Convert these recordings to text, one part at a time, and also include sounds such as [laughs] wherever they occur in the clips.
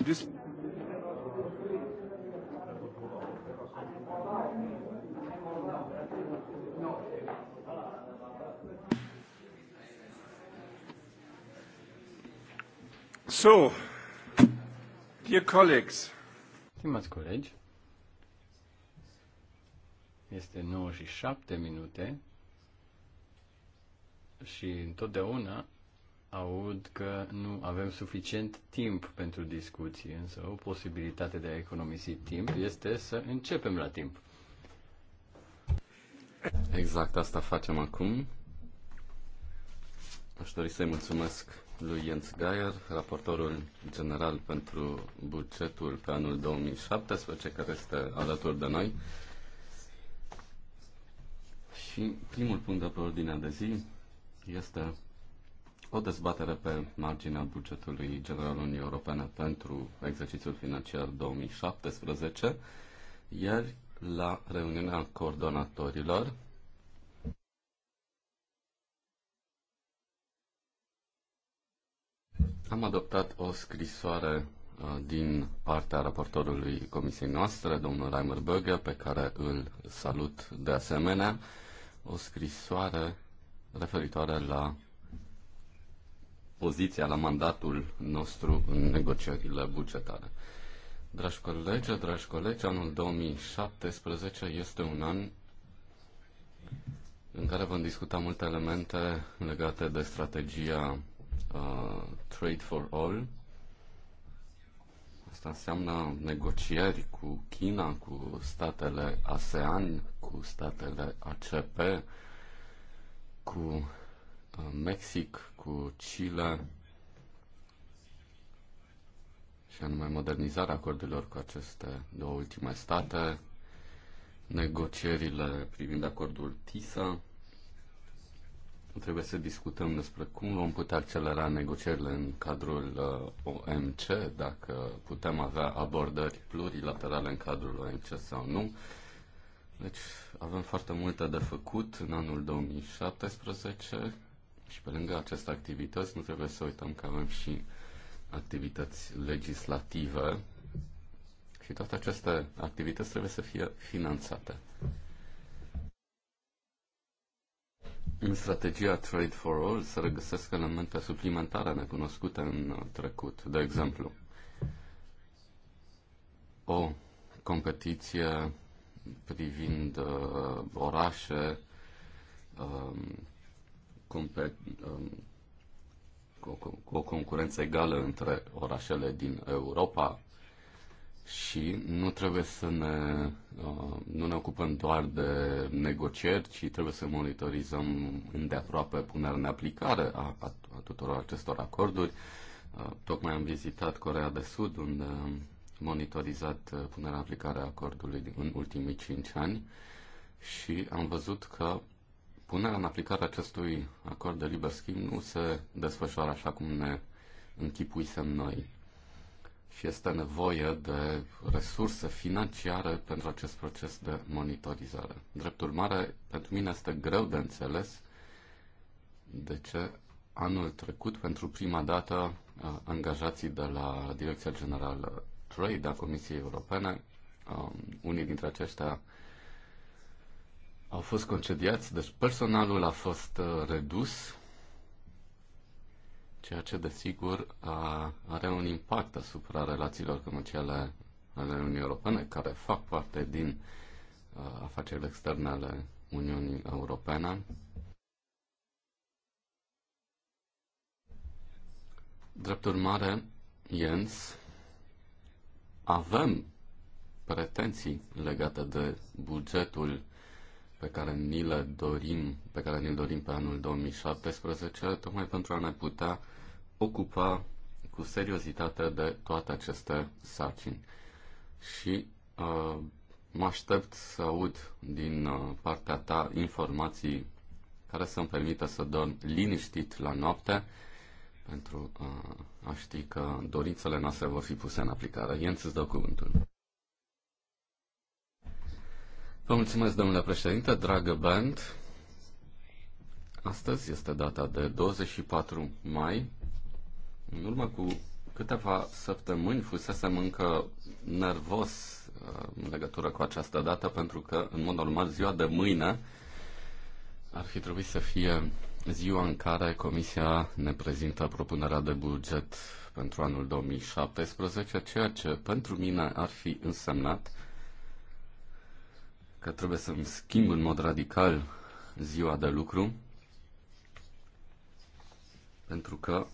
this So, dear colleagues. Stimați colegi, este 9 și 7 minute și întotdeauna aud că nu avem suficient timp pentru discuții, însă o posibilitate de a economisi timp este să începem la timp. Exact asta facem acum. Aș dori să-i mulțumesc lui Jens Geier, raportorul general pentru bugetul pe anul 2017, care este alături de noi. Și primul punct de pe ordinea de zi este o dezbatere pe marginea bugetului general Uniunii Europene pentru exercițiul financiar 2017, iar la reuniunea coordonatorilor am adoptat o scrisoare uh, din partea raportorului comisiei noastre, domnul Reimer Böge, pe care îl salut de asemenea, o scrisoare referitoare la poziția la mandatul nostru în negocierile bugetare. Dragi colegi, dragi colegi, anul 2017 este un an în care vom discuta multe elemente legate de strategia uh, Trade for All. Asta înseamnă negocieri cu China, cu statele ASEAN, cu statele ACP, cu Mexic, cu Chile, și anume modernizarea acordurilor cu aceste două ultime state, negocierile privind acordul TISA. Trebuie să discutăm despre cum vom putea accelera negocierile în cadrul uh, OMC, dacă putem avea abordări plurilaterale în cadrul OMC sau nu. Deci avem foarte multe de făcut în anul 2017 și pe lângă aceste activități, nu trebuie să uităm că avem și activități legislative și toate aceste activități trebuie să fie finanțate. În strategia Trade for All se regăsesc elemente suplimentare necunoscute în trecut. De exemplu, o competiție privind uh, orașe, uh, Um, cu o concurență egală între orașele din Europa și nu trebuie să ne, uh, nu ne ocupăm doar de negocieri, ci trebuie să monitorizăm îndeaproape punerea în aplicare a, a, a tuturor acestor acorduri. Uh, tocmai am vizitat Corea de Sud, unde am monitorizat uh, punerea în aplicare a acordului în ultimii 5 ani și am văzut că Punerea în aplicare acestui acord de liber schimb nu se desfășoară așa cum ne închipuisem noi și este nevoie de resurse financiare pentru acest proces de monitorizare. Drept urmare, pentru mine este greu de înțeles de ce anul trecut, pentru prima dată, angajații de la Direcția Generală Trade a Comisiei Europene, unii dintre aceștia au fost concediați, deci personalul a fost uh, redus, ceea ce desigur a, are un impact asupra relațiilor comerciale ale Uniunii Europene, care fac parte din uh, afacerile externe ale Uniunii Europene. Drept urmare, Jens, avem pretenții legate de bugetul pe care ni le dorim, pe care ni dorim pe anul 2017, tocmai pentru a ne putea ocupa cu seriozitate de toate aceste sarcini. Și uh, mă aștept să aud din uh, partea ta informații care să-mi permită să dorm liniștit la noapte, pentru uh, a ști că dorințele noastre vor fi puse în aplicare. Jens, îți dau cuvântul. Vă mulțumesc, domnule președinte, dragă Band. Astăzi este data de 24 mai. În urmă cu câteva săptămâni fusesem încă nervos uh, în legătură cu această dată, pentru că, în mod normal, ziua de mâine ar fi trebuit să fie ziua în care Comisia ne prezintă propunerea de buget pentru anul 2017, ceea ce pentru mine ar fi însemnat că trebuie să-mi schimb în mod radical ziua de lucru, pentru că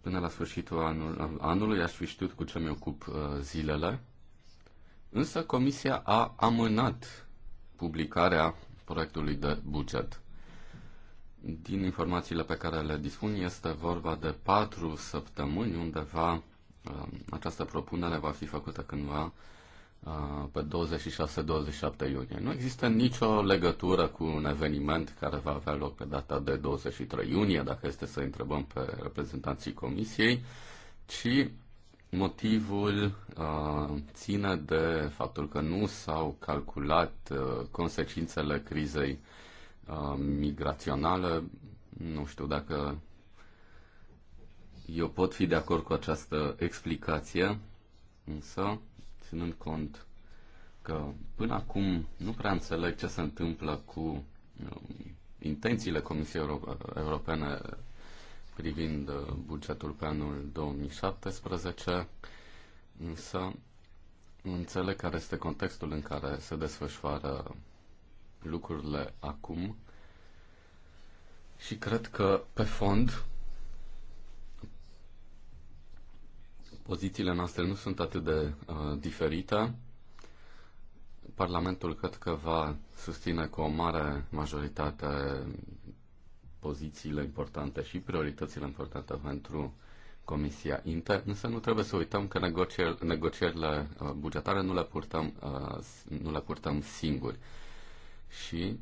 până la sfârșitul anul, anului aș fi știut cu ce mi ocup uh, zilele, însă Comisia a amânat publicarea proiectului de buget. Din informațiile pe care le dispun, este vorba de patru săptămâni undeva Um, această propunere va fi făcută cândva uh, pe 26-27 iunie. Nu există nicio legătură cu un eveniment care va avea loc pe data de 23 iunie, dacă este să întrebăm pe reprezentanții comisiei, ci motivul uh, ține de faptul că nu s-au calculat uh, consecințele crizei migraționale. Nu știu dacă eu pot fi de acord cu această explicație, însă, ținând cont că până acum nu prea înțeleg ce se întâmplă cu um, intențiile Comisiei Euro- Europene privind uh, bugetul pe anul 2017, însă înțeleg care este contextul în care se desfășoară lucrurile acum și cred că pe fond Pozițiile noastre nu sunt atât de uh, diferite. Parlamentul cred că va susține cu o mare majoritate pozițiile importante și prioritățile importante pentru Comisia Inter, însă nu trebuie să uităm că negocier, negocierile uh, bugetare nu le, purtăm, uh, nu le purtăm singuri. Și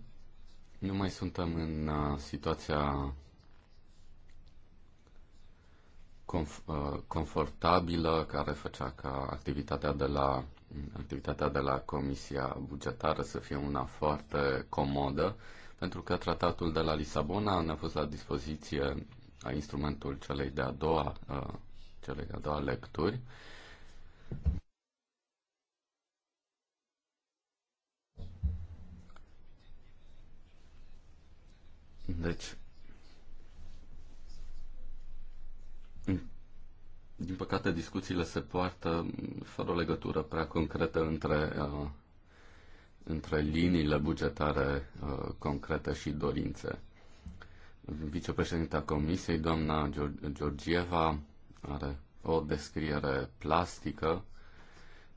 nu mai suntem în uh, situația conf- uh, confortabilă care făcea ca activitatea de la activitatea de la Comisia Bugetară să fie una foarte comodă, pentru că tratatul de la Lisabona ne-a fost la dispoziție a uh, instrumentul celei de-a doua, uh, celei de-a doua lecturi. Deci, Din păcate, discuțiile se poartă fără o legătură prea concretă între, uh, între liniile bugetare uh, concrete și dorințe. Vicepreședinta Comisiei, doamna Georgieva, are o descriere plastică,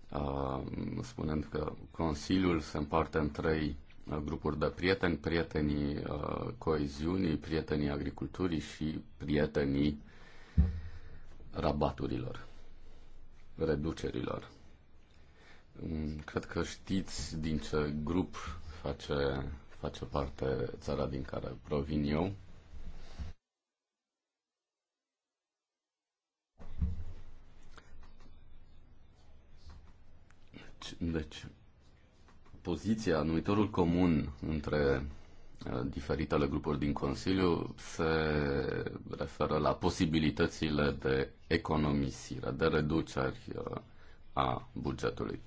uh, spunând că Consiliul se împarte în trei uh, grupuri de prieteni, prietenii uh, coeziunii, prietenii agriculturii și prietenii rabaturilor, reducerilor. Mm, cred că știți din ce grup face, face parte țara din care provin eu. Deci, poziția, numitorul comun între diferitele grupuri din Consiliu se referă la posibilitățile de economisire, de reduceri uh, a bugetului.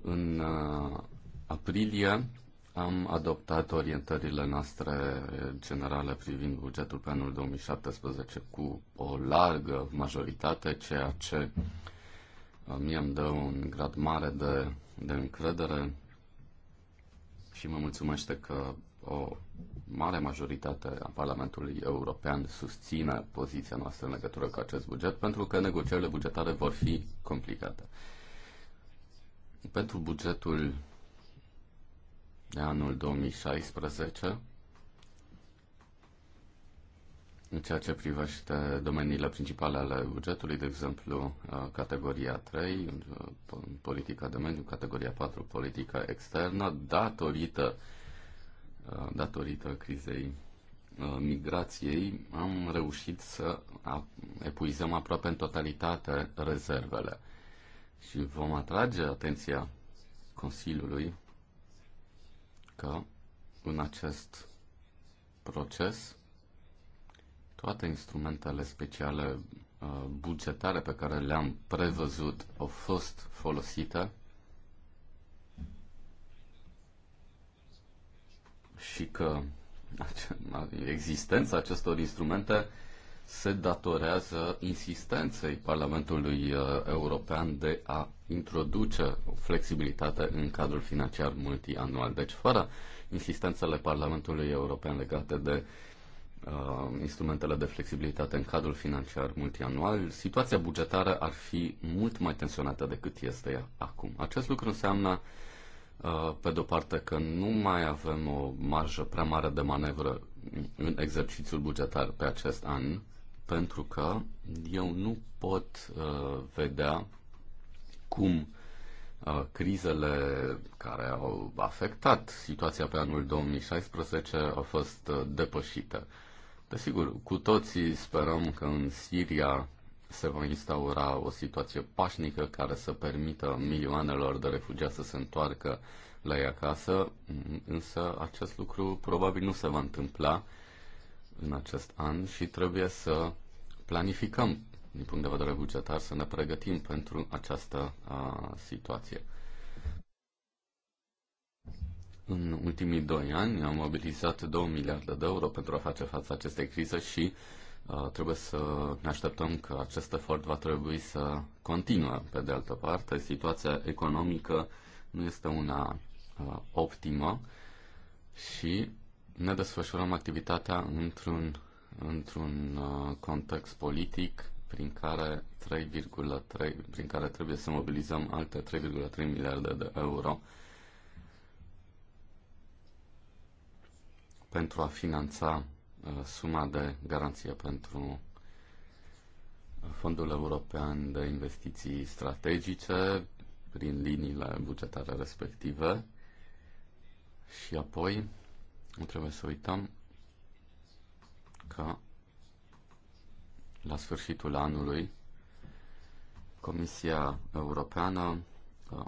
În uh, aprilie am adoptat orientările noastre generale privind bugetul pe anul 2017 cu o largă majoritate, ceea ce uh, mie îmi dă un grad mare de, de încredere și mă mulțumește că o mare majoritate a Parlamentului European susține poziția noastră în legătură cu acest buget, pentru că negocierile bugetare vor fi complicate. Pentru bugetul de anul 2016, în ceea ce privește domeniile principale ale bugetului, de exemplu, uh, categoria 3, uh, politica de mediu, categoria 4, politica externă, datorită uh, datorită crizei uh, migrației, am reușit să epuizăm aproape în totalitate rezervele. Și vom atrage atenția Consiliului că în acest proces toate instrumentele speciale uh, bugetare pe care le-am prevăzut au fost folosite și că [laughs] existența acestor instrumente se datorează insistenței Parlamentului uh, European de a introduce o flexibilitate în cadrul financiar multianual. Deci, fără insistențele Parlamentului European legate de uh, instrumentele de flexibilitate în cadrul financiar multianual, situația bugetară ar fi mult mai tensionată decât este acum. Acest lucru înseamnă uh, Uh, pe de-o parte că nu mai avem o marjă prea mare de manevră în exercițiul bugetar pe acest an, pentru că eu nu pot uh, vedea cum uh, crizele care au afectat situația pe anul 2016 au fost uh, depășite. Desigur, cu toții sperăm că în Siria se va instaura o situație pașnică care să permită milioanelor de refugiați să se întoarcă la ei acasă, însă acest lucru probabil nu se va întâmpla în acest an și trebuie să planificăm din punct de vedere bugetar, să ne pregătim pentru această a, situație. În ultimii doi ani am mobilizat 2 miliarde de euro pentru a face față acestei crize și uh, Uh, trebuie să ne așteptăm că acest efort va trebui să continue. Pe de altă parte, situația economică nu este una uh, optimă și ne desfășurăm activitatea într-un, într-un uh, context politic prin care 3,3 prin care trebuie să mobilizăm alte 3,3 miliarde de euro pentru a finanța suma de garanție pentru Fondul European de Investiții Strategice prin liniile bugetare respective și apoi nu trebuie să uităm că la sfârșitul anului Comisia Europeană uh,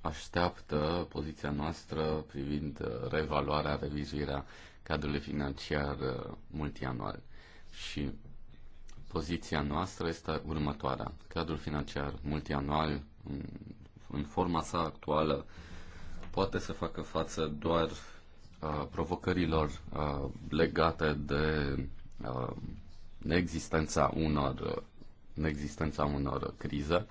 așteaptă poziția noastră privind reevaluarea, revizuirea cadrului financiar uh, multianual. Și poziția noastră este următoarea. Cadrul financiar multianual, în, în forma sa actuală, poate să facă față doar uh, provocărilor uh, legate de uh, neexistența unor uh, neexistența unor crize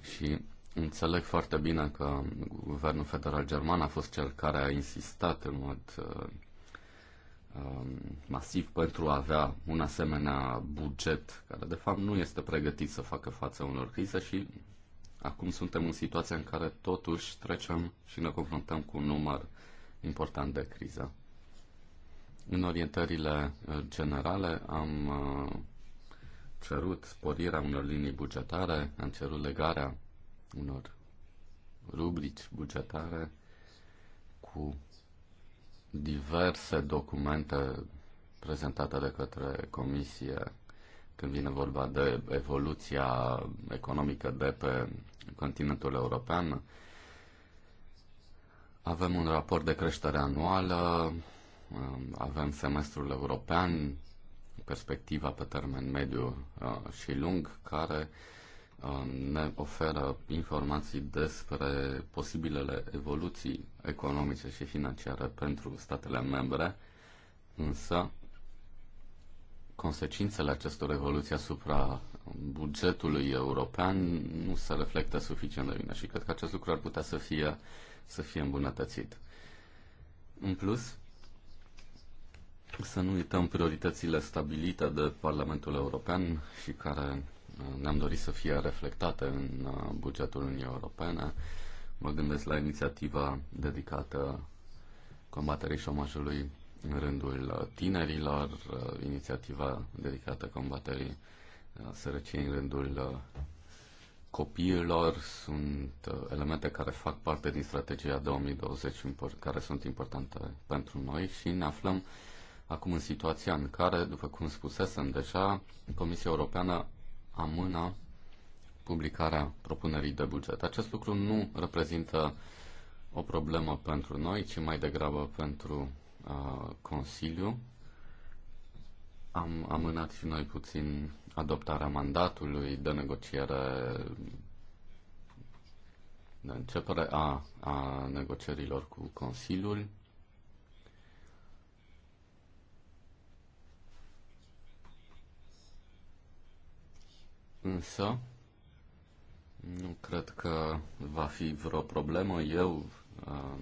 și înțeleg foarte bine că guvernul federal german a fost cel care a insistat în mod uh, Um, masiv pentru a avea un asemenea buget care de fapt nu este pregătit să facă față unor crize și acum suntem în situația în care totuși trecem și ne confruntăm cu un număr important de criză. În orientările uh, generale am uh, cerut sporirea unor linii bugetare, am cerut legarea unor rubrici bugetare cu diverse documente prezentate de către Comisie când vine vorba de evoluția economică de pe continentul european. Avem un raport de creștere anuală, avem semestrul european, perspectiva pe termen mediu uh, și lung, care Um, ne oferă informații despre posibilele evoluții economice și financiare pentru statele membre, însă consecințele acestor evoluții asupra bugetului european nu se reflectă suficient de bine și cred că acest lucru ar putea să fie, să fie îmbunătățit. În plus, să nu uităm prioritățile stabilite de Parlamentul European și care ne-am dorit să fie reflectate în uh, bugetul Uniunii Europene. Mă gândesc la inițiativa dedicată combaterii șomajului în rândul uh, tinerilor, uh, inițiativa dedicată combaterii sărăciei în rândul copiilor sunt elemente care fac parte din strategia 2020 care sunt importante pentru noi și ne aflăm acum în situația în care, după cum spusesem deja, Comisia Europeană amână publicarea propunerii de buget. Acest lucru nu reprezintă o problemă pentru noi, ci mai degrabă pentru uh, Consiliu. Am amânat și noi puțin adoptarea mandatului de negociere, de începere a, a negocierilor cu Consiliul însă nu cred că va fi vreo problemă. Eu uh,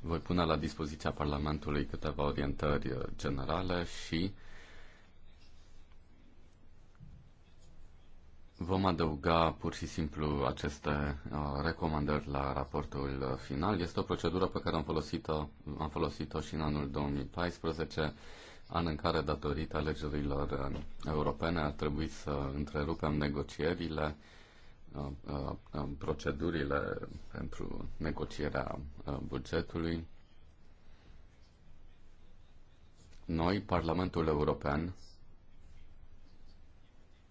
voi pune la dispoziția Parlamentului câteva orientări uh, generale și vom adăuga pur și simplu aceste uh, recomandări la raportul uh, final. Este o procedură pe care am folosit-o, am folosit-o și în anul 2014 an în care, datorită alegerilor uh, europene, a trebuit să întrerupem negocierile, uh, uh, procedurile pentru negocierea bugetului. Noi, Parlamentul European,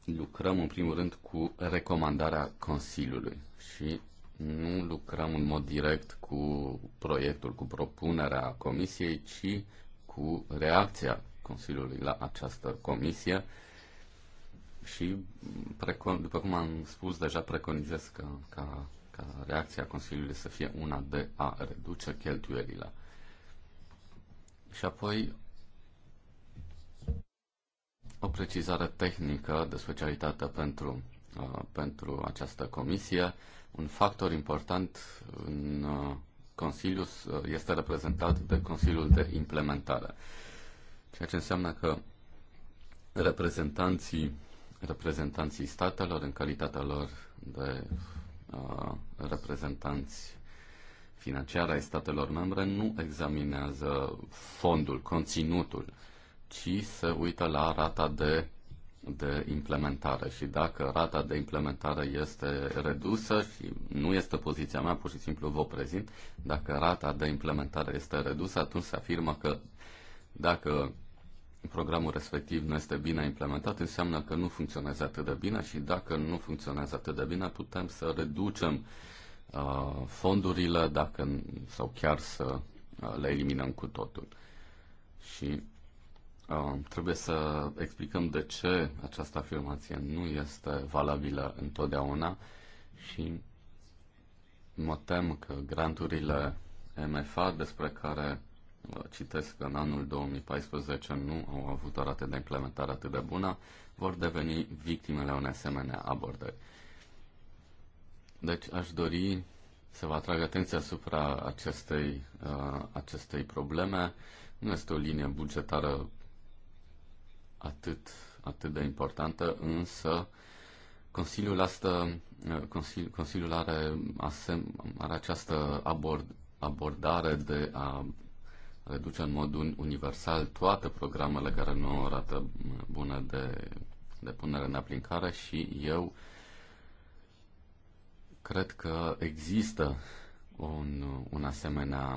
lucrăm în primul rând cu recomandarea Consiliului și nu lucrăm în mod direct cu proiectul, cu propunerea Comisiei, ci cu reacția Consiliului la această comisie și, precon, după cum am spus, deja preconizez că, ca, ca reacția Consiliului să fie una de a reduce cheltuielile. Și apoi o precizare tehnică de specialitate pentru, uh, pentru această comisie. Un factor important în uh, Consiliul uh, este reprezentat de Consiliul de Implementare. Ceea ce înseamnă că reprezentanții, reprezentanții statelor, în calitatea lor de uh, reprezentanți financiari ai statelor membre, nu examinează fondul, conținutul, ci se uită la rata de de implementare și dacă rata de implementare este redusă și nu este poziția mea, pur și simplu vă prezint, dacă rata de implementare este redusă, atunci se afirmă că dacă programul respectiv nu este bine implementat, înseamnă că nu funcționează atât de bine și dacă nu funcționează atât de bine, putem să reducem uh, fondurile dacă, sau chiar să uh, le eliminăm cu totul. Și Um, trebuie să explicăm de ce această afirmație nu este valabilă întotdeauna și mă tem că granturile MFA despre care uh, citesc că în anul 2014 nu au avut o rată de implementare atât de bună, vor deveni victimele unei asemenea abordări. Deci aș dori să vă atrag atenția asupra acestei, uh, acestei probleme. Nu este o linie bugetară atât, atât de importantă, însă Consiliul, asta, Consiliul, Consiliul are, asem, are această abord, abordare de a reduce în mod universal toate programele care nu au bună de, de punere în aplicare și eu cred că există un, un asemenea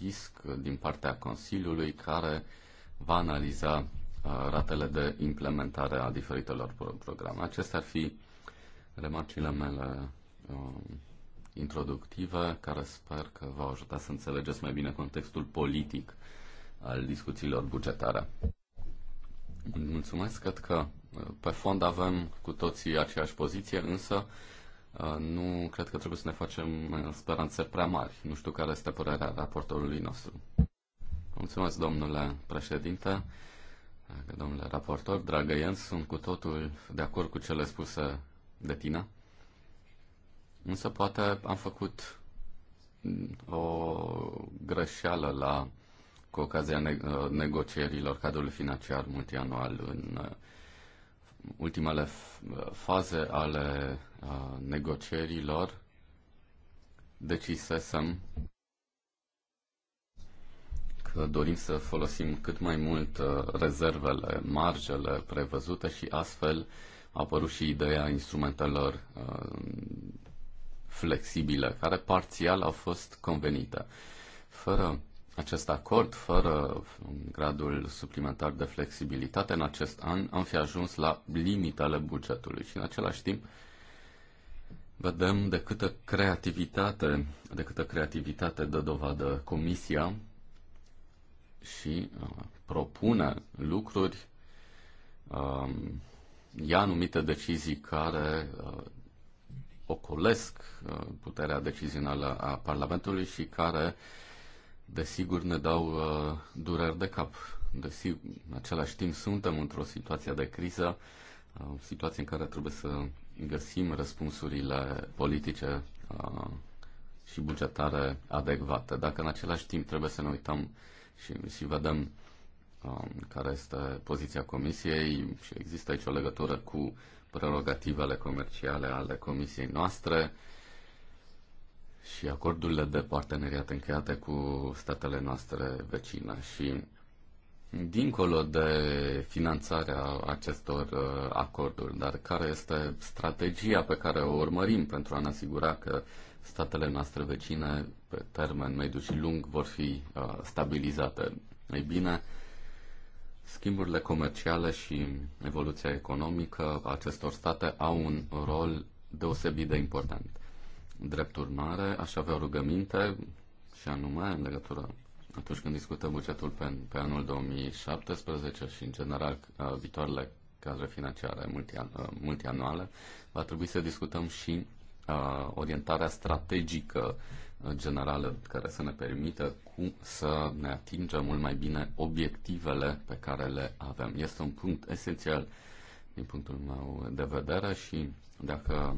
risc din partea Consiliului care va analiza ratele de implementare a diferitelor programe. Acestea ar fi remarcile mele um, introductive, care sper că vă ajuta să înțelegeți mai bine contextul politic al discuțiilor bugetare. Mulțumesc, cred că uh, pe fond avem cu toții aceeași poziție, însă uh, nu cred că trebuie să ne facem uh, speranțe prea mari. Nu știu care este părerea raportorului nostru. Mulțumesc, domnule președinte. Domnule raportor, dragă ian, sunt cu totul de acord cu cele spuse de tine. Însă poate am făcut o greșeală la, cu ocazia ne, negocierilor cadrului financiar multianual în uh, ultimele uh, faze ale uh, negocierilor decisesem dorim să folosim cât mai mult uh, rezervele, marjele prevăzute și astfel a apărut și ideea instrumentelor uh, flexibile, care parțial au fost convenite. Fără acest acord, fără gradul suplimentar de flexibilitate în acest an, am fi ajuns la limitele bugetului și în același timp vedem de câtă creativitate, de câtă creativitate dă dovadă Comisia și uh, propune lucruri, uh, ia anumite decizii care uh, ocolesc uh, puterea decizională a Parlamentului și care, desigur, ne dau uh, dureri de cap. Desigur, în același timp suntem într-o situație de criză, o uh, situație în care trebuie să găsim răspunsurile politice uh, și bugetare adecvate. Dacă în același timp trebuie să ne uităm uh, și, și vedem um, care este poziția Comisiei și există aici o legătură cu prerogativele comerciale ale Comisiei noastre și acordurile de parteneriat încheiate cu statele noastre vecine și dincolo de finanțarea acestor uh, acorduri, dar care este strategia pe care o urmărim pentru a ne asigura că uh, statele noastre vecine, pe termen mediu și lung, vor fi uh, stabilizate. Ei bine, schimburile comerciale și evoluția economică a acestor state au un rol deosebit de important. Drept urmare, aș avea rugăminte și anume în legătură atunci când discutăm bugetul pe, pe anul 2017 și în general uh, viitoarele cadre financiare uh, multianuale, va trebui să discutăm și Uh, orientarea strategică uh, generală care să ne permită cum să ne atingem mult mai bine obiectivele pe care le avem. Este un punct esențial din punctul meu de vedere și dacă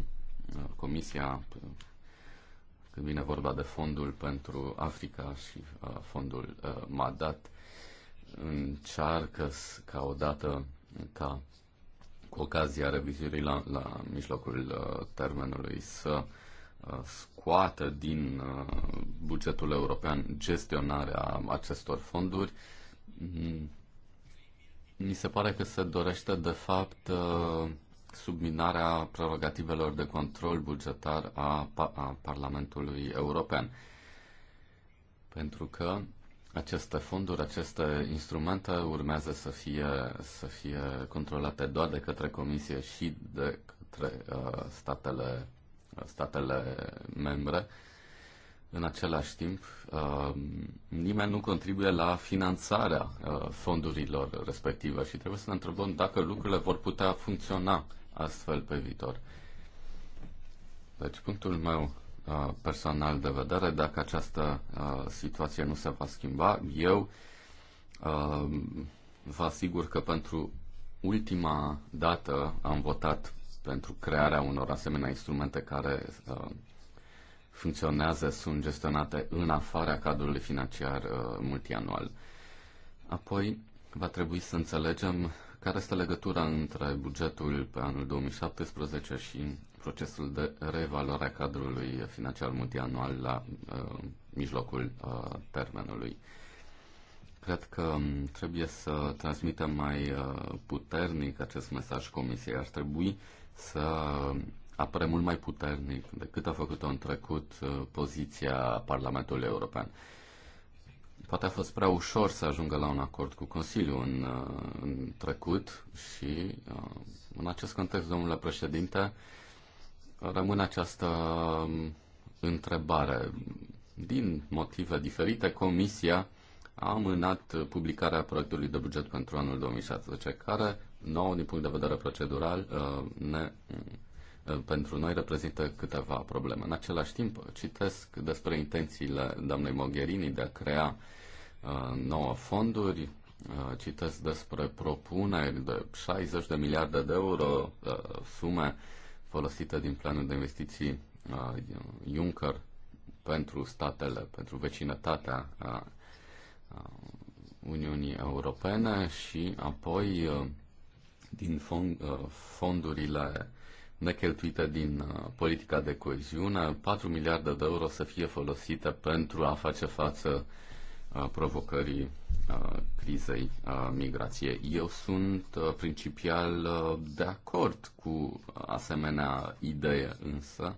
uh, Comisia, când vine vorba de fondul pentru Africa și fondul MADAT, încearcă ca odată ca ocazia revizuirii la, la mijlocul uh, termenului să uh, scoată din uh, bugetul european gestionarea acestor fonduri, mm, mi se pare că se dorește, de fapt, subminarea prerogativelor de control bugetar a, a Parlamentului European. Pentru că aceste fonduri, aceste instrumente urmează să fie, să fie controlate doar de către Comisie și de către uh, statele, statele membre. În același timp, uh, nimeni nu contribuie la finanțarea uh, fondurilor respective și trebuie să ne întrebăm dacă lucrurile vor putea funcționa astfel pe viitor. Deci, punctul meu Uh, personal de vedere, dacă această uh, situație nu se va schimba, eu uh, vă asigur că pentru ultima dată am votat pentru crearea unor asemenea instrumente care funcționează, sunt gestionate în afara cadrului financiar multianual. Apoi, va trebui să înțelegem care este legătura între bugetul pe anul 2017 și procesul de reevaluare a cadrului financiar multianual la uh, mijlocul uh, termenului. Cred că um, trebuie să transmitem mai uh, puternic acest mesaj Comisiei. Ar trebui să apare mult mai puternic decât a făcut-o în trecut uh, poziția Parlamentului European. Poate a fost prea ușor să ajungă la un acord cu Consiliul în, uh, în trecut și în acest context, domnule președinte, rămâne această um, întrebare. Din motive diferite, Comisia a amânat publicarea proiectului de buget pentru anul 2016, care nou din punct de vedere procedural, uh, ne, uh, pentru noi reprezintă câteva probleme. În același timp, citesc despre intențiile doamnei Mogherini de a crea uh, nouă fonduri, citesc despre propuneri de 60 de miliarde de euro, sume folosită din planul de investiții uh, Juncker pentru statele, pentru vecinătatea uh, uh, Uniunii Europene și apoi uh, din fond, uh, fondurile necheltuite din uh, politica de coeziune, 4 miliarde de euro să fie folosite pentru a face față uh, provocării Uh, crizei uh, migrației. Eu sunt uh, principial de acord cu asemenea idee, însă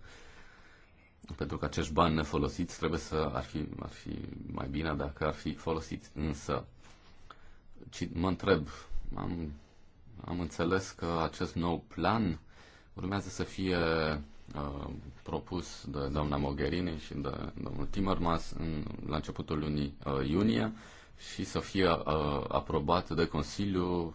pentru că acești bani nefolosiți trebuie să ar fi, ar fi mai bine dacă ar fi folosiți. Însă, mă întreb, am, am înțeles că acest nou plan urmează să fie propus de doamna Mogherini și de domnul Timmermans în, la începutul lunii uh, iunie. Uh, și să fie uh, aprobat de Consiliu um,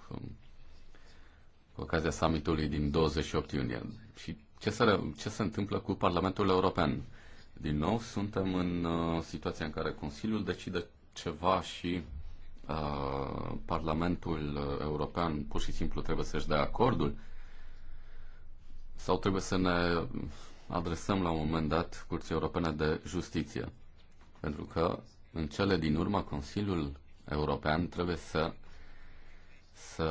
cu ocazia summitului din 28 iunie. Și ce se, ce se întâmplă cu Parlamentul European? Din nou, suntem în uh, situația în care Consiliul decide ceva și uh, Parlamentul uh, European pur și simplu trebuie să-și dea acordul? Sau trebuie să ne adresăm la un moment dat Curții Europene de Justiție? Pentru că în cele din urmă Consiliul European trebuie să, să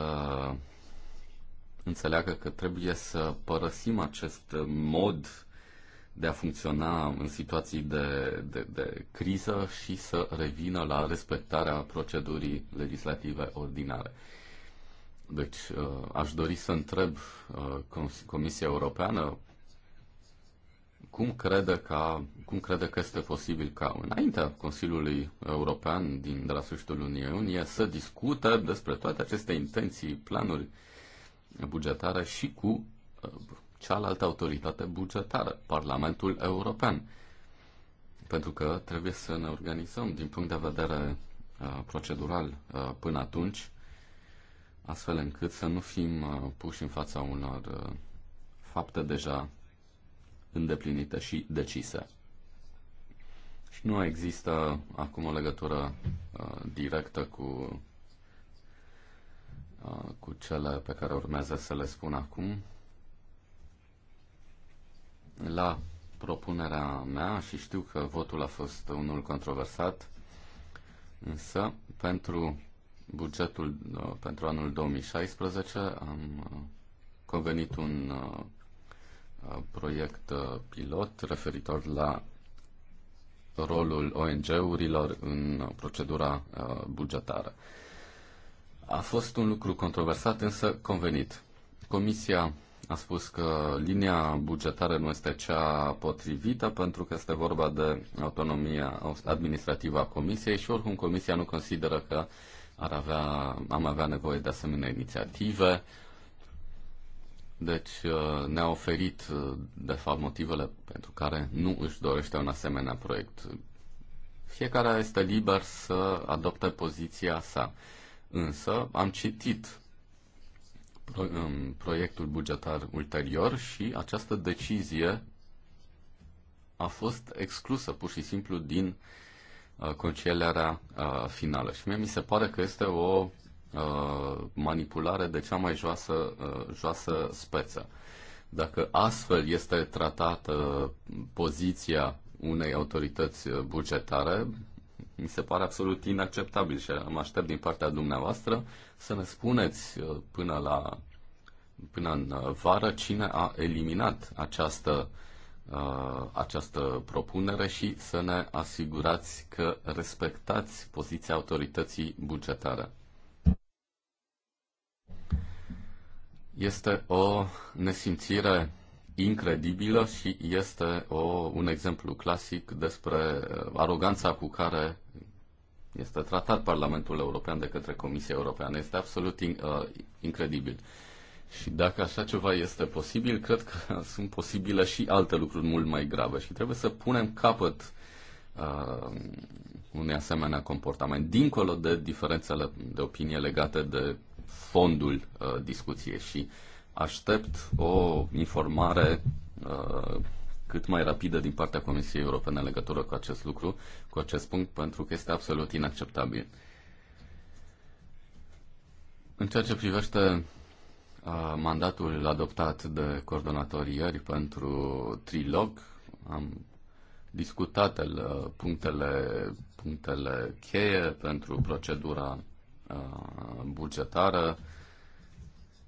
înțeleagă că trebuie să părăsim acest mod de a funcționa în situații de, de, de criză și să revină la respectarea procedurii legislative ordinare. Deci, uh, aș dori să întreb uh, Comisia Europeană cum crede, că, cum crede că este posibil ca înaintea Consiliului European din de la sfârșitul lunii iunie să discute despre toate aceste intenții, planuri bugetare și cu uh, cealaltă autoritate bugetară, Parlamentul European. Pentru că trebuie să ne organizăm din punct de vedere uh, procedural uh, până atunci, astfel încât să nu fim puși în fața unor fapte deja îndeplinită și decisă. Și nu există acum o legătură uh, directă cu, uh, cu cele pe care urmează să le spun acum. La propunerea mea, și știu că votul a fost unul controversat, însă pentru bugetul uh, pentru anul 2016 am uh, convenit un uh, Uh, proiect uh, pilot referitor la rolul ONG-urilor în procedura uh, bugetară. A fost un lucru controversat, însă convenit. Comisia a spus că linia bugetară nu este cea potrivită pentru că este vorba de autonomia administrativă a Comisiei și oricum Comisia nu consideră că ar avea, am avea nevoie de asemenea inițiative deci uh, ne-a oferit, uh, de fapt, motivele pentru care nu își dorește un asemenea proiect. Fiecare este liber să adopte poziția sa. Însă am citit um, proiectul bugetar ulterior și această decizie a fost exclusă pur și simplu din uh, concilierea finală. Și mie mi se pare că este o Uh, manipulare de cea mai joasă, uh, joasă speță. Dacă astfel este tratată poziția unei autorități bugetare, mi se pare absolut inacceptabil și mă aștept din partea dumneavoastră să ne spuneți uh, până la până în vară cine a eliminat această, uh, această propunere și să ne asigurați că respectați poziția autorității bugetare. Este o nesimțire incredibilă și este o, un exemplu clasic despre uh, aroganța cu care este tratat Parlamentul European de către Comisia Europeană. Este absolut in, uh, incredibil. Și dacă așa ceva este posibil, cred că [laughs] sunt posibile și alte lucruri mult mai grave și trebuie să punem capăt uh, unei asemenea comportament, dincolo de diferențele de opinie legate de fondul uh, discuției și aștept o informare uh, cât mai rapidă din partea Comisiei Europene în legătură cu acest lucru, cu acest punct, pentru că este absolut inacceptabil. În ceea ce privește uh, mandatul adoptat de coordonatorii ieri pentru trilog, am discutat uh, punctele, punctele cheie pentru procedura Uh, bugetară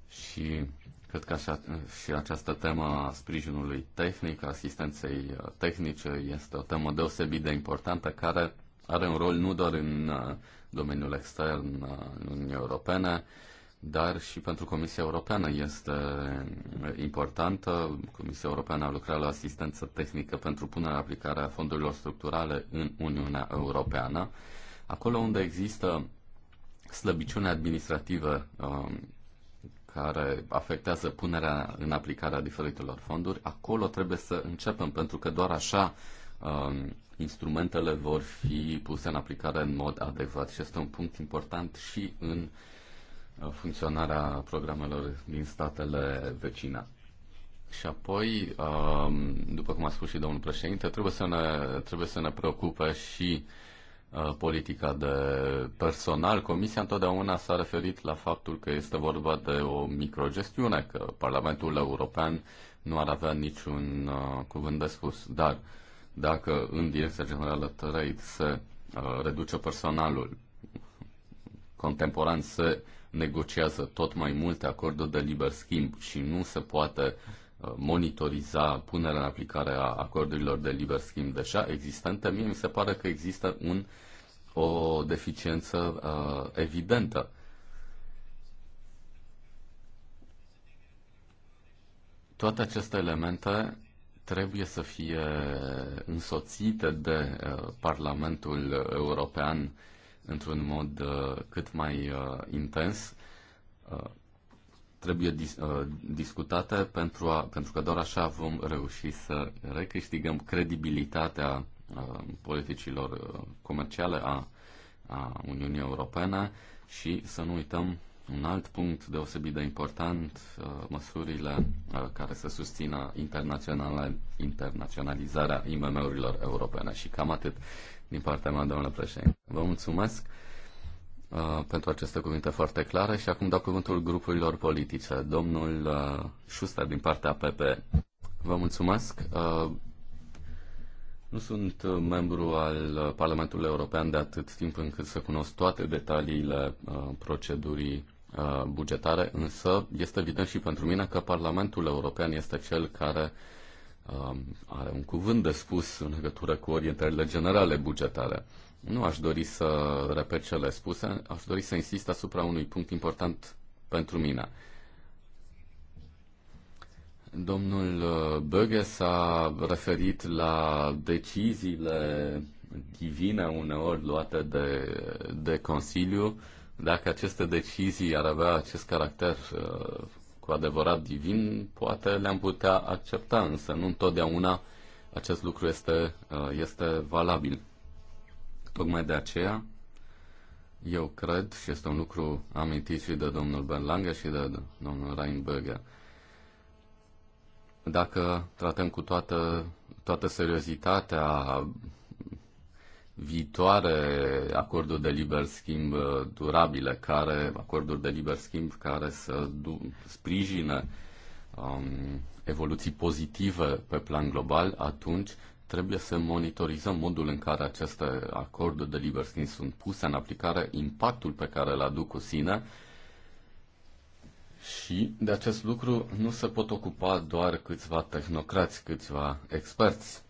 și cred că așa, și această temă a sprijinului tehnic, a asistenței uh, tehnice, este o temă deosebit de importantă care are un rol nu doar în uh, domeniul extern al Uniunii Europene, dar și pentru Comisia Europeană este importantă. Comisia Europeană a lucrat la asistență tehnică pentru punerea aplicare a fondurilor structurale în Uniunea Europeană. Acolo unde există slăbiciune administrativă um, care afectează punerea în aplicare a diferitelor fonduri, acolo trebuie să începem, pentru că doar așa um, instrumentele vor fi puse în aplicare în mod adecvat și este un punct important și în uh, funcționarea programelor din statele vecine. Și apoi, um, după cum a spus și domnul președinte, trebuie să ne, trebuie să ne preocupe și uh, Uh, politica de personal, Comisia întotdeauna s-a referit la faptul că este vorba de o microgestiune, că Parlamentul European nu ar avea niciun uh, cuvânt de spus. Dar dacă în Direcția Generală Trade se uh, reduce personalul, contemporan se negociază tot mai multe acorduri de liber schimb și nu se poate uh, Uh, monitoriza punerea în aplicare a acordurilor de liber schimb deja existente, mie mi se pare că există un, o deficiență uh, evidentă. Toate aceste elemente trebuie să fie însoțite de uh, Parlamentul European într-un mod uh, cât mai uh, intens. Uh, trebuie dis, uh, discutate pentru, a, pentru că doar așa vom reuși să recâștigăm credibilitatea uh, politicilor uh, comerciale a, a Uniunii Europene și să nu uităm un alt punct deosebit de important, uh, măsurile uh, care să susțină internaționala, internaționalizarea IMM-urilor europene. Și cam atât din partea mea, domnule președinte. Vă mulțumesc! Uh, pentru aceste cuvinte foarte clare și acum dau cuvântul grupurilor politice. Domnul uh, Schuster din partea PP. Vă mulțumesc. Uh, nu sunt uh, membru al uh, Parlamentului European de atât timp încât să cunosc toate detaliile uh, procedurii uh, bugetare, însă este evident și pentru mine că Parlamentul European este cel care uh, are un cuvânt de spus în legătură cu orientările generale bugetare. Nu aș dori să repet cele spuse, aș dori să insist asupra unui punct important pentru mine. Domnul uh, Böge s-a referit la deciziile divine uneori luate de, de Consiliu. Dacă aceste decizii ar avea acest caracter uh, cu adevărat divin, poate le-am putea accepta, însă nu întotdeauna acest lucru este, uh, este valabil. Tocmai de aceea, eu cred, și este un lucru amintit și de domnul Berlanga și de domnul Reinberger, dacă tratăm cu toată, toată seriozitatea viitoare acorduri de liber schimb uh, durabile, care, acorduri de liber schimb care să du- sprijine um, evoluții pozitive pe plan global, atunci trebuie să monitorizăm modul în care aceste acorduri de liber schimb sunt puse în aplicare, impactul pe care îl aduc cu sine și de acest lucru nu se pot ocupa doar câțiva tehnocrați, câțiva experți.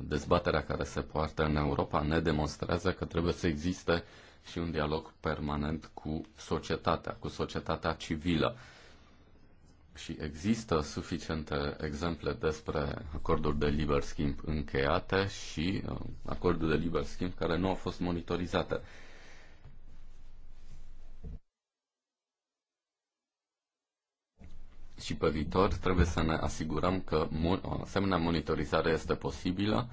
Dezbaterea care se poartă în Europa ne demonstrează că trebuie să existe și un dialog permanent cu societatea, cu societatea civilă și există suficiente exemple despre acorduri de liber schimb încheiate și uh, acorduri de liber schimb care nu au fost monitorizate. Și pe viitor trebuie să ne asigurăm că asemenea monitorizare este posibilă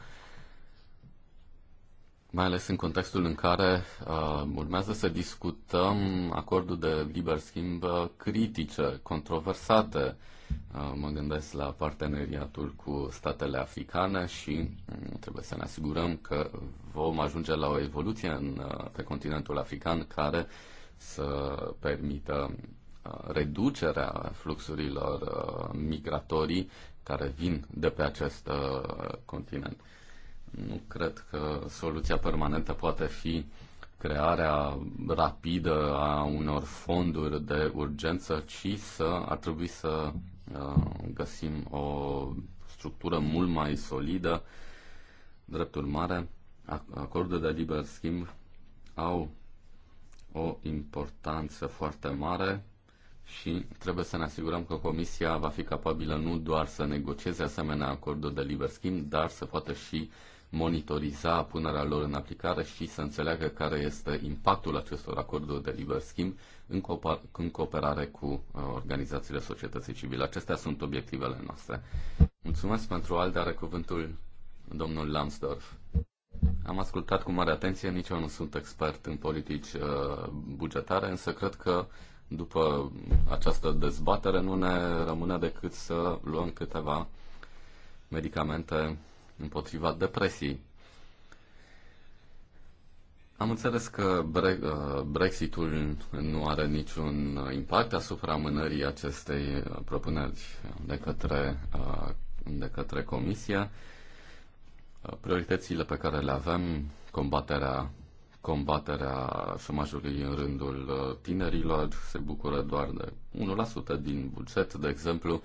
mai ales în contextul în care uh, urmează să discutăm acordul de liber schimb uh, critice, controversate. Uh, mă gândesc la parteneriatul cu statele africane și uh, trebuie să ne asigurăm că vom ajunge la o evoluție în, uh, pe continentul african care să permită uh, reducerea fluxurilor uh, migratorii care vin de pe acest continent. Nu cred că soluția permanentă poate fi crearea rapidă a unor fonduri de urgență, ci să ar trebui să uh, găsim o structură mult mai solidă. Drept urmare, acordurile de liber schimb au o importanță foarte mare și trebuie să ne asigurăm că Comisia va fi capabilă nu doar să negocieze asemenea acorduri de liber schimb, dar să poată și uh, monitoriza punerea lor în aplicare și să înțeleagă care este impactul acestor acorduri de liber schimb în, cooper- în cooperare cu uh, organizațiile societății civile. Acestea sunt obiectivele noastre. Mulțumesc pentru al dare cuvântul domnul Lambsdorff. Am ascultat cu mare atenție, nici eu nu sunt expert în politici uh, bugetare, însă cred că după această dezbatere nu ne rămâne decât să luăm câteva medicamente împotriva depresiei. Am înțeles că uh, Brexitul nu are niciun impact asupra amânării acestei propuneri de către, uh, de către Comisie. Uh, prioritățile pe care le avem, combaterea, combaterea șomajului în rândul tinerilor, se bucură doar de 1% din buget, de exemplu,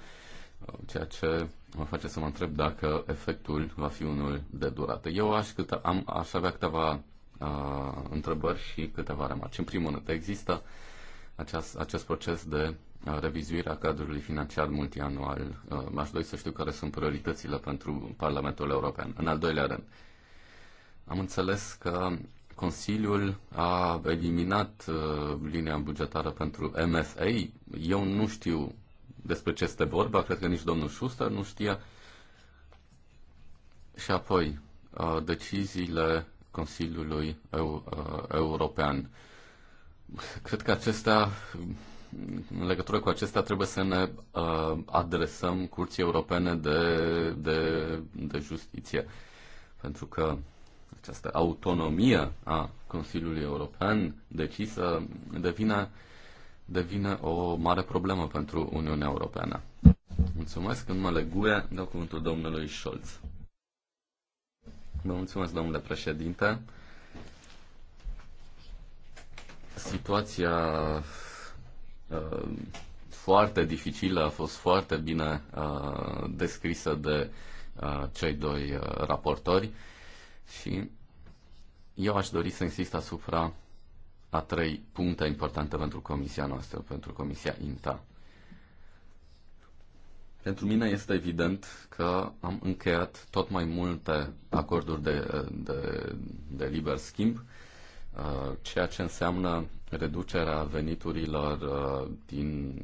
ceea ce mă face să mă întreb dacă efectul va fi unul de durată. Eu aș, câte, am, aș avea câteva uh, întrebări și câteva remarci. În primul rând, există aceast, acest proces de revizuirea uh, revizuire a cadrului financiar multianual. Uh, aș dori să știu care sunt prioritățile pentru Parlamentul European. În al doilea rând, am înțeles că Consiliul a eliminat uh, linia bugetară pentru MFA. Eu nu știu despre ce este vorba, cred că nici domnul Schuster nu știa. Și apoi, uh, deciziile Consiliului uh, European. Cred că acestea, în legătură cu acestea, trebuie să ne uh, adresăm Curții Europene de, de, de Justiție. Pentru că această autonomie a Consiliului European decisă devine uh, devine o mare problemă pentru Uniunea Europeană. Mulțumesc, în mă GUE, dau cuvântul domnului Scholz. Vă mulțumesc, domnule președinte. Situația uh, foarte dificilă a fost foarte bine uh, descrisă de uh, cei doi uh, raportori și eu aș dori să insist asupra a trei puncte importante pentru comisia noastră, pentru comisia INTA. Pentru mine este evident că am încheiat tot mai multe acorduri de, de, de liber schimb, uh, ceea ce înseamnă reducerea veniturilor uh, din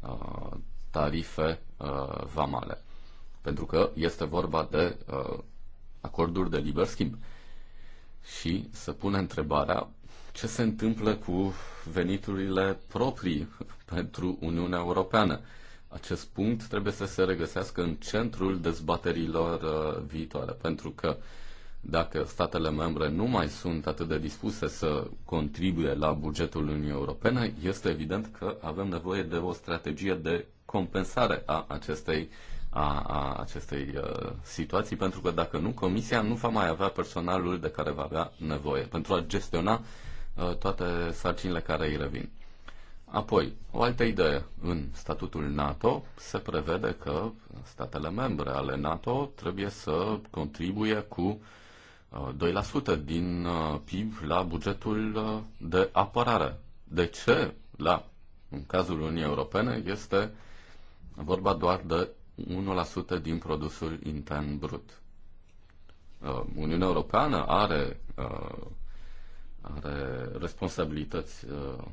uh, tarife vamale. Pentru că este vorba de acorduri de liber schimb. Și se pune întrebarea ce se întâmplă cu veniturile proprii pentru Uniunea Europeană. Acest punct trebuie să se regăsească în centrul dezbaterilor uh, viitoare, pentru că dacă statele membre nu mai sunt atât de dispuse să contribuie la bugetul Uniunii Europene, este evident că avem nevoie de o strategie de compensare a acestei, a, a acestei uh, situații, pentru că dacă nu, Comisia nu va mai avea personalul de care va avea nevoie pentru a gestiona uh, Uh, toate sarcinile care îi revin. Apoi, o altă idee. În statutul NATO se prevede că statele membre ale NATO trebuie să contribuie cu 2% uh, din uh, PIB la bugetul de apărare. De ce? La, în cazul Uniunii Europene este vorba doar de 1% din produsul intern brut. Uniunea Europeană are are responsabilități uh,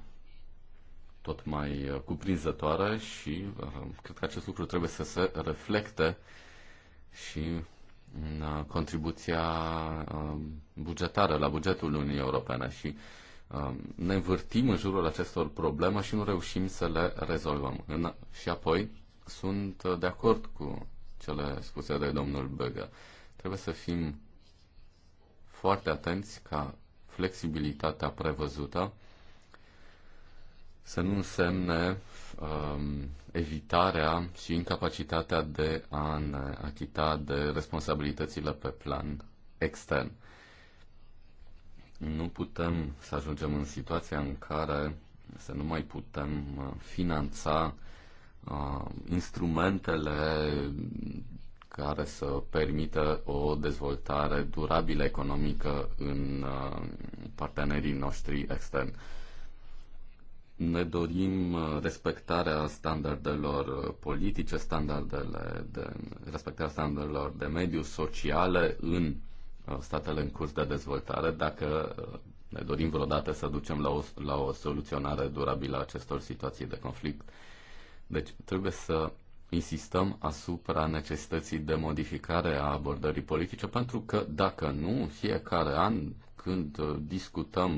tot mai uh, cuprinzătoare și uh, cred că acest lucru trebuie să se reflecte și în contribuția bugetară la bugetul Uniunii Europene și ne învârtim în jurul acestor probleme și nu reușim să le rezolvăm. Și apoi sunt de acord cu cele spuse de domnul Băgă. Trebuie să fim foarte atenți ca flexibilitatea prevăzută să nu însemne um, evitarea și incapacitatea de a ne achita de responsabilitățile pe plan extern. Nu putem să ajungem în situația în care să nu mai putem uh, finanța uh, instrumentele care să permită o dezvoltare durabilă economică în uh, partenerii noștri externi. Ne dorim uh, respectarea standardelor politice, standardele de, respectarea standardelor de mediu sociale în uh, statele în curs de dezvoltare, dacă ne dorim vreodată să ducem la o, la o soluționare durabilă a acestor situații de conflict. Deci trebuie să insistăm asupra necesității de modificare a abordării politice, pentru că dacă nu, fiecare an când uh, discutăm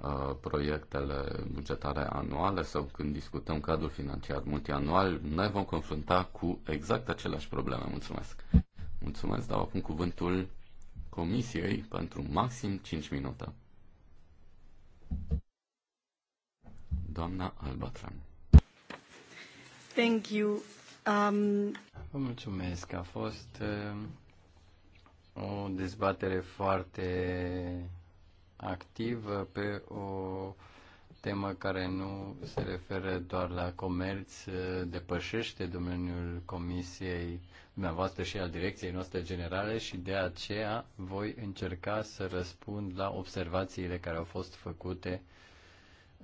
uh, proiectele bugetare anuale sau când discutăm cadrul financiar multianual, ne vom confrunta cu exact aceleași probleme. Mulțumesc! Mulțumesc, dau acum cuvântul Comisiei pentru maxim 5 minute. Doamna Albatran. Thank you Um... Vă mulțumesc. A fost uh, o dezbatere foarte activă pe o temă care nu se referă doar la comerț, uh, depășește domeniul comisiei dumneavoastră și al direcției noastre generale și de aceea voi încerca să răspund la observațiile care au fost făcute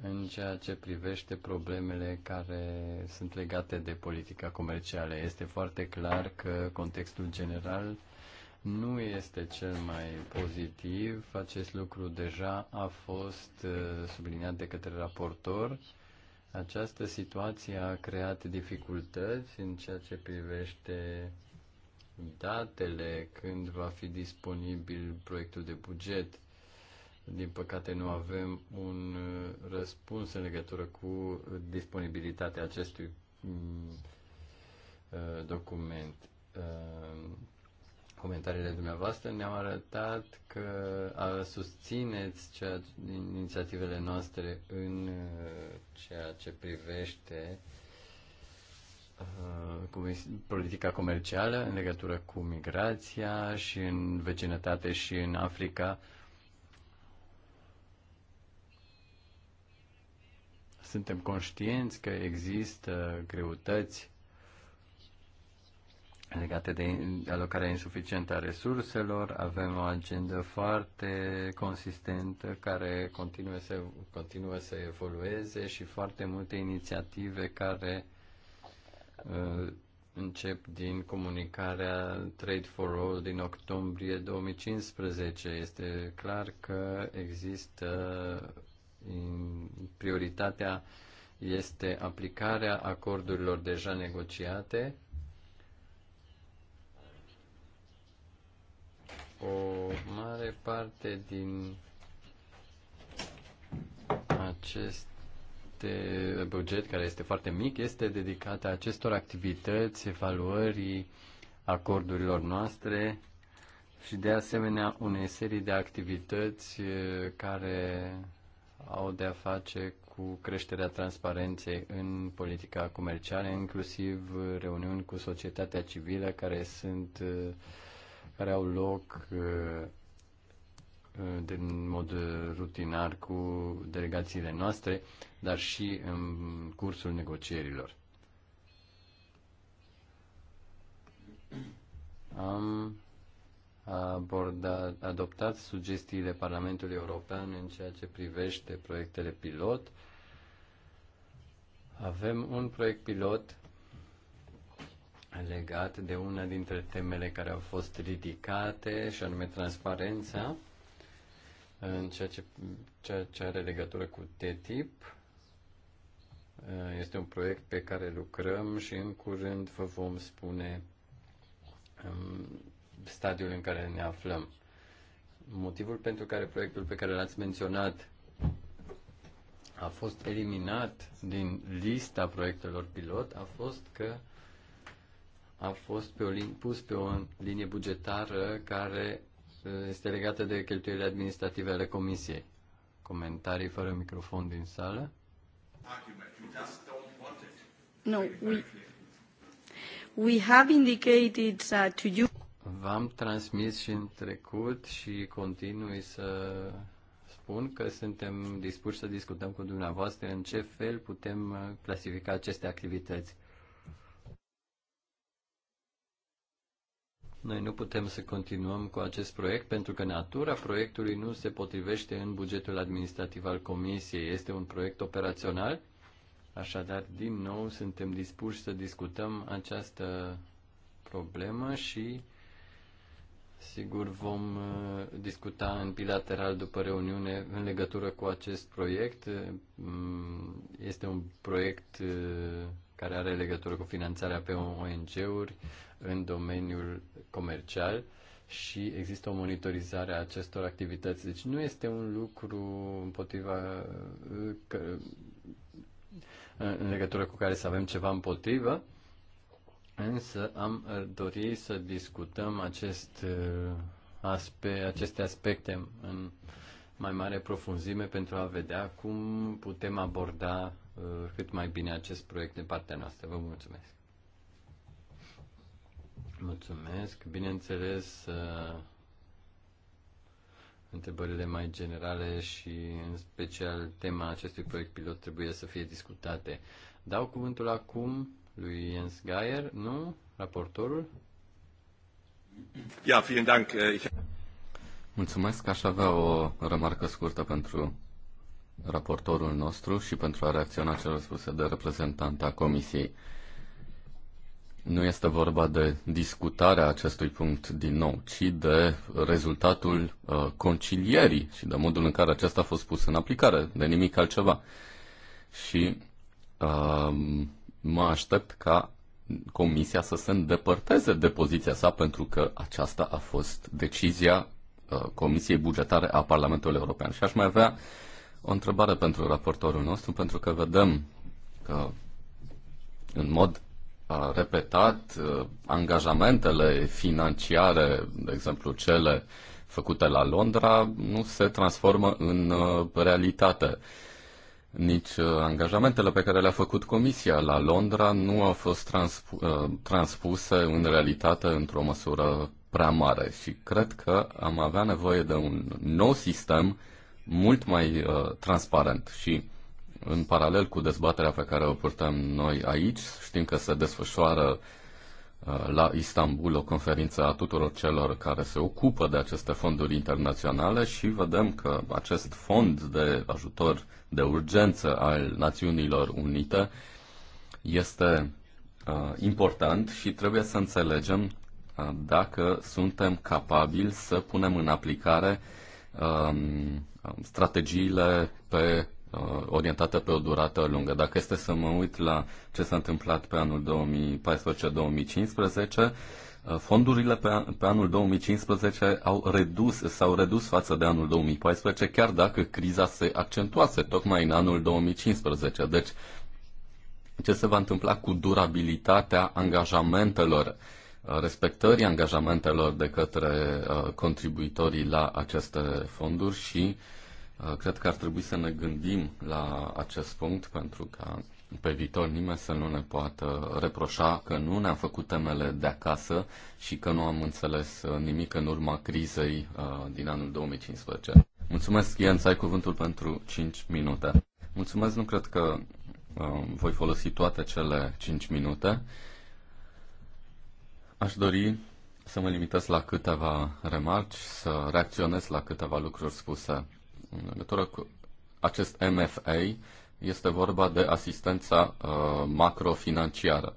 în ceea ce privește problemele care sunt legate de politica comercială. Este foarte clar că contextul general nu este cel mai pozitiv. Acest lucru deja a fost uh, subliniat de către raportor. Această situație a creat dificultăți în ceea ce privește datele când va fi disponibil proiectul de buget din păcate nu avem un uh, răspuns în legătură cu disponibilitatea acestui mm, uh, document. Uh, comentariile dumneavoastră ne-au arătat că susțineți ceea, inițiativele noastre în ceea ce privește politica comercială în legătură cu migrația și în vecinătate și în Africa. Suntem conștienți că există greutăți legate de alocarea insuficientă a resurselor, avem o agendă foarte consistentă care continuă să, continuă să evolueze și foarte multe inițiative care uh, încep din comunicarea Trade for All din octombrie 2015. Este clar că există prioritatea este aplicarea acordurilor deja negociate, o mare parte din aceste buget, care este foarte mic, este dedicată acestor activități, evaluării acordurilor noastre și de asemenea unei serii de activități eh, care au de-a face cu creșterea transparenței în politica comercială, inclusiv reuniuni cu societatea civilă care sunt uh, care au loc în uh, uh, mod rutinar cu delegațiile noastre, dar și în cursul negocierilor. Am a abordat, adoptat sugestiile Parlamentului European în ceea ce privește proiectele pilot. Avem un proiect pilot legat de una dintre temele care au fost ridicate, și anume transparența, în ceea ce, ceea ce are legătură cu TTIP. Este un proiect pe care lucrăm și în curând vă vom spune um, stadiul în care ne aflăm. Motivul pentru care proiectul pe care l-ați menționat a fost eliminat din lista proiectelor pilot a fost că a fost pe o lin- pus pe o linie bugetară care uh, este legată de cheltuielile administrative ale comisiei. Comentarii fără microfon din sală. No, we, we have indicated uh, to you V-am transmis și în trecut și continui să spun că suntem dispuși să discutăm cu dumneavoastră în ce fel putem uh, clasifica aceste activități. Noi nu putem să continuăm cu acest proiect pentru că natura proiectului nu se potrivește în bugetul administrativ al Comisiei. Este un proiect operațional, așadar, din nou, suntem dispuși să discutăm această problemă și Sigur, vom uh, discuta în bilateral după reuniune în legătură cu acest proiect. Mm, este un proiect uh, care are legătură cu finanțarea pe ONG-uri în domeniul comercial și există o monitorizare a acestor activități. Deci nu este un lucru împotriva uh, în legătură cu care să avem ceva împotrivă, Însă am uh, dori să discutăm acest uh, aspect, aceste aspecte în mai mare profunzime pentru a vedea cum putem aborda uh, cât mai bine acest proiect de partea noastră. Vă mulțumesc! Mulțumesc! Bineînțeles, întrebările mai generale și în special tema acestui proiect pilot trebuie să fie discutate. Dau cuvântul acum lui Jens Geier, nu? Raportorul? Ja, vielen Dank. Äh, Mulțumesc, aș avea o remarcă scurtă pentru raportorul nostru și pentru a reacționa celor spuse de reprezentanta Comisiei. Nu este vorba de discutarea acestui punct din nou, ci de rezultatul uh, concilierii și de modul în care acesta a fost pus în aplicare, de nimic altceva. Și uh, mă aștept ca Comisia să se îndepărteze de poziția sa pentru că aceasta a fost decizia uh, Comisiei Bugetare a Parlamentului European. Și aș mai avea o întrebare pentru raportorul nostru, pentru că vedem că în mod uh, repetat uh, angajamentele financiare, de exemplu cele făcute la Londra, nu se transformă în realitate nici uh, angajamentele pe care le-a făcut Comisia la Londra nu au fost transpu- uh, transpuse în realitate într-o măsură prea mare și cred că am avea nevoie de un nou sistem mult mai uh, transparent și în paralel cu dezbaterea pe care o purtăm noi aici, știm că se desfășoară uh, la Istanbul o conferință a tuturor celor care se ocupă de aceste fonduri internaționale și vedem că acest fond de ajutor de urgență al Națiunilor Unite este uh, important și trebuie să înțelegem uh, dacă suntem capabili să punem în aplicare uh, strategiile pe uh, orientate pe o durată lungă. Dacă este să mă uit la ce s-a întâmplat pe anul 2014-2015, Uh, fondurile pe, pe anul 2015 au redus, s-au redus față de anul 2014, chiar dacă criza se accentuase tocmai în anul 2015. Deci, ce se va întâmpla cu durabilitatea angajamentelor, uh, respectării angajamentelor de către uh, contribuitorii la aceste fonduri și cred că ar trebui să ne gândim la acest punct pentru ca pe viitor nimeni să nu ne poată reproșa că nu ne-am făcut temele de acasă și că nu am înțeles uh, nimic în urma crizei uh, din anul 2015. Mulțumesc, Ian, să ai cuvântul pentru 5 minute. Mulțumesc, nu cred că um, voi folosi toate cele 5 minute. Aș dori să mă limitez la câteva remarci, să reacționez la câteva lucruri spuse în legătură cu acest MFA este vorba de asistența uh, macrofinanciară.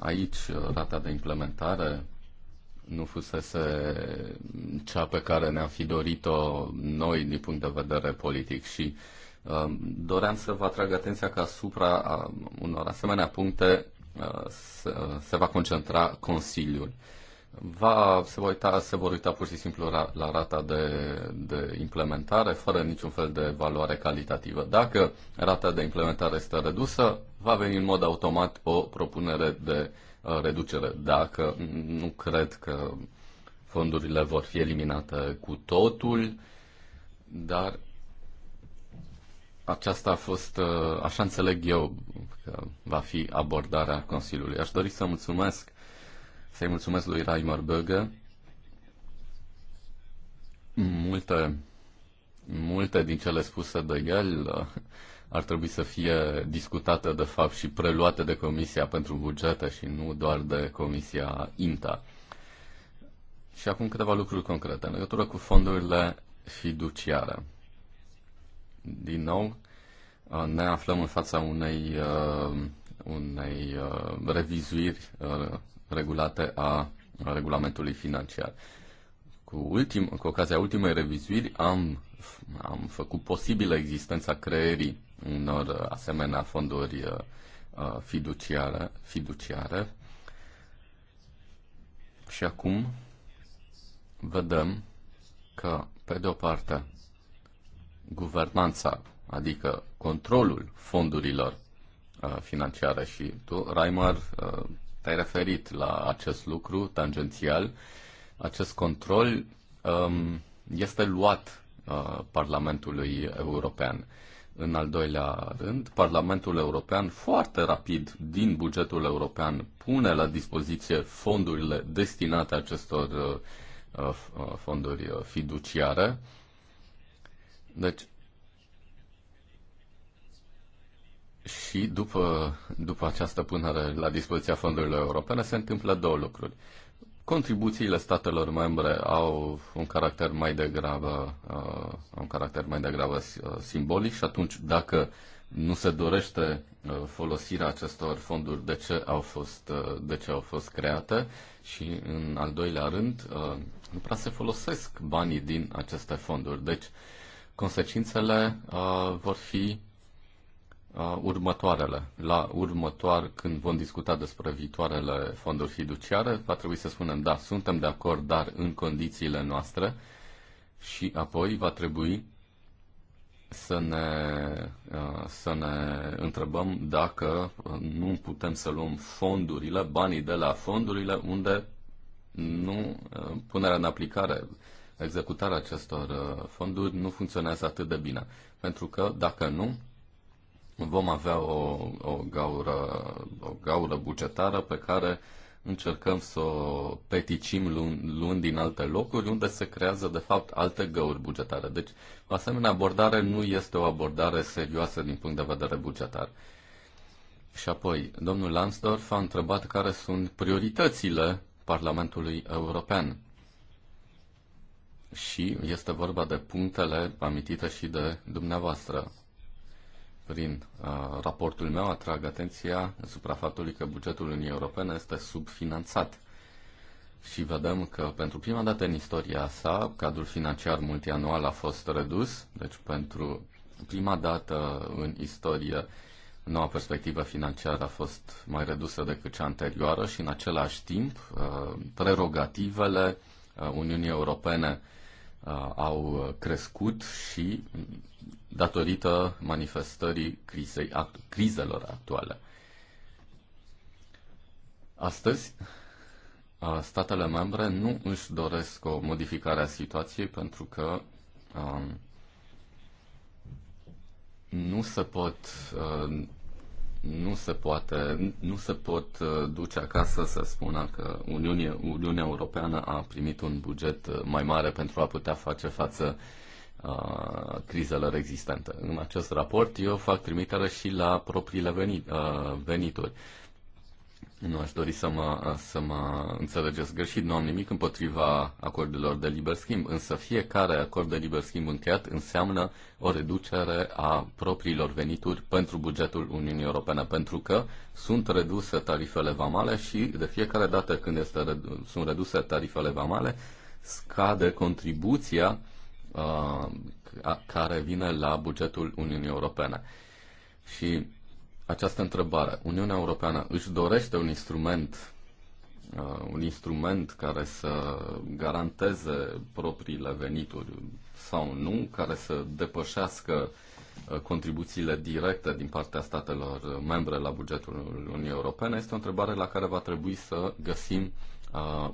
Aici uh, rata de implementare nu fusese cea pe care ne-am fi dorit-o noi din punct de vedere politic și uh, doream să vă atrag atenția că asupra unor asemenea puncte se, va concentra Consiliul va, se, va uita, se vor uita pur și simplu la, la rata de, de implementare, fără niciun fel de valoare calitativă. Dacă rata de implementare este redusă, va veni în mod automat o propunere de uh, reducere. Dacă nu cred că fondurile vor fi eliminate cu totul, dar aceasta a fost, uh, așa înțeleg eu, că va fi abordarea Consiliului. Aș dori să mulțumesc să-i mulțumesc lui Raimar Böge. Multe, multe din cele spuse de el uh, ar trebui să fie discutate de fapt și preluate de Comisia pentru Bugete și nu doar de Comisia INTA. Și acum câteva lucruri concrete în legătură cu fondurile fiduciare. Din nou, uh, ne aflăm în fața unei, uh, unei revizuiri regulate a regulamentului financiar. Cu, ultim, cu ocazia ultimei revizuiri am, am făcut posibilă existența creierii unor asemenea fonduri uh, fiduciare, fiduciare. Și acum vedem că, pe de o parte, guvernanța, adică controlul fondurilor financiare și tu, Reimer, te-ai referit la acest lucru tangențial. Acest control um, este luat uh, Parlamentului European. În al doilea rând, Parlamentul European foarte rapid din bugetul european pune la dispoziție fondurile destinate acestor uh, uh, uh fonduri uh, fiduciare. Deci, Și după, după această punere la dispoziția fondurilor europene se întâmplă două lucruri. Contribuțiile statelor membre au un caracter mai degrabă, uh, un caracter mai degrabă uh, simbolic și atunci dacă nu se dorește uh, folosirea acestor fonduri, de ce au fost, uh, de ce au fost create și în al doilea rând nu prea se folosesc banii din aceste fonduri. Deci consecințele vor fi uh, următoarele. La următoar, când vom discuta despre viitoarele fonduri fiduciare, va trebui să spunem, da, suntem de acord, dar în condițiile noastre și apoi va trebui să ne, uh, să ne întrebăm dacă uh, nu putem să luăm fondurile, banii de la fondurile unde nu uh, punerea în aplicare, executarea acestor fonduri nu funcționează atât de bine. Pentru că dacă nu, vom avea o, o, gaură, o gaură bugetară pe care încercăm să o peticim luând din alte locuri unde se creează de fapt alte găuri bugetare. Deci o asemenea abordare nu este o abordare serioasă din punct de vedere bugetar. Și apoi, domnul Lansdorf a întrebat care sunt prioritățile Parlamentului European. Și este vorba de punctele amintite și de dumneavoastră prin uh, raportul meu atrag atenția asupra faptului că bugetul Uniunii Europene este subfinanțat. Și vedem că pentru prima dată în istoria sa, cadrul financiar multianual a fost redus, deci pentru prima dată în istorie noua perspectivă financiară a fost mai redusă decât cea anterioară și în același timp uh, prerogativele Uniunii Europene au crescut și datorită manifestării crizei, act, crizelor actuale. Astăzi, statele membre nu își doresc o modificare a situației pentru că um, nu se pot uh, nu se poate nu se pot duce acasă să spună că Uniunea, Uniunea Europeană a primit un buget mai mare pentru a putea face față uh, crizelor existente. În acest raport eu fac trimitere și la propriile venit, uh, venituri. Nu aș dori să mă, să mă înțelegeți greșit, nu am nimic împotriva acordurilor de liber schimb, însă fiecare acord de liber schimb încheiat înseamnă o reducere a propriilor venituri pentru bugetul Uniunii Europene, pentru că sunt reduse tarifele vamale și de fiecare dată când este, sunt reduse tarifele vamale, scade contribuția uh, Uh, care vine la bugetul Uniunii Europene. Și această întrebare, Uniunea Europeană își dorește un instrument uh, un instrument care să garanteze propriile venituri sau nu, care să depășească uh, contribuțiile directe din partea statelor membre la bugetul Uniunii Europene, este o întrebare la care va trebui să găsim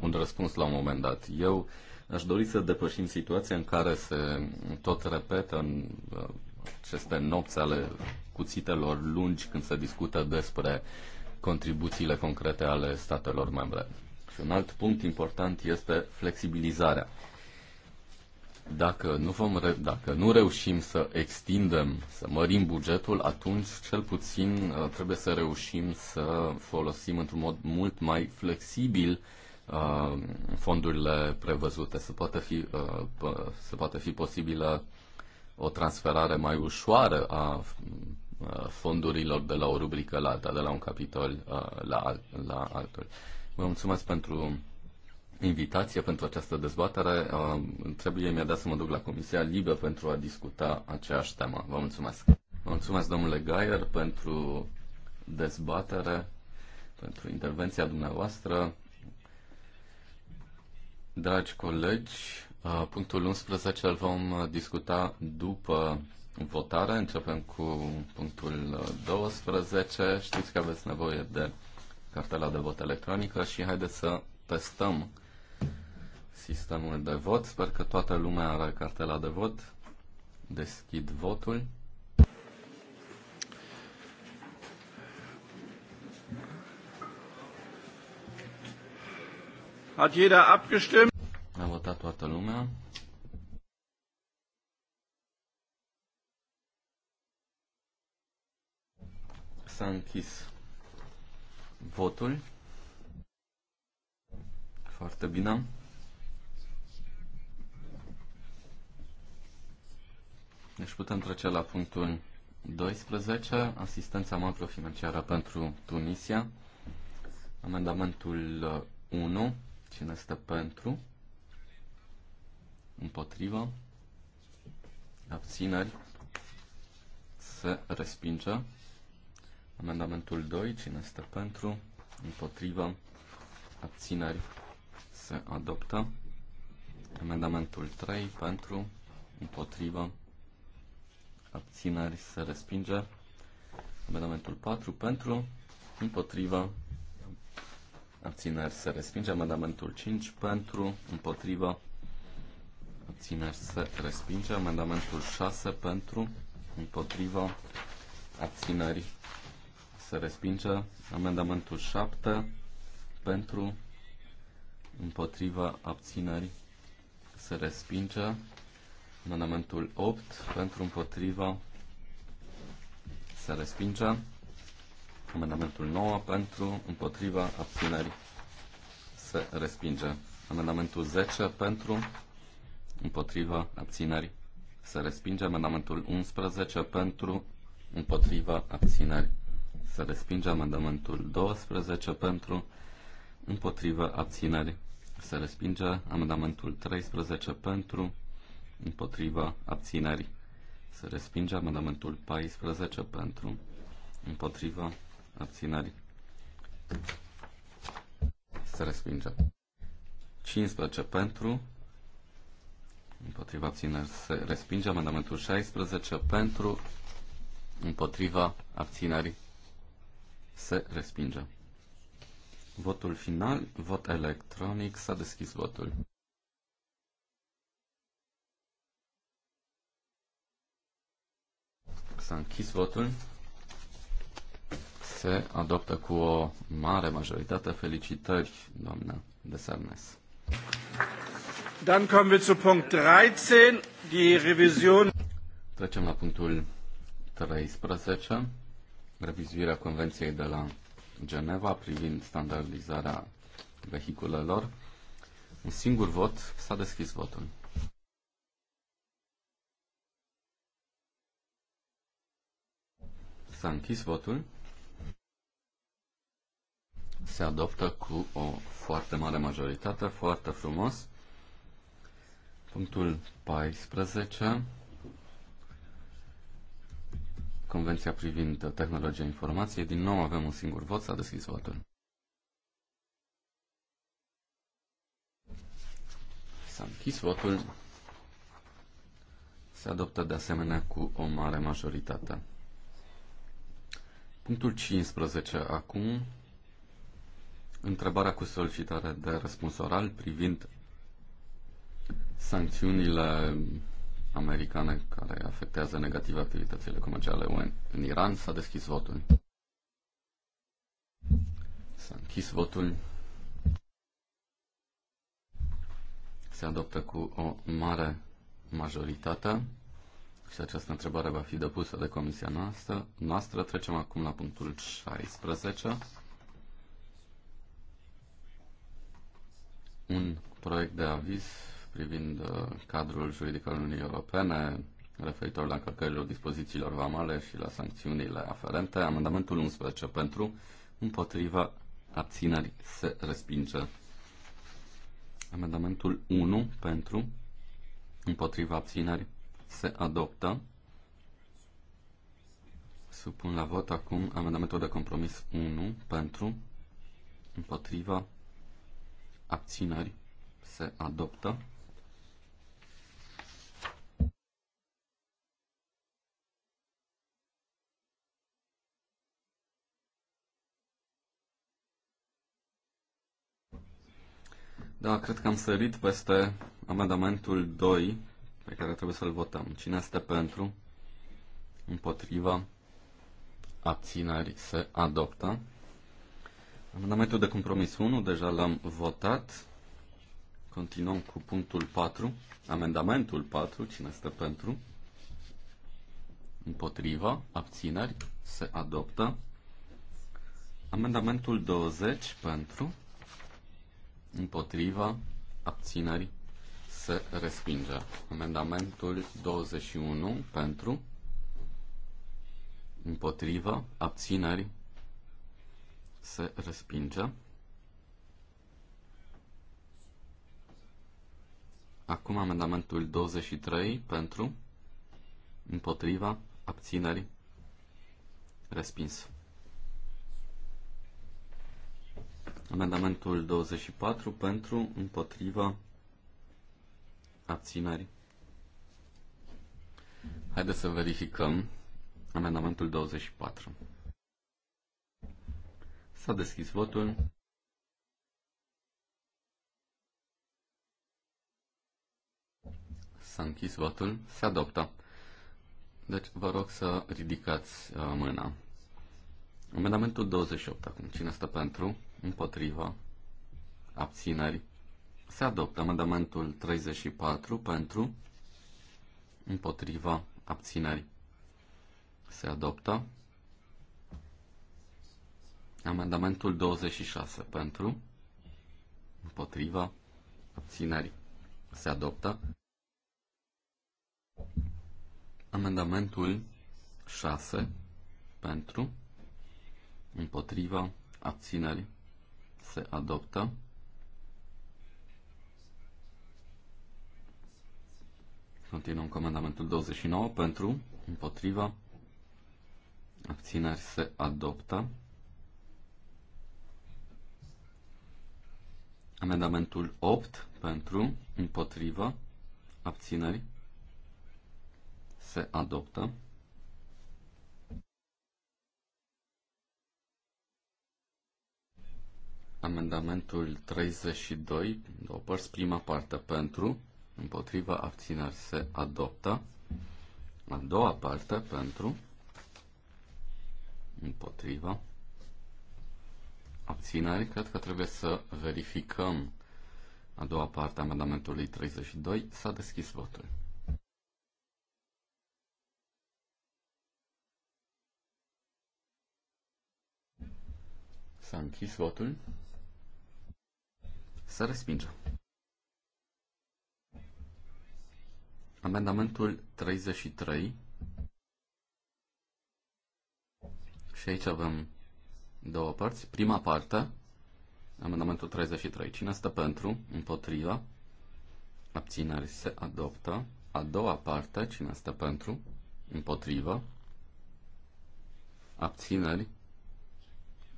un răspuns la un moment dat. Eu uh, Aș dori să depășim situația în care se tot repetă în uh, aceste nopți ale cuțitelor lungi când se discută despre contribuțiile concrete ale statelor membre. Și un alt punct important este flexibilizarea. Dacă nu, vom re- dacă nu reușim să extindem, să mărim bugetul, atunci cel puțin uh, trebuie să reușim să folosim într-un mod mult mai flexibil uh, Uh, fondurile prevăzute, să poată fi, uh, să poată fi posibilă o transferare mai ușoară a uh, fondurilor de la o rubrică la alta, de la un capitol la, alt, la altul. Vă mulțumesc pentru invitație, pentru această dezbatere. Trebuie mi-a dat să mă duc la Comisia Libă pentru a discuta aceeași temă. Vă mulțumesc. Vă mulțumesc, domnule Gaier, pentru dezbatere, pentru intervenția dumneavoastră. Dragi colegi, uh, punctul 11 îl vom uh, discuta după votare. Începem cu punctul 12. Uh, Știți că aveți nevoie de cartela de vot electronică și haideți să testăm sistemul de vot. Sper că toată lumea are cartela de vot. Deschid votul. Hat jeder abgestimmt? A votat toată lumea. S-a închis votul. Foarte bine. Deci putem trece la punctul 12, asistența macrofinanciară pentru Tunisia, amendamentul 1. Cine stă pentru? Împotriva? Abțineri? Se respinge. Amendamentul 2. Cine stă pentru? Împotriva? Abțineri? Se adoptă. Amendamentul 3. Pentru? Împotriva? Abțineri? Se respinge. Amendamentul 4. Pentru? Împotriva? abțineri se respinge. Amendamentul 5 pentru, împotrivă. abțineri se respinge. Amendamentul 6 pentru, împotrivă. abțineri se respinge. Amendamentul 7 pentru, împotrivă. abțineri se respinge. Amendamentul 8 pentru, împotrivă. se respinge. Amendamentul 9 pentru, împotriva, abținerii se respinge. Amendamentul 10 pentru, împotriva, abținerii se respinge. Amendamentul 11 pentru, împotriva, abținerii se respinge. Amendamentul 12 pentru, împotriva, abținerii se respinge. Amendamentul 13 pentru, împotriva, abținerii se respinge. Amendamentul 14 pentru, împotriva, abțineri, se respinge. 15 pentru, împotriva abțineri, se respinge. Amendamentul 16 pentru, împotriva abținerii, se respinge. Votul final, vot electronic, s-a deschis votul. S-a închis votul se adoptă cu o mare majoritate. Felicitări, doamnă de Sarnes. Dann kommen wir zu Punkt 13, die Revision. Trecem la punctul 13, revizuirea Convenției de la Geneva privind standardizarea vehiculelor. Un singur vot, s-a deschis votul. S-a închis votul se adoptă cu o foarte mare majoritate, foarte frumos. Punctul 14. Convenția privind tehnologia informației. Din nou avem un singur vot, s-a deschis votul. S-a închis votul. Se adoptă de asemenea cu o mare majoritate. Punctul 15 acum Întrebarea cu solicitare de răspuns oral privind sancțiunile americane care afectează negativ activitățile comerciale UE în Iran s-a deschis votul. S-a închis votul. Se adoptă cu o mare majoritate și această întrebare va fi depusă de comisia noastră. Noastră trecem acum la punctul 16 un proiect de aviz privind uh, cadrul juridic al Uniunii Europene referitor la încălcărilor dispozițiilor vamale și la sancțiunile aferente. Amendamentul 11 pentru, împotriva, abțineri se respinge. Amendamentul 1 pentru, împotriva, abțineri se adoptă. Supun la vot acum amendamentul de compromis 1 pentru, împotriva, abțineri, se adoptă. Da, cred că am sărit peste amendamentul 2 pe care trebuie să-l votăm. Cine este pentru? Împotriva? Abținerii se adoptă. Amendamentul de compromis 1, deja l-am votat. Continuăm cu punctul 4, amendamentul 4, cine este pentru? Împotriva, abțineri, se adoptă. Amendamentul 20 pentru, împotriva, abțineri, se respinge. Amendamentul 21 pentru, împotriva, abțineri, se respinge. Acum amendamentul 23 pentru, împotriva, abțineri, respins. Amendamentul 24 pentru, împotriva, abțineri. Haideți să verificăm amendamentul 24. S-a deschis votul. S-a închis votul. Se adoptă. Deci vă rog să ridicați uh, mâna. Amendamentul 28 acum. Cine stă pentru? Împotrivă? Abțineri? Se adoptă amendamentul 34 pentru? Împotriva? Abțineri? Se adoptă. Amendamentul 26 pentru, împotriva, abținerii. se adoptă. Amendamentul 6 pentru, împotriva, abținerii. se adoptă. Continuăm cu amendamentul 29 pentru, împotriva, abțineri se adoptă. Amendamentul 8 pentru, împotrivă, abțineri, se adoptă. Amendamentul 32, două părți, prima parte pentru, împotriva abțineri se adoptă. A doua parte pentru, împotriva abținere, cred că trebuie să verificăm a doua parte a amendamentului 32. S-a deschis votul. S-a închis votul. să respinge. Amendamentul 33. Și aici avem două părți. Prima parte, amendamentul 33. Cine stă pentru? Împotriva? Abțineri se adoptă. A doua parte, cine stă pentru? Împotrivă? Abțineri?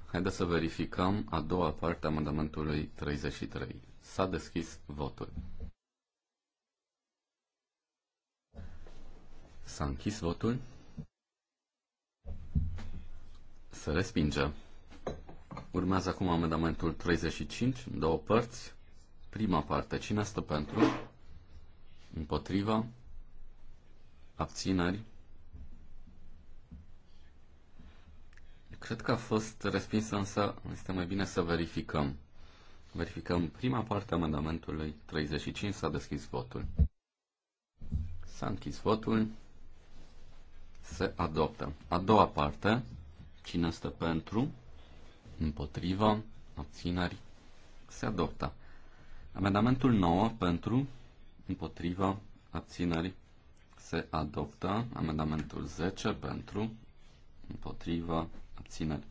Haideți să verificăm a doua parte a amendamentului 33. S-a deschis votul. S-a închis votul. Se respinge. Urmează acum amendamentul 35, două părți. Prima parte, cine stă pentru? Împotriva? Abțineri? Cred că a fost respinsă, însă este mai bine să verificăm. Verificăm prima parte a amendamentului 35, s-a deschis votul. S-a închis votul, se adoptă. A doua parte, cine stă pentru? împotriva, abțineri, se adoptă. Amendamentul 9 pentru, împotriva, abțineri, se adoptă. Amendamentul 10 pentru, împotriva, abțineri,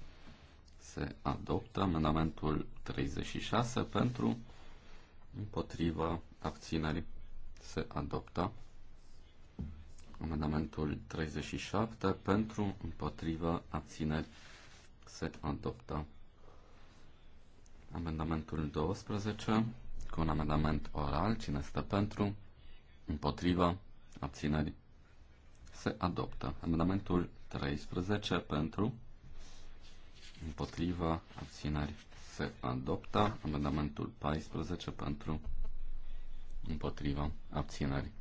se adoptă. Amendamentul 36 pentru, împotriva, abțineri, se adoptă. Amendamentul 37 pentru, împotriva, abțineri, se adoptă. Amendamentul 12 cu un amendament oral. Cine stă pentru? Împotriva? Abțineri? Se adoptă. Amendamentul 13 pentru? Împotriva? Abțineri? Se adoptă. Amendamentul 14 pentru? Împotriva? Abțineri?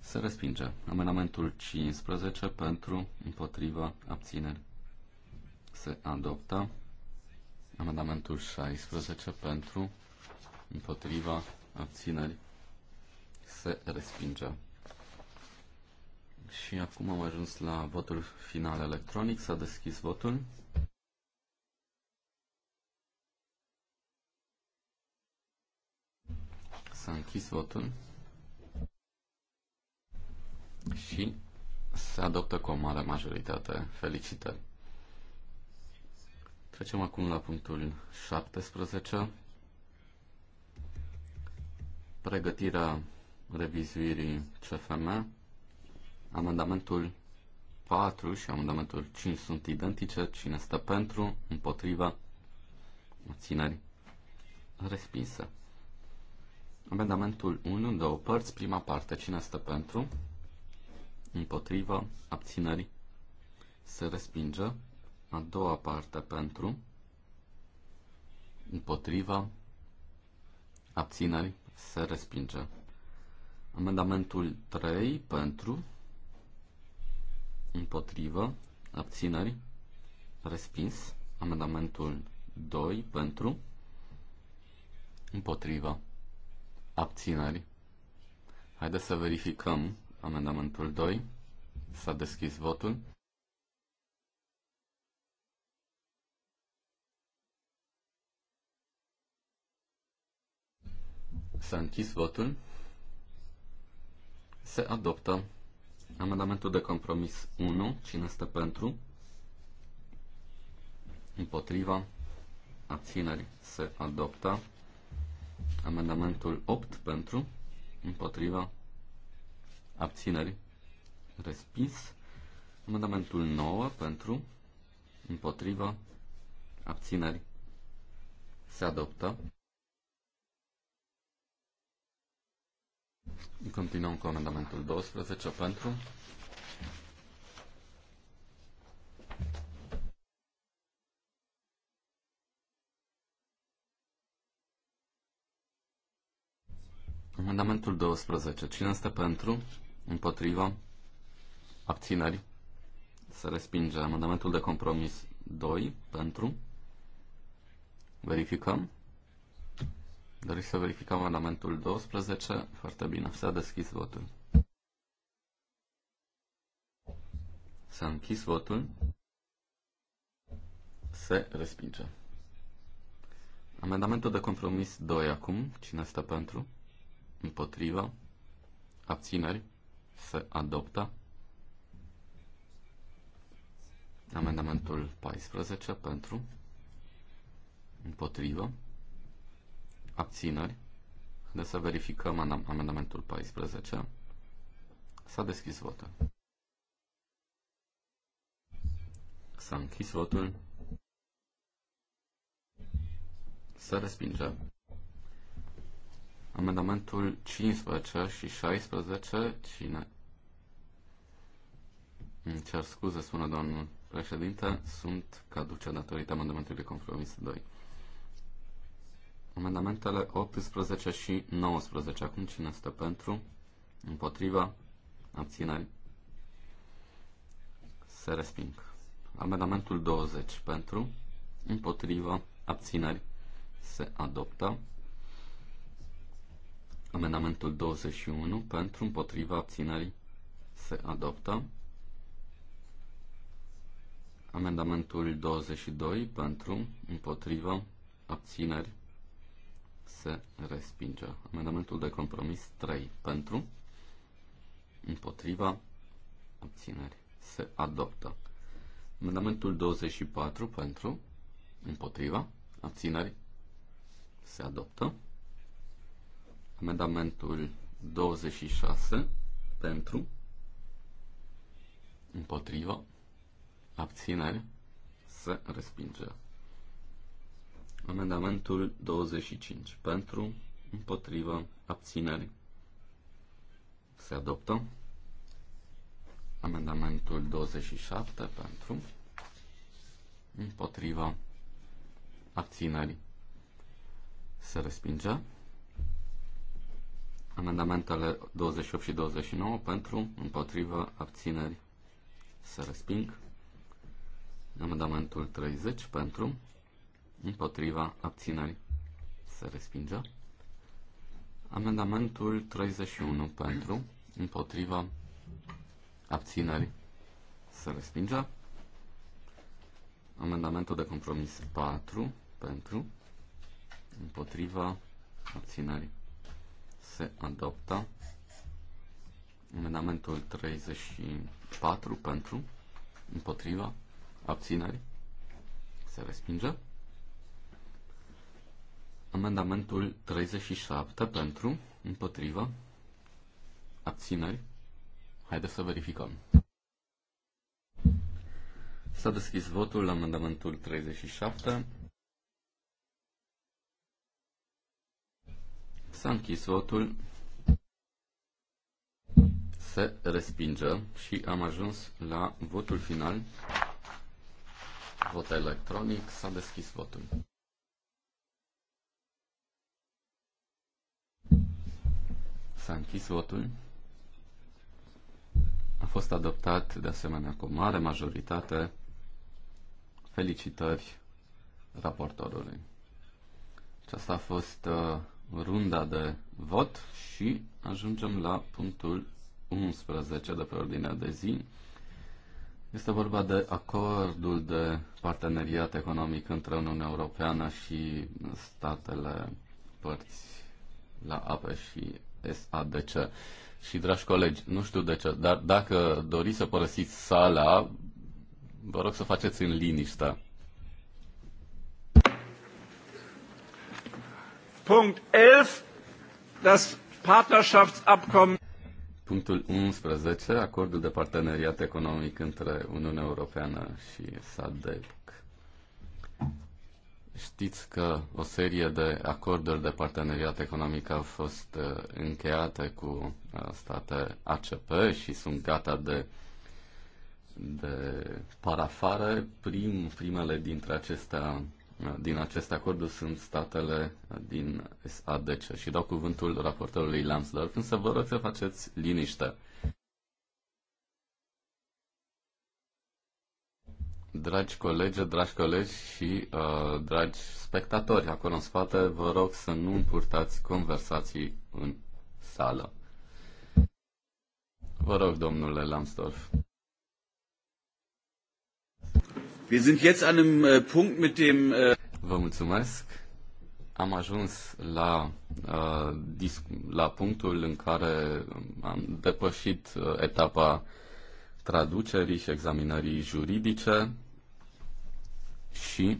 Se respinge. Amendamentul 15 pentru? Împotriva? Abțineri? Se adoptă. Amendamentul 16 pentru, împotriva, abțineri, se respinge. Și acum am ajuns la votul final electronic. S-a deschis votul. S-a închis votul. Și se adoptă cu o mare majoritate. Felicitări! Trecem acum la punctul 17. Pregătirea revizuirii CFM. Amendamentul 4 și amendamentul 5 sunt identice. Cine stă pentru, împotriva, abțineri, respinse. Amendamentul 1 în două părți. Prima parte, cine stă pentru, împotriva, abținerii, se respinge. A doua parte pentru, împotriva, abținerii, se respinge. Amendamentul 3 pentru, împotrivă, abținerii, respins. Amendamentul 2 pentru, împotrivă, abținerii. Haideți să verificăm amendamentul 2. S-a deschis votul. S-a închis votul. Se adoptă amendamentul de compromis 1. Cine este pentru? Împotriva. Abțineri. Se adoptă amendamentul 8 pentru. Împotriva. Abțineri. Respins. Amendamentul 9 pentru. Împotriva. Abțineri. Se adoptă. Continuăm cu amendamentul 12 pentru. Amendamentul 12. Cine este pentru? Împotrivă? Abțineri? Se respinge. Amendamentul de compromis 2. Pentru? Verificăm. Doriți să verificăm amendamentul 12? Foarte bine, s-a deschis votul. S-a închis votul. Se respinge. Amendamentul de compromis 2 acum. Cine stă pentru? Împotriva? Abțineri? Se adoptă. Amendamentul 14 pentru? Împotriva abțineri. Haideți să verificăm amendamentul 14. S-a deschis votul. S-a închis votul. Se respinge. Amendamentul 15 și 16, cine? Îmi cer scuze, spune domnul președinte, sunt caduce datorită amendamentului de compromis 2. Amendamentele 18 și 19. Acum cine stă pentru? Împotriva? Abțineri? Se resping. Amendamentul 20 pentru? Împotriva? Abțineri? Se adoptă. Amendamentul 21 pentru? Împotriva? Abțineri? Se adoptă. Amendamentul 22 pentru? Împotriva? Abțineri? se respinge. Amendamentul de compromis 3 pentru, împotriva, abțineri, se adoptă. Amendamentul 24 pentru, împotriva, abțineri, se adoptă. Amendamentul 26 pentru, împotriva, abțineri, se respinge. Amendamentul 25. Pentru, împotrivă, abținere. Se adoptă. Amendamentul 27 pentru, împotriva, abținerii. Se respinge. Amendamentele 28 și 29 pentru, împotriva, abținerii. Se resping. Amendamentul 30 pentru, împotriva abținerii. Se respinge. Amendamentul 31 pentru, împotriva abținerii. Se respinge. Amendamentul de compromis 4 pentru, împotriva abținerii. Se adoptă. Amendamentul 34 pentru, împotriva abținerii. Se respinge. Amendamentul 37 pentru, împotriva, abțineri. Haideți să verificăm. S-a deschis votul la amendamentul 37. S-a închis votul. Se respinge și am ajuns la votul final. Vot electronic. S-a deschis votul. S-a închis votul. A fost adoptat de asemenea cu mare majoritate. Felicitări raportorului. Aceasta a fost uh, runda de vot și ajungem la punctul 11 de pe ordinea de zi. Este vorba de acordul de parteneriat economic între Uniunea Europeană și statele părți la apă și SADC. Și, dragi colegi, nu știu de ce, dar dacă doriți să părăsiți sala, vă rog să faceți în liniște. Punct 11. Das Partnerschaftsabkommen. Punctul 11. Acordul de parteneriat economic între Uniunea Europeană și SADC. Știți că o serie de acorduri de parteneriat economic au fost uh, încheiate cu uh, state ACP și sunt gata de, de parafare. Prim, primele dintre acestea, uh, din aceste acorduri sunt statele din SADC și dau cuvântul raportorului Lansdorf, însă vă rog să faceți liniște Dragi colegi, dragi colegi și uh, dragi spectatori, acolo în spate, vă rog să nu purtați conversații în sală. Vă rog, domnule Lambsdorff. Wir sind jetzt an einem uh, Punkt mit dem uh... Vă mulțumesc. Am ajuns la, uh, la punctul în care am depășit uh, etapa traducerii și examinării juridice și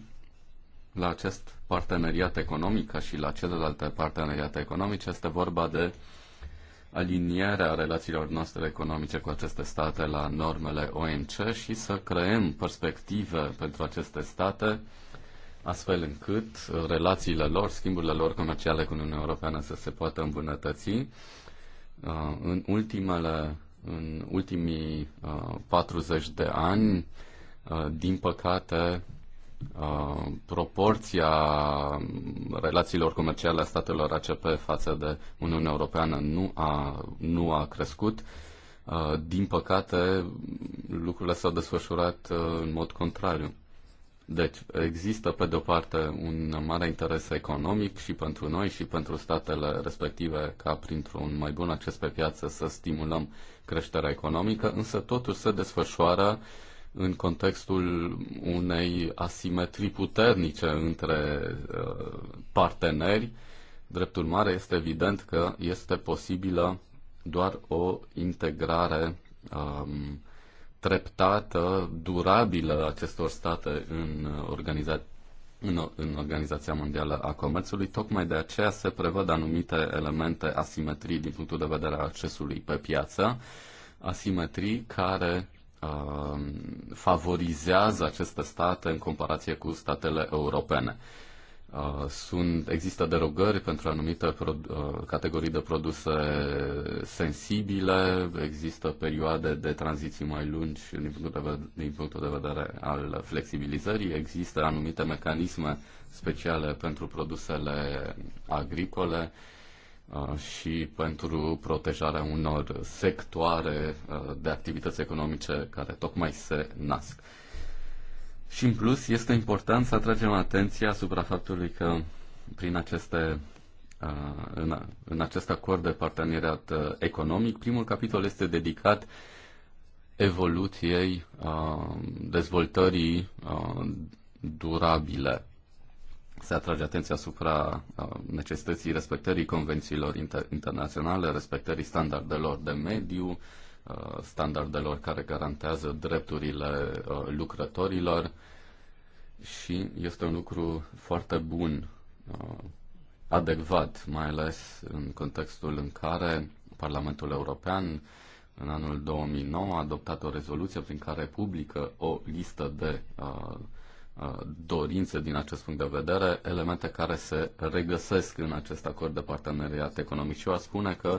la acest parteneriat economic ca și la celelalte parteneriate economice este vorba de alinierea relațiilor noastre economice cu aceste state la normele OMC și să creăm perspective pentru aceste state astfel încât relațiile lor, schimburile lor comerciale cu Uniunea Europeană să se poată îmbunătăți. Uh, în ultimele, în ultimii 40 uh, de ani, uh, din păcate, Uh, proporția relațiilor comerciale a statelor ACP față de Uniunea Europeană nu a, nu a crescut. Uh, din păcate, lucrurile s-au desfășurat uh, în mod contrariu. Deci există, pe de-o parte, un mare interes economic și pentru noi și pentru statele respective ca printr-un mai bun acces pe piață să stimulăm creșterea economică, însă totul se desfășoară uh, în contextul unei asimetrii puternice între uh, parteneri. Drept urmare, este evident că este posibilă doar o integrare um, treptată, durabilă acestor state în, uh, organiza- în, în Organizația Mondială a Comerțului. Tocmai de aceea se prevăd anumite elemente asimetrii din punctul de vedere al accesului pe piață, asimetrii care Um, favorizează aceste state în comparație cu statele europene. Uh, sunt, există derogări pentru anumite pro, uh, categorii de produse sensibile, există perioade de tranziții mai lungi din punctul de vedere, din punctul de vedere al flexibilizării, există anumite mecanisme speciale pentru produsele agricole, uh, și pentru protejarea unor sectoare de activități economice care tocmai se nasc. Și în plus este important să atragem atenția asupra faptului că prin aceste în, în acest acord de parteneriat economic, primul capitol este dedicat evoluției dezvoltării durabile se atrage atenția asupra uh, necesității respectării convențiilor inter- internaționale, respectării standardelor de mediu, uh, standardelor care garantează drepturile uh, lucrătorilor și este un lucru foarte bun, adecvat, mai ales în contextul în care Parlamentul European în anul 2009 a adoptat o rezoluție prin care publică o listă de uh, Uh, dorințe din acest punct de vedere, elemente care se regăsesc în acest acord de parteneriat economic. Și o spune că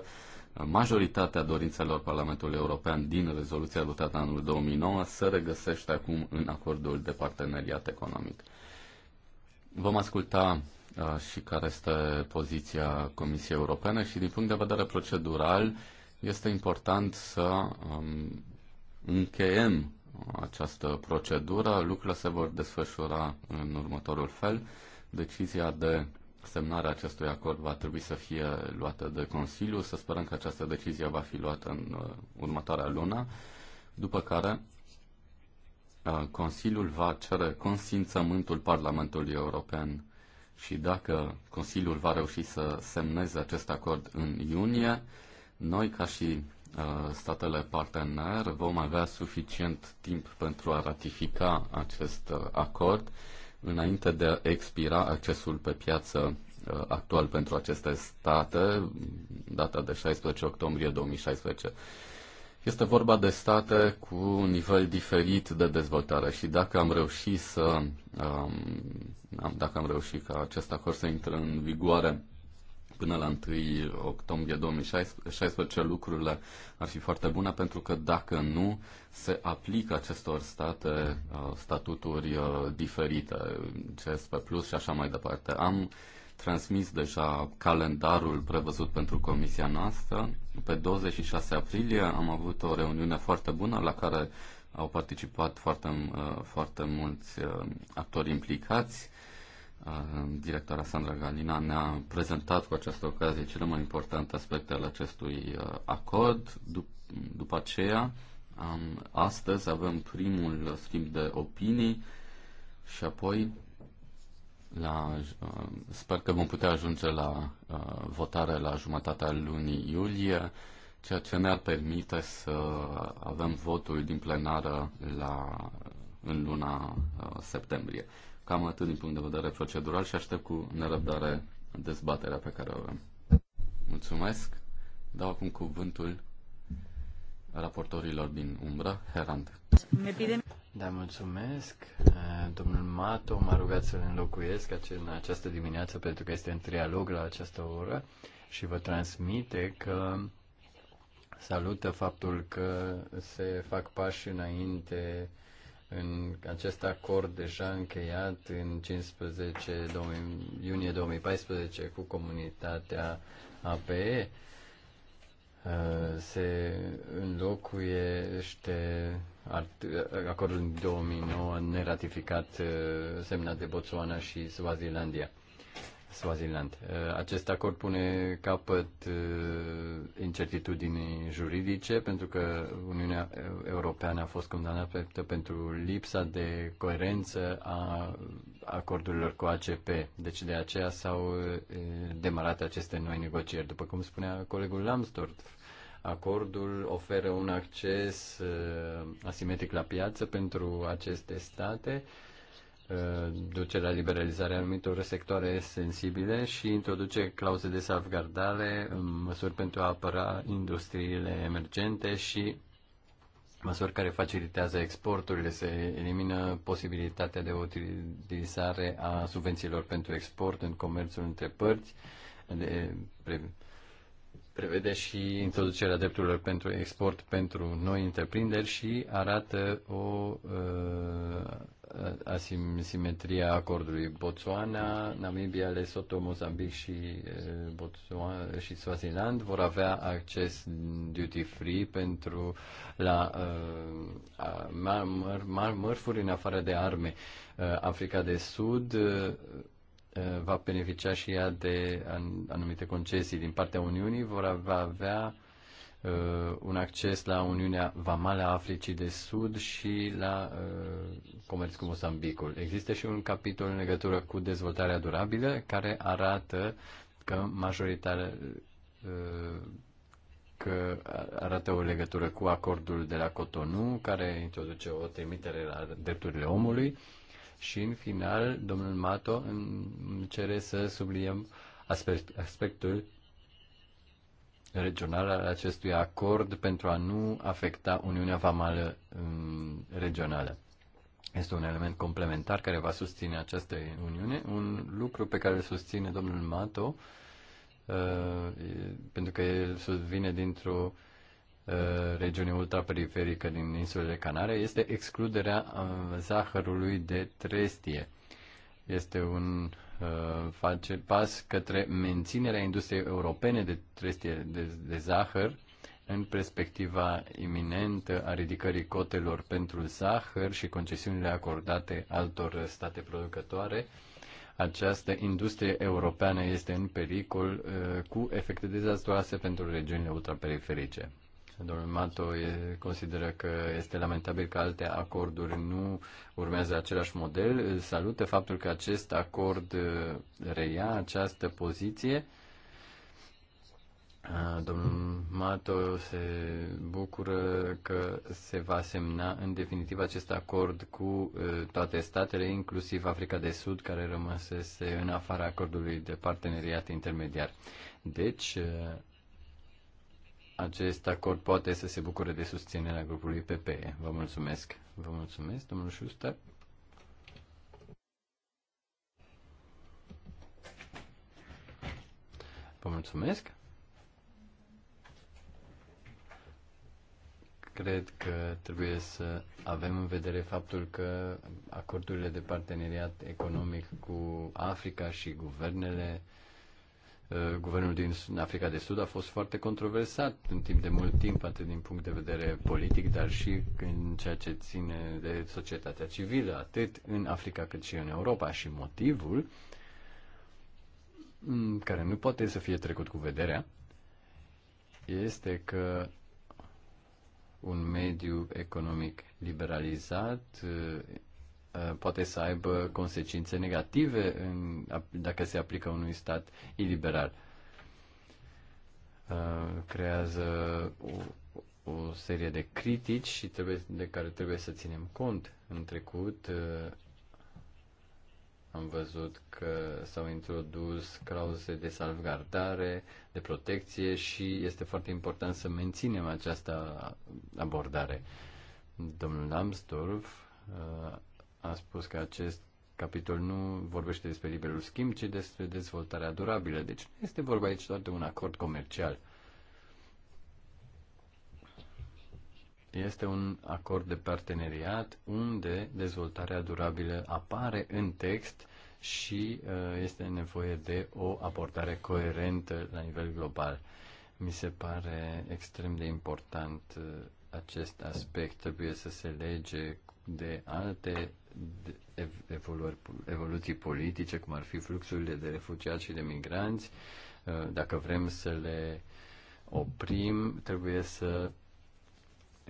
uh, majoritatea dorințelor Parlamentului European din rezoluția adoptată anul 2009 se regăsește acum în acordul de parteneriat economic. Vom asculta uh, și care este poziția Comisiei Europene și din punct de vedere procedural este important să um, încheiem această procedură, lucrurile se vor desfășura în următorul fel. Decizia de semnare a acestui acord va trebui să fie luată de Consiliu. Să sperăm că această decizie va fi luată în uh, următoarea lună, după care uh, Consiliul va cere consimțământul Parlamentului European și dacă Consiliul va reuși să semneze acest acord în iunie, noi ca și Uh, statele partener vom avea suficient timp pentru a ratifica acest uh, acord înainte de a expira accesul pe piață uh, actual pentru aceste state, data de 16 octombrie 2016. Este vorba de state cu un nivel diferit de dezvoltare și dacă am reușit să um, dacă am reușit ca acest acord să intre în vigoare până la 1 octombrie 2016 lucrurile ar fi foarte bune pentru că dacă nu se aplică acestor state uh, statuturi uh, diferite, CSP Plus și așa mai departe. Am transmis deja calendarul prevăzut pentru comisia noastră. Pe 26 aprilie am avut o reuniune foarte bună la care au participat foarte, uh, foarte mulți actori implicați directora Sandra Galina ne-a prezentat cu această ocazie cele mai importante aspecte ale acestui uh, acord. Dup- după aceea, astăzi avem primul schimb de opinii și apoi la, uh, sper că vom putea ajunge la uh, votare la jumătatea lunii iulie, ceea ce ne-ar permite să avem votul din plenară la, în luna septembrie. Cam atât din punct de vedere procedural și aștept cu nerăbdare dezbaterea pe care o avem. Mulțumesc. Dau acum cuvântul raportorilor din umbră, Herand. Da, mulțumesc. Domnul Mato m-a rugat să-l înlocuiesc în această dimineață pentru că este în trialog la această oră și vă transmite că salută faptul că se fac pași înainte în acest acord deja încheiat în 15 2000, iunie 2014 cu comunitatea APE uh, se înlocuiește uh, acordul din 2009 neratificat uh, semnat de Botswana și Swazilandia. Swaziland. Uh, acest acord pune capăt uh, incertitudinii juridice pentru că Uniunea Europeană a fost condamnată pentru lipsa de coerență a acordurilor cu ACP. Deci de aceea s-au uh, demarat aceste noi negocieri. După cum spunea colegul Lambsdorff, acordul oferă un acces asimetric la piață pentru aceste state duce la liberalizarea anumitor sectoare sensibile și introduce clauze de salvgardare, măsuri pentru a apăra industriile emergente și măsuri care facilitează exporturile. Se elimină posibilitatea de utilizare a subvențiilor pentru export în comerțul între părți. De, pre, prevede și introducerea drepturilor pentru export pentru noi întreprinderi și arată o uh, asimetria acordului Botswana, Namibia, Lesotho, Mozambic și, Botswana, și Swaziland vor avea acces duty free pentru la uh, mărfuri în afară de arme. Uh, Africa de Sud uh, va beneficia și ea de anumite concesii din partea Uniunii, vor avea uh, un acces la Uniunea Vamală a Africii de Sud și la uh, comerț cu Mozambicul. Există și un capitol în legătură cu dezvoltarea durabilă care arată că majoritatea uh, că arată o legătură cu acordul de la Cotonou, care introduce o trimitere la drepturile omului și, în final, domnul Mato îmi cere să subliniem aspect, aspectul regional al acestui acord pentru a nu afecta Uniunea Vamală um, regională. Este un element complementar care va susține această Uniune, un lucru pe care îl susține domnul Mato, uh, pentru că el vine dintr-o uh, regiune ultraperiferică din insulele Canare, este excluderea uh, zahărului de trestie. Este un Uh, face pas către menținerea industriei europene de trestie de, de zahăr în perspectiva iminentă a ridicării cotelor pentru zahăr și concesiunile acordate altor state producătoare. Această industrie europeană este în pericol uh, cu efecte dezastroase pentru regiunile ultraperiferice. Domnul Mato consideră că este lamentabil că alte acorduri nu urmează același model. Îl salută faptul că acest acord uh, reia această poziție. Uh, domnul Mato se bucură că se va semna în definitiv acest acord cu uh, toate statele, inclusiv Africa de Sud, care rămăsese în afara acordului de parteneriat intermediar. Deci, acest acord poate să se bucure de susținerea grupului PPE. Vă mulțumesc. Vă mulțumesc, domnul Schuster. Vă mulțumesc. Cred că trebuie să avem în vedere faptul că acordurile de parteneriat economic cu Africa și guvernele Uh, guvernul din Africa de Sud a fost foarte controversat în timp de mult timp, atât din punct de vedere politic, dar și în ceea ce ține de societatea civilă, atât în Africa cât și în Europa. Și motivul mm, care nu poate să fie trecut cu vederea este că un mediu economic liberalizat uh, Uh, poate să aibă consecințe negative în, dacă se aplică unui stat iliberal. Uh, creează o, o serie de critici și trebuie, de care trebuie să ținem cont. În trecut uh, am văzut că s-au introdus clauze de salvgardare, de protecție și este foarte important să menținem această abordare. Domnul Amstorf a spus că acest capitol nu vorbește despre liberul schimb, ci despre dezvoltarea durabilă. Deci nu este vorba aici doar de un acord comercial. Este un acord de parteneriat unde dezvoltarea durabilă apare în text și uh, este nevoie de o abordare coerentă la nivel global. Mi se pare extrem de important uh, acest aspect. Trebuie să se lege de alte evoluări, evoluții politice, cum ar fi fluxurile de refugiați și de migranți. Uh, dacă vrem să le oprim, trebuie să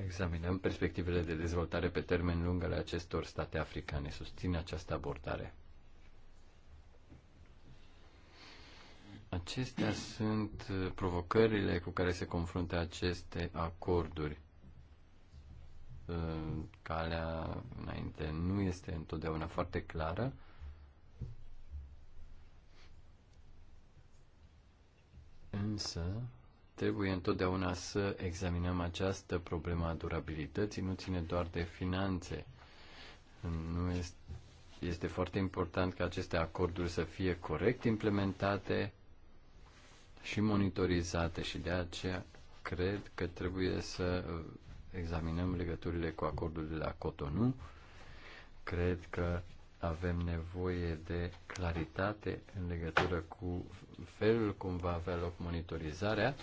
examinăm perspectivele de dezvoltare pe termen lung ale acestor state africane. Susține această abordare. Acestea sunt uh, provocările cu care se confruntă aceste acorduri calea înainte nu este întotdeauna foarte clară. Însă, trebuie întotdeauna să examinăm această problemă a durabilității, nu ține doar de finanțe. Nu este, este foarte important ca aceste acorduri să fie corect implementate și monitorizate și de aceea cred că trebuie să examinăm legăturile cu acordul de la Cotonou. Cred că avem nevoie de claritate în legătură cu felul cum va avea loc monitorizarea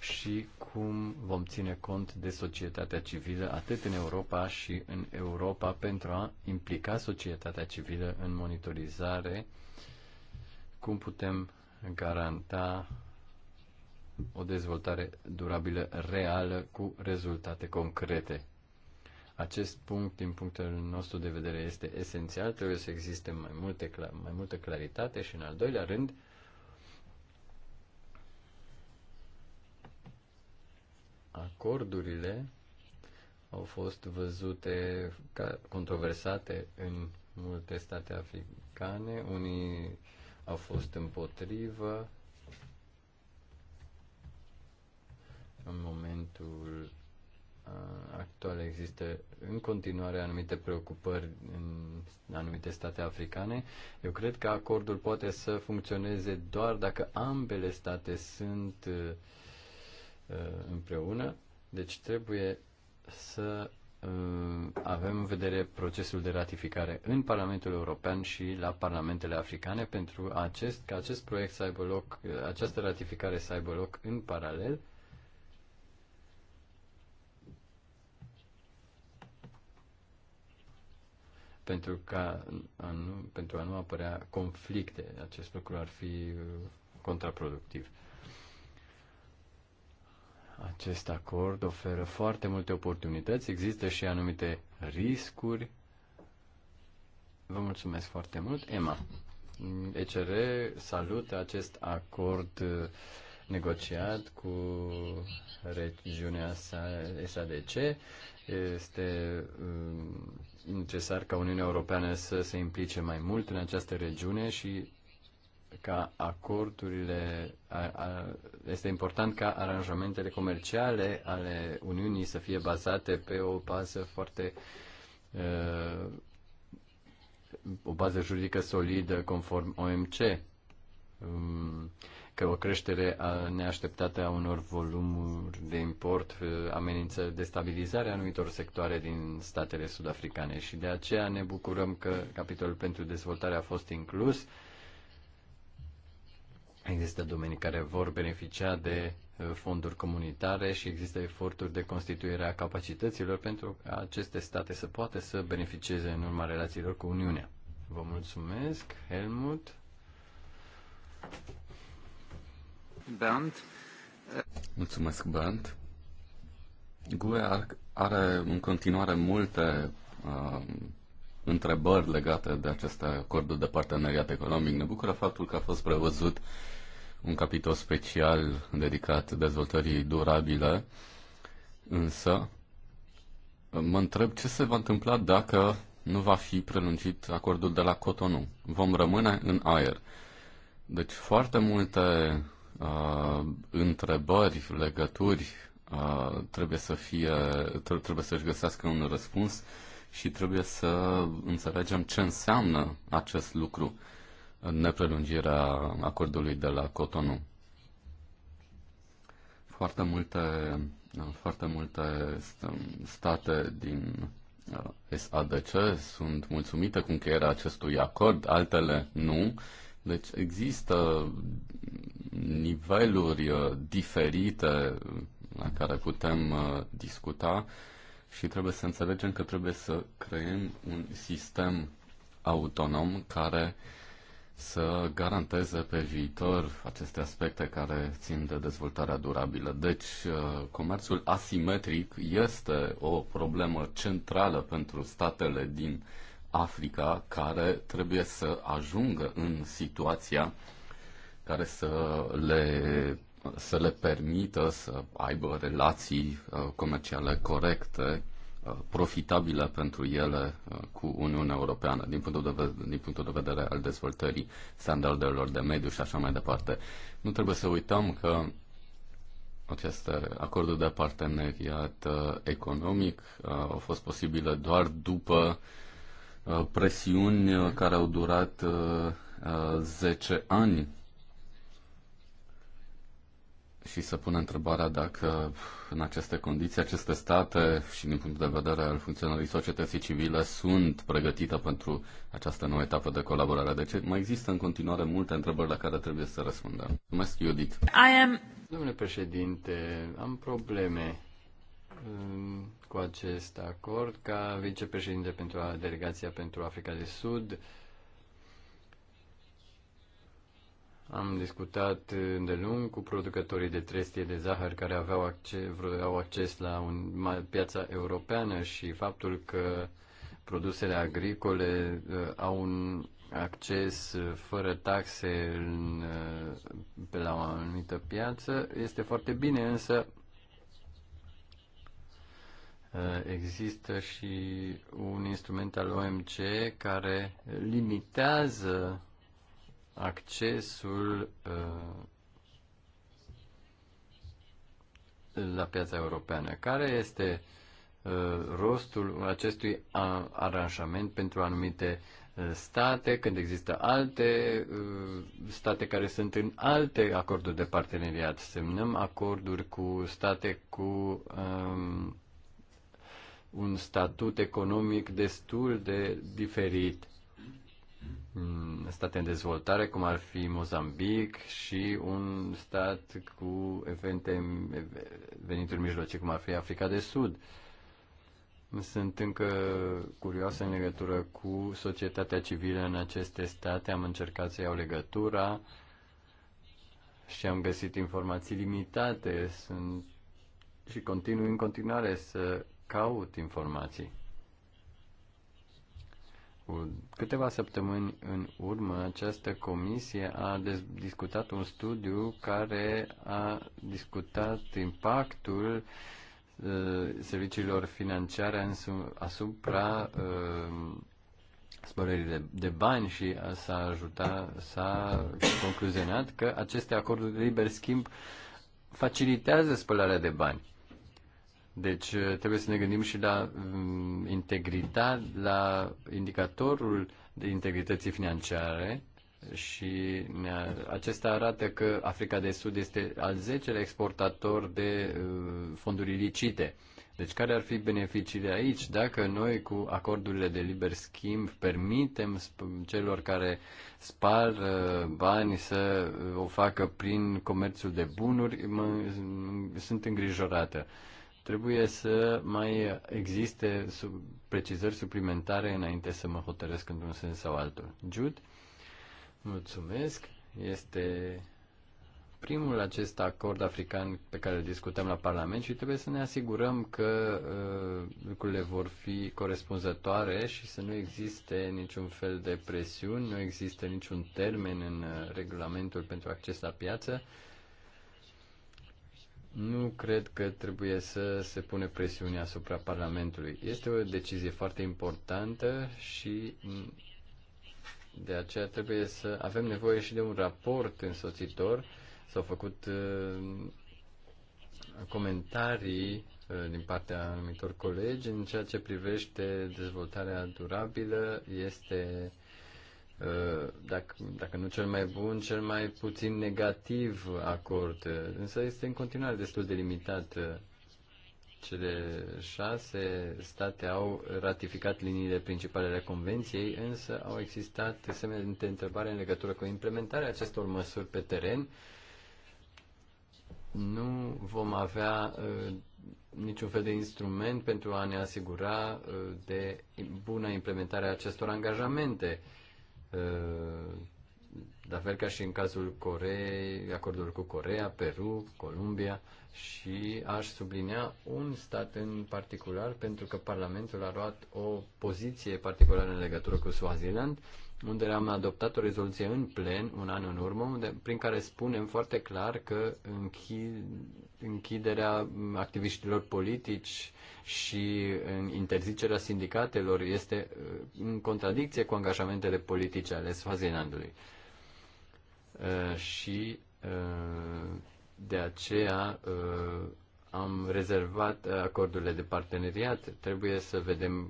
și cum vom ține cont de societatea civilă atât în Europa și în Europa pentru a implica societatea civilă în monitorizare, cum putem garanta o dezvoltare durabilă reală cu rezultate concrete. Acest punct, din punctul nostru de vedere, este esențial. Trebuie să existe mai, multe, mai multă claritate și, în al doilea rând, acordurile au fost văzute ca controversate în multe state africane. Unii au fost împotrivă, În momentul uh, actual există în continuare anumite preocupări în anumite state africane. Eu cred că acordul poate să funcționeze doar dacă ambele state sunt uh, uh, împreună, deci trebuie să avem în vedere procesul de ratificare în Parlamentul European și la Parlamentele Africane pentru acest, ca acest proiect să aibă loc, această ratificare să aibă loc în paralel pentru, ca, a nu, pentru a nu apărea conflicte. Acest lucru ar fi uh, contraproductiv. Acest acord oferă foarte multe oportunități, există și anumite riscuri. Vă mulțumesc foarte mult, Emma. ECR salută acest acord uh, negociat cu regiunea SADC. Este um, necesar ca Uniunea Europeană să se implice mai mult în această regiune și ca acordurile, a, a, este important ca aranjamentele comerciale ale Uniunii să fie bazate pe o bază foarte, uh, o bază juridică solidă conform OMC. Um, că o creștere a neașteptată a unor volumuri de import uh, amenință destabilizarea anumitor sectoare din statele sudafricane și de aceea ne bucurăm că capitolul pentru dezvoltare a fost inclus. Există domenii care vor beneficia de uh, fonduri comunitare și există eforturi de constituire a capacităților pentru ca aceste state să poată să beneficieze în urma relațiilor cu Uniunea. Vă mulțumesc, Helmut. Mulțumesc, Bernd. GUE are în continuare multe uh, întrebări legate de aceste acorduri de parteneriat economic. Ne bucură faptul că a fost prevăzut un capitol special dedicat dezvoltării durabile, însă mă întreb ce se va întâmpla dacă nu va fi prelungit acordul de la Cotonou. Vom rămâne în aer. Deci foarte multe uh, întrebări, legături, uh, trebuie să fie, trebuie să-și găsească un răspuns și trebuie să înțelegem ce înseamnă acest lucru în neprelungirea acordului de la Cotonou. Foarte multe, uh, foarte multe state din uh, SADC sunt mulțumite cu încheierea acestui acord, altele nu deci există niveluri uh, diferite la care putem uh, discuta și trebuie să înțelegem că trebuie să creăm un sistem autonom care să garanteze pe viitor aceste aspecte care țin de dezvoltarea durabilă. Deci, uh, comerțul asimetric este o problemă centrală pentru statele din uh, Africa care trebuie să ajungă în situația care să le, să le permită să aibă relații uh, comerciale corecte, uh, profitabile pentru ele uh, cu Uniunea Europeană din punctul, de vedere, din punctul de vedere al dezvoltării standardelor de mediu și așa mai departe. Nu trebuie să uităm că acest acord de parteneriat economic a fost posibil doar după uh, Uh, presiuni uh, care au durat 10 uh, ani și să pun întrebarea dacă în aceste condiții aceste state și din punct de vedere al funcționării societății civile sunt pregătite pentru această nouă etapă de colaborare. Deci mai există în continuare multe întrebări la care trebuie să răspundem. Mulțumesc, Iudit. I am... Domnule președinte, am probleme Um, cu acest acord ca vicepreședinte pentru a, delegația pentru Africa de Sud. Am discutat îndelung cu producătorii de trestie de zahăr care aveau acces, vreau acces la un, piața europeană și faptul că produsele agricole uh, au un acces uh, fără taxe în, uh, pe la o anumită piață este foarte bine, însă Eh, există și un instrument al OMC care limitează accesul eh, la piața europeană. Care este eh, rostul acestui aranjament pentru anumite state, când există alte state care sunt în alte acorduri de parteneriat. Semnăm acorduri cu state cu ehm, un statut economic destul de diferit state în dezvoltare, cum ar fi Mozambic și un stat cu evente, venituri mijlocii, cum ar fi Africa de Sud. Sunt încă curioasă în legătură cu societatea civilă în aceste state. Am încercat să iau legătura și am găsit informații limitate. Sunt și continui în continuare să caut informații. Cu câteva săptămâni în urmă, această comisie a discutat un studiu care a discutat impactul uh, serviciilor financiare asupra uh, spălării de, de bani și s-a ajutat, s-a concluzionat că aceste acorduri de liber schimb facilitează spălarea de bani. Deci uh, trebuie să ne gândim și la mm, integritate, la indicatorul de integrității financiare și acesta arată că Africa de Sud este al 10-lea exportator de uh, fonduri ilicite. Deci care ar fi beneficiile aici dacă noi cu acordurile de liber schimb permitem celor care spar uh, bani să o facă prin comerțul de bunuri? Mă, sunt îngrijorată. Trebuie să mai existe sub, precizări suplimentare înainte să mă hotărăsc într-un sens sau altul. Jude, mulțumesc. Este primul acest acord african pe care îl discutăm la Parlament și trebuie să ne asigurăm că uh, lucrurile vor fi corespunzătoare și să nu existe niciun fel de presiuni, nu există niciun termen în uh, regulamentul pentru acces la piață. Nu cred că trebuie să se pune presiune asupra Parlamentului. Este o decizie foarte importantă și de aceea trebuie să avem nevoie și de un raport însoțitor. S-au făcut uh, comentarii uh, din partea anumitor colegi în ceea ce privește dezvoltarea durabilă. Este Eh, dacă, dacă nu cel mai bun, cel mai puțin negativ acord, însă este în continuare destul de limitat. Cele șase state au ratificat liniile principale ale convenției, însă au existat semne de întrebare în legătură cu implementarea acestor măsuri pe teren. Nu vom avea eh, niciun fel de instrument pentru a ne asigura eh, de bună implementare a acestor angajamente. Uh, Eh, la fel ca și în cazul Coreei, acordul cu Corea, Peru, Columbia și aș sublinea un stat în particular pentru că Parlamentul a luat o poziție particulară în legătură cu Swaziland, unde am adoptat o rezoluție în plen un an în urmă, unde, prin care spunem foarte clar că închi, închiderea activiștilor politici și interzicerea sindicatelor este uh, în contradicție cu angajamentele politice ale Swazilandului. Uh, și uh, de aceea am rezervat acordurile de parteneriat. Trebuie să vedem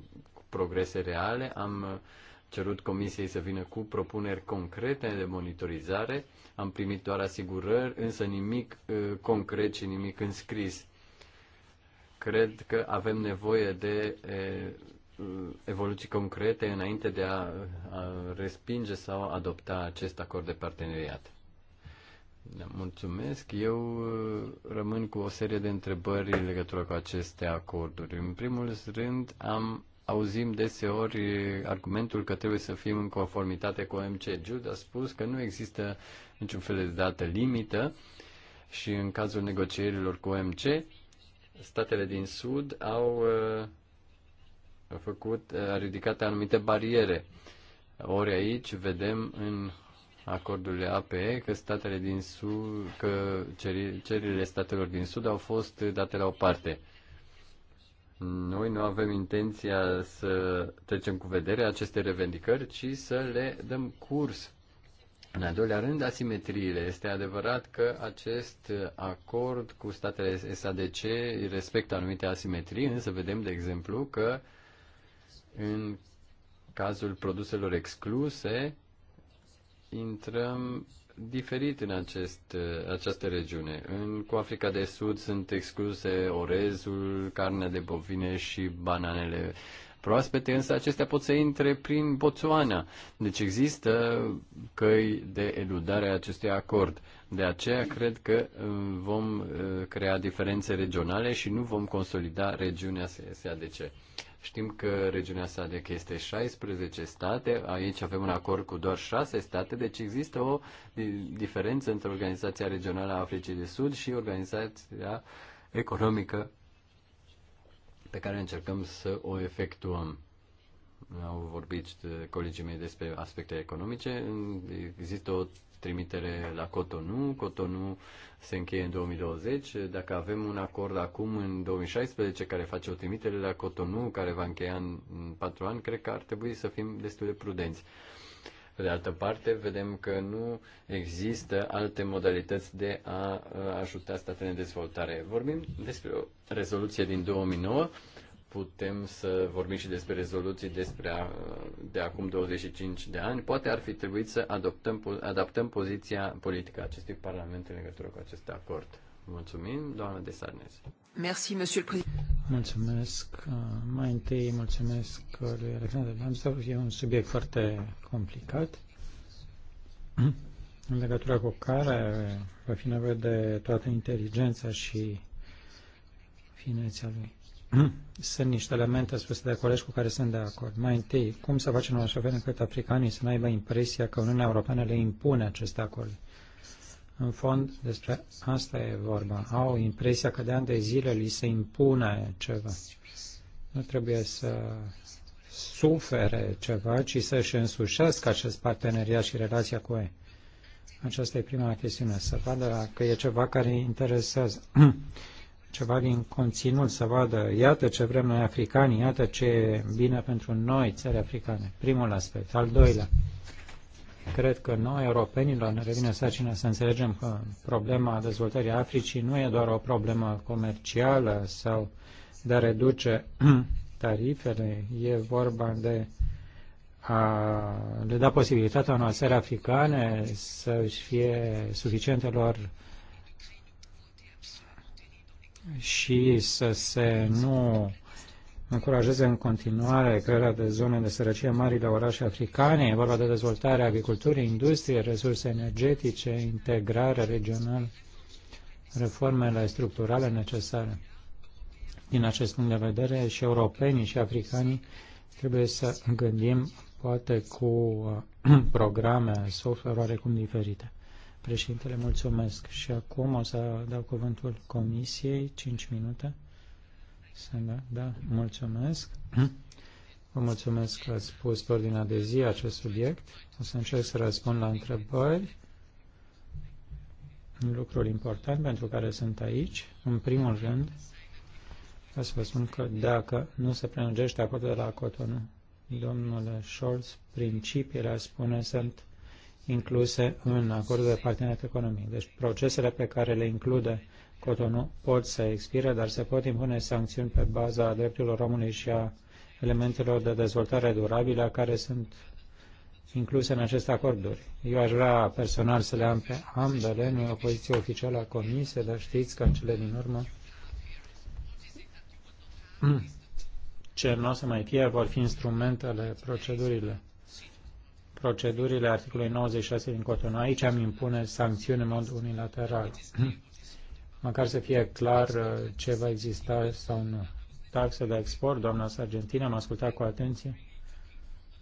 progrese reale. Am cerut comisiei să vină cu propuneri concrete de monitorizare. Am primit doar asigurări, însă nimic concret și nimic înscris cred că avem nevoie de evoluții concrete înainte de a, a respinge sau adopta acest acord de parteneriat. Da, mulțumesc. Eu rămân cu o serie de întrebări în legătură cu aceste acorduri. În primul rând, am auzim deseori argumentul că trebuie să fim în conformitate cu OMC. Jude a spus că nu există niciun fel de dată limită și în cazul negocierilor cu OMC statele din Sud au uh, făcut, uh, a ridicat anumite bariere. Ori aici vedem în acordurile APE că statele din Sud, că cererile statelor din Sud au fost date la o parte. Noi nu avem intenția să trecem cu vedere aceste revendicări, ci să le dăm curs în al doilea rând, asimetriile. Este adevărat că acest acord cu statele SADC respectă anumite asimetrii, însă vedem, de exemplu, că în cazul produselor excluse intrăm diferit în acest, această regiune. În, cu Africa de Sud sunt excluse orezul, carnea de bovine și bananele proaspete, însă acestea pot să intre prin Botswana. Deci există căi de eludare a acestui acord. De aceea cred că uh, vom uh, crea diferențe regionale și nu vom consolida regiunea SADC. Știm că regiunea SADC este 16 state, aici avem un acord cu doar 6 state, deci există o diferență între Organizația Regională a Africii de Sud și Organizația Economică pe care încercăm să o efectuăm. Au vorbit colegii mei despre aspecte economice. Există o trimitere la Cotonou. Cotonou se încheie în 2020. Dacă avem un acord acum în 2016 care face o trimitere la Cotonou, care va încheia în, în 4 ani, cred că ar trebui să fim destul de prudenți. Pe de altă parte, vedem că nu există alte modalități de a ajuta statele în dezvoltare. Vorbim despre o rezoluție din 2009, putem să vorbim și despre rezoluții despre a, de acum 25 de ani. Poate ar fi trebuit să adoptăm, adaptăm poziția politică a acestui Parlament în legătură cu acest acord. Mulțumim, doamna Desarnes. Mulțumesc. Mai întâi mulțumesc lui Alexandru Lambsdorff. E un subiect foarte complicat în legătură cu care va fi nevoie de toată inteligența și finețea lui. sunt niște elemente spuse de colegi cu care sunt de acord. Mai întâi, cum să facem în așa fel încât africanii să nu aibă impresia că Uniunea Europeană le impune acest acord? În fond, despre asta e vorba. Au impresia că de ani de zile li se impune ceva. Nu trebuie să sufere ceva, ci să-și însușească acest parteneriat și relația cu ei. Aceasta e prima chestiune, să vadă că e ceva care îi interesează, [clears throat] ceva din conținut, să vadă, iată ce vrem noi africani, iată ce e bine pentru noi, țări africane. Primul aspect. Al doilea, Cred că noi, europenilor, ne revine sarcina să înțelegem că problema dezvoltării Africii nu e doar o problemă comercială sau de a reduce [clears throat] tarifele, e vorba de a le da posibilitatea unor țări africane să își fie suficiente lor și să se nu încurajeze în continuare crearea de zone de sărăcie mari la orașe africane. E vorba de dezvoltarea agriculturii, industrie, resurse energetice, integrare regională, reformele structurale necesare. Din acest punct de vedere, și europenii și africanii trebuie să gândim poate cu uh, [clears throat] programe software oarecum diferite. Președintele, mulțumesc. Și acum o să dau cuvântul Comisiei, 5 minute. Sandra, da, mulțumesc. Vă mulțumesc că ați pus pe ordinea de zi acest subiect. O să încerc să răspund la întrebări. Lucruri important pentru care sunt aici. În primul rând, vreau să vă spun că dacă nu se prelungește acordul de la Cotonou, domnule Scholz, principiile, a spune, sunt incluse în acordul de parteneriat economic. Deci procesele pe care le include Cotonou pot să expire, dar se pot impune sancțiuni pe baza drepturilor omului și a elementelor de dezvoltare durabilă care sunt incluse în acest acorduri. Eu aș vrea personal să le am pe ambele, nu e o poziție oficială a Comisiei, dar știți că în cele din urmă [clears throat] ce nu o să mai fie vor fi instrumentele, procedurile. Procedurile articolului 96 din Cotonou. Aici am impune sancțiuni în mod unilateral. [clears throat] măcar să fie clar uh, ce va exista sau nu. Taxe de export, doamna Sargentina, am ascultat cu atenție,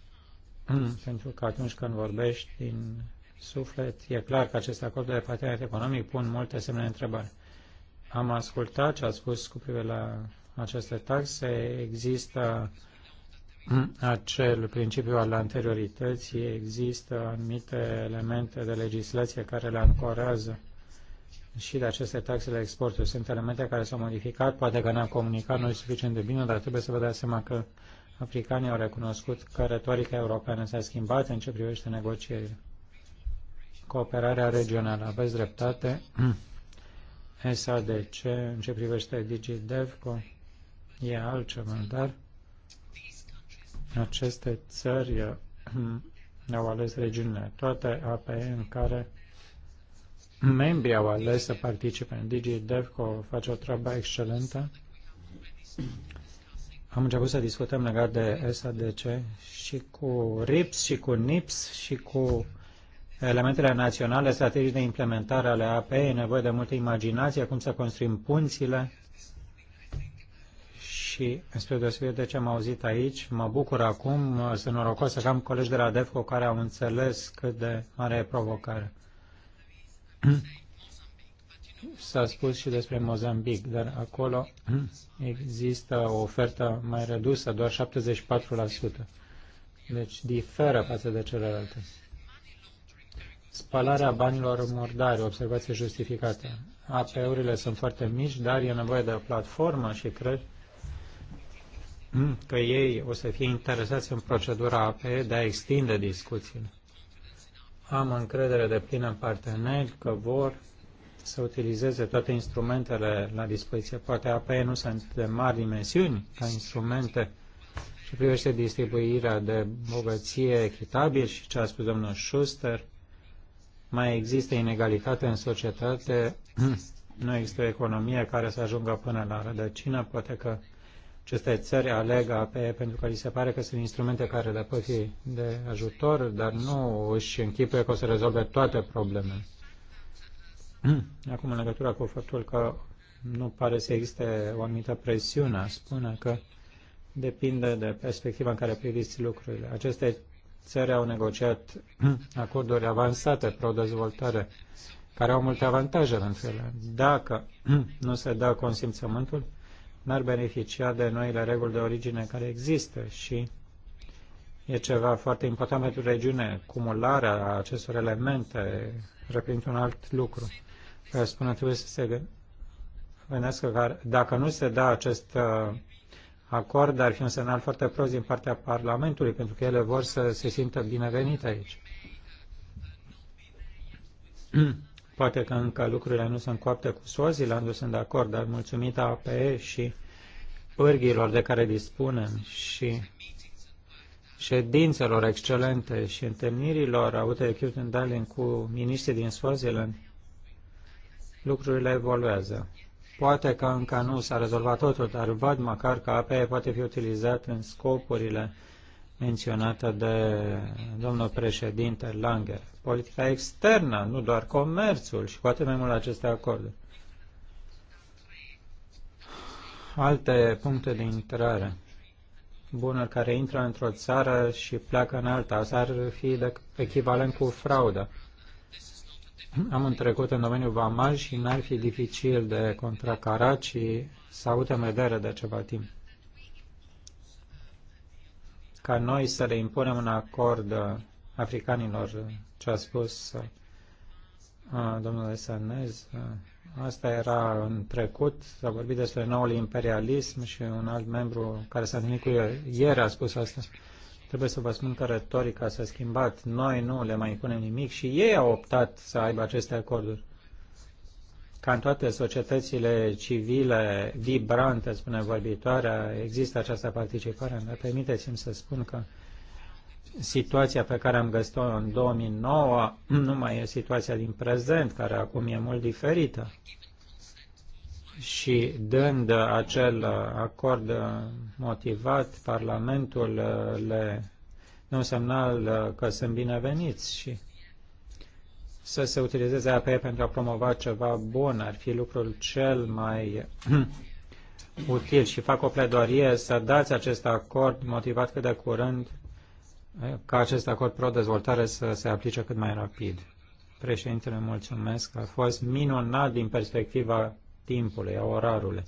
[clears throat] pentru că atunci când vorbești din suflet, e clar că aceste acorduri de parteneriat economic pun multe semne de întrebare. Am ascultat ce a spus cu privire la aceste taxe. Există [clears throat] acel principiu al anteriorității, există anumite elemente de legislație care le ancorează și de aceste taxe la exporturi. Sunt elemente care s-au modificat, poate că ne-am comunicat noi suficient de bine, dar trebuie să vă dați seama că africanii au recunoscut că retorica europeană s-a schimbat în ce privește negocierile. Cooperarea regională. Aveți dreptate. SADC, [clears throat] în ce privește DigiDevco, e altceva, dar aceste țări [clears throat] au ales regiunile, toate APE în care membrii au ales să participe în DigiDevco, face o treabă excelentă. Am început să discutăm legat de SADC și cu RIPS și cu NIPS și cu elementele naționale, strategii de implementare ale AP, e nevoie de multă imaginație, cum să construim punțile și, spre deosebire de ce am auzit aici, mă bucur acum, sunt norocos să am colegi de la DEFCO care au înțeles cât de mare e provocarea. S-a spus și despre Mozambic, dar acolo există o ofertă mai redusă, doar 74%. Deci diferă față de celelalte. Spalarea banilor murdari, observație justificată. APE-urile sunt foarte mici, dar e nevoie de o platformă și cred că ei o să fie interesați în procedura APE de a extinde discuțiile. Am încredere de plină în parteneri că vor să utilizeze toate instrumentele la dispoziție. Poate APE nu sunt de mari dimensiuni ca instrumente ce privește distribuirea de bogăție echitabil și ce a spus domnul Schuster, mai există inegalitate în societate, [clears throat] nu există o economie care să ajungă până la rădăcină, poate că aceste țări aleg APE pentru că li se pare că sunt instrumente care le pot fi de ajutor, dar nu își închipuie că o să rezolve toate problemele. [clears throat] Acum, în legătură cu faptul că nu pare să existe o anumită presiune, spune că depinde de perspectiva în care priviți lucrurile. Aceste țări au negociat [clears throat] acorduri avansate pro-dezvoltare, care au multe avantaje pentru ele. Dacă [clears throat] nu se dă consimțământul, n-ar beneficia de noile reguli de origine care există și e ceva foarte important pentru regiune. Cumularea acestor elemente reprezintă un alt lucru. Care spune, trebuie să se gândească că dacă nu se da acest uh, acord, ar fi un semnal foarte prost din partea Parlamentului, pentru că ele vor să se simtă binevenite aici. [clears throat] Poate că încă lucrurile nu sunt coapte cu Swazilandul, sunt de acord, dar mulțumită APE și pârghilor de care dispunem și ședințelor excelente și întâlnirilor avute de Kirsten Darling cu miniștrii din Swaziland, lucrurile evoluează. Poate că încă nu s-a rezolvat totul, dar văd măcar că APE poate fi utilizat în scopurile menționată de domnul președinte Lange. Politica externă, nu doar comerțul și cu atât mai mult aceste acorduri. Alte puncte de intrare. Bunul care intră într-o țară și pleacă în alta. Asta ar fi de echivalent cu fraudă. Am întrecut în domeniul vamal și n-ar fi dificil de contracarat și să avut în vedere de ceva timp ca noi să le impunem un acord africanilor ce a spus domnul Sanez. Asta era în trecut, s-a vorbit despre noul imperialism și un alt membru care s-a întâlnit cu ieri a spus asta. Trebuie să vă spun că retorica s-a schimbat, noi nu le mai impunem nimic și ei au optat să aibă aceste acorduri ca în toate societățile civile vibrante, spune vorbitoarea, există această participare. Dar permiteți-mi să spun că situația pe care am găsit-o în 2009 [clears throat] nu mai e situația din prezent, care acum e mult diferită. Și dând acel acord motivat, Parlamentul uh, le dă un semnal uh, că sunt bineveniți și să se utilizeze APE pentru a promova ceva bun ar fi lucrul cel mai [clears throat] util și fac o pledoarie să dați acest acord motivat cât de curând ca acest acord pro-dezvoltare să se aplice cât mai rapid. Președintele, mulțumesc. A fost minunat din perspectiva timpului, a orarului.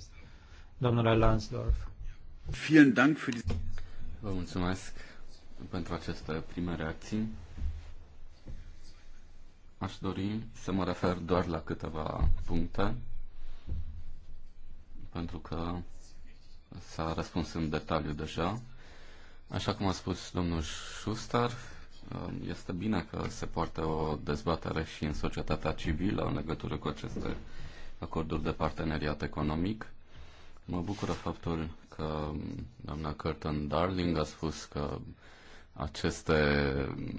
Domnule Lansdorf. Vă mulțumesc pentru aceste prime reacții. Aș dori să mă refer doar la câteva puncte, pentru că s-a răspuns în detaliu deja. Așa cum a spus domnul Schuster, este bine că se poartă o dezbatere și în societatea civilă în legătură cu aceste acorduri de parteneriat economic. Mă bucură faptul că doamna Curtin Darling a spus că aceste,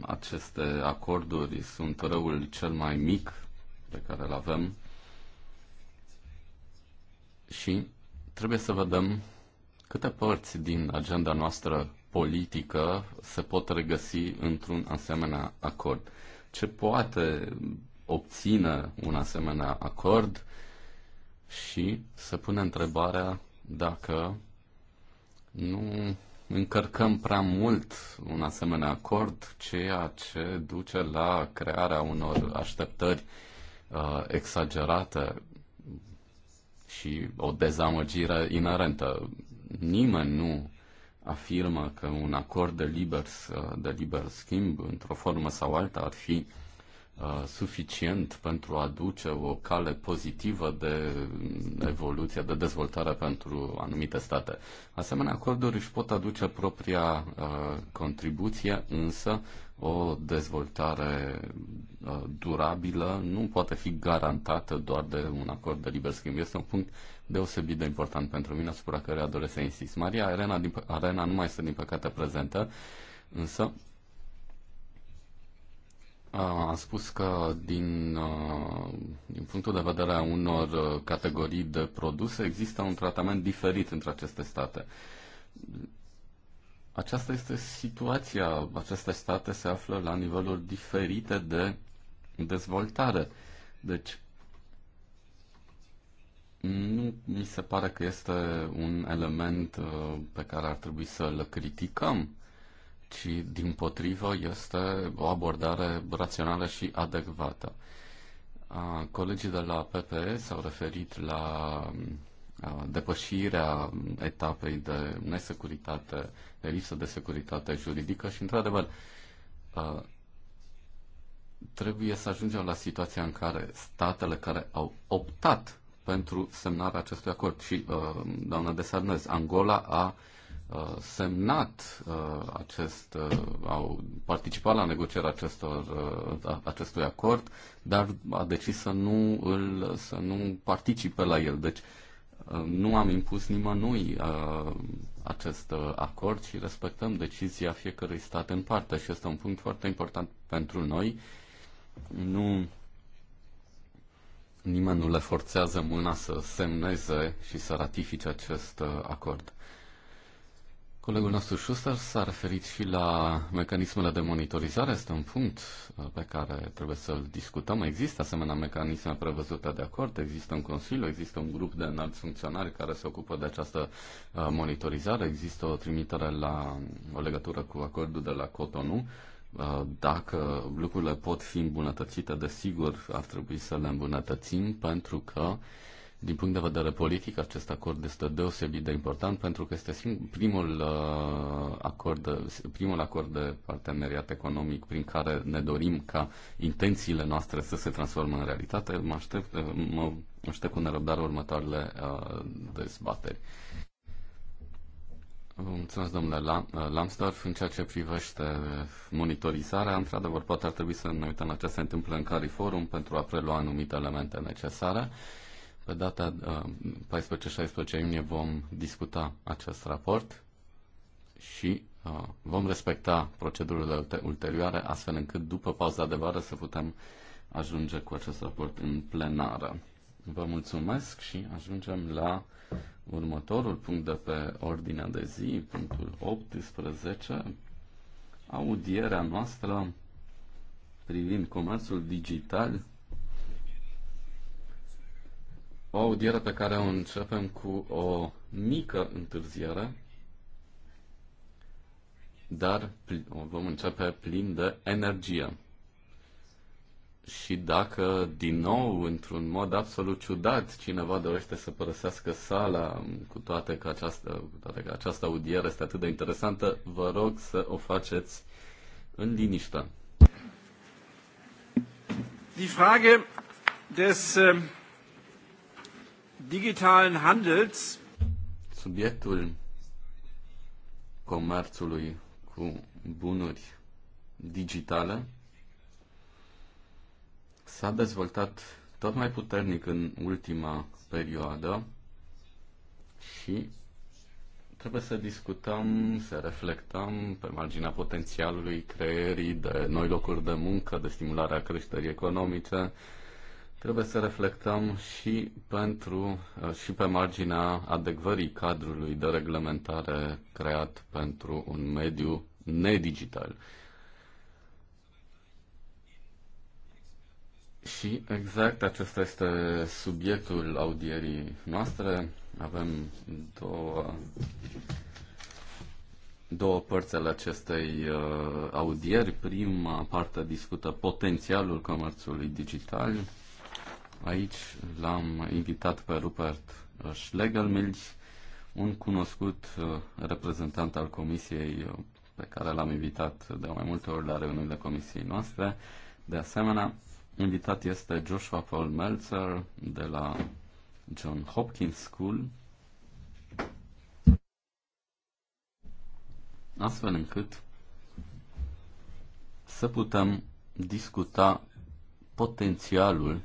aceste acorduri sunt răul cel mai mic pe care îl avem și trebuie să vedem câte părți din agenda noastră politică se pot regăsi într-un asemenea acord. Ce poate obține un asemenea acord și se pune întrebarea dacă nu încărcăm prea mult un asemenea acord, ceea ce duce la crearea unor așteptări uh, exagerate și o dezamăgire inerentă. Nimeni nu afirmă că un acord de liber, uh, de liber schimb, într-o formă sau alta, ar fi uh, Uh, suficient pentru a aduce o cale pozitivă de evoluție, de dezvoltare pentru anumite state. Asemenea, acorduri își pot aduce propria uh, contribuție, însă o dezvoltare uh, durabilă nu poate fi garantată doar de un acord de liber schimb. Este un punct deosebit de important pentru mine, asupra care doresc să insist. Maria Arena, din, Arena nu mai este, din păcate, prezentă, însă a spus că din, uh, din punctul de vedere a unor uh, categorii de produse există un tratament diferit între aceste state. Aceasta este situația. Aceste state se află la niveluri diferite de dezvoltare. Deci, nu mi se pare că este un element uh, pe care ar trebui să-l criticăm ci din potrivă este o abordare rațională și adecvată. Colegii de la PPE s-au referit la depășirea etapei de nesecuritate, de lipsă de securitate juridică și, într-adevăr, trebuie să ajungem la situația în care statele care au optat pentru semnarea acestui acord și, doamna Desarnez, Angola a Uh, semnat uh, acest, uh, au participat la negocierea acestor, acestui acord, dar a decis să nu, îl, să nu participe la el. Deci nu am impus nimănui acest acord și respectăm decizia fiecărui stat în parte și este un punct foarte important pentru noi. Nu Nimeni nu le forțează mâna să semneze și să ratifice acest acord. Colegul nostru Schuster s-a referit și la mecanismele de monitorizare. Este un punct uh, pe care trebuie să-l discutăm. Există asemenea mecanisme prevăzute de acord, există un consiliu, există un grup de înalți funcționari care se ocupă de această uh, monitorizare, există o trimitere la o legătură cu acordul de la Cotonou. Uh, dacă lucrurile pot fi îmbunătățite, desigur ar trebui să le îmbunătățim pentru că din punct de vedere politic, acest acord este deosebit de important pentru că este primul uh, acord, primul acord de parteneriat economic prin care ne dorim ca intențiile noastre să se transforme în realitate. Mă aștept, uh, mă aștept cu nerăbdare următoarele uh, dezbateri. Vă mulțumesc, domnule Lamstorf. În ceea ce privește monitorizarea, într-adevăr, poate ar trebui să ne uităm la ce se întâmplă în CariForum pentru a prelua anumite elemente necesare. Pe data 14-16 uh, iunie vom discuta acest raport și uh, vom respecta procedurile ulterioare, astfel încât după pauza de vară să putem ajunge cu acest raport în plenară. Vă mulțumesc și ajungem la următorul punct de pe ordinea de zi, punctul 18, audierea noastră privind comerțul digital o audiere pe care o începem cu o mică întârziere, dar o vom începe plin de energie. Și dacă din nou, într-un mod absolut ciudat, cineva dorește să părăsească sala, cu toate că această, cu toate că această audiere este atât de interesantă, vă rog să o faceți în liniște. Die Frage des digitalen Handels. Subiectul comerțului cu bunuri digitale s-a dezvoltat tot mai puternic în ultima perioadă și trebuie să discutăm, să reflectăm pe marginea potențialului creierii de noi locuri de muncă, de stimularea creșterii economice, Trebuie să reflectăm și, pentru, uh, și pe marginea adecvării cadrului de reglementare creat pentru un mediu nedigital. Și exact acesta este subiectul audierii noastre. Avem două, două părți ale acestei uh, audieri. Prima parte discută potențialul comerțului digital Aici l-am invitat pe Rupert Schlegelmilch, un cunoscut uh, reprezentant al Comisiei uh, pe care l-am invitat de mai multe ori la reuniunile Comisiei noastre. De asemenea, invitat este Joshua Paul Meltzer de la John Hopkins School, astfel încât să putem discuta potențialul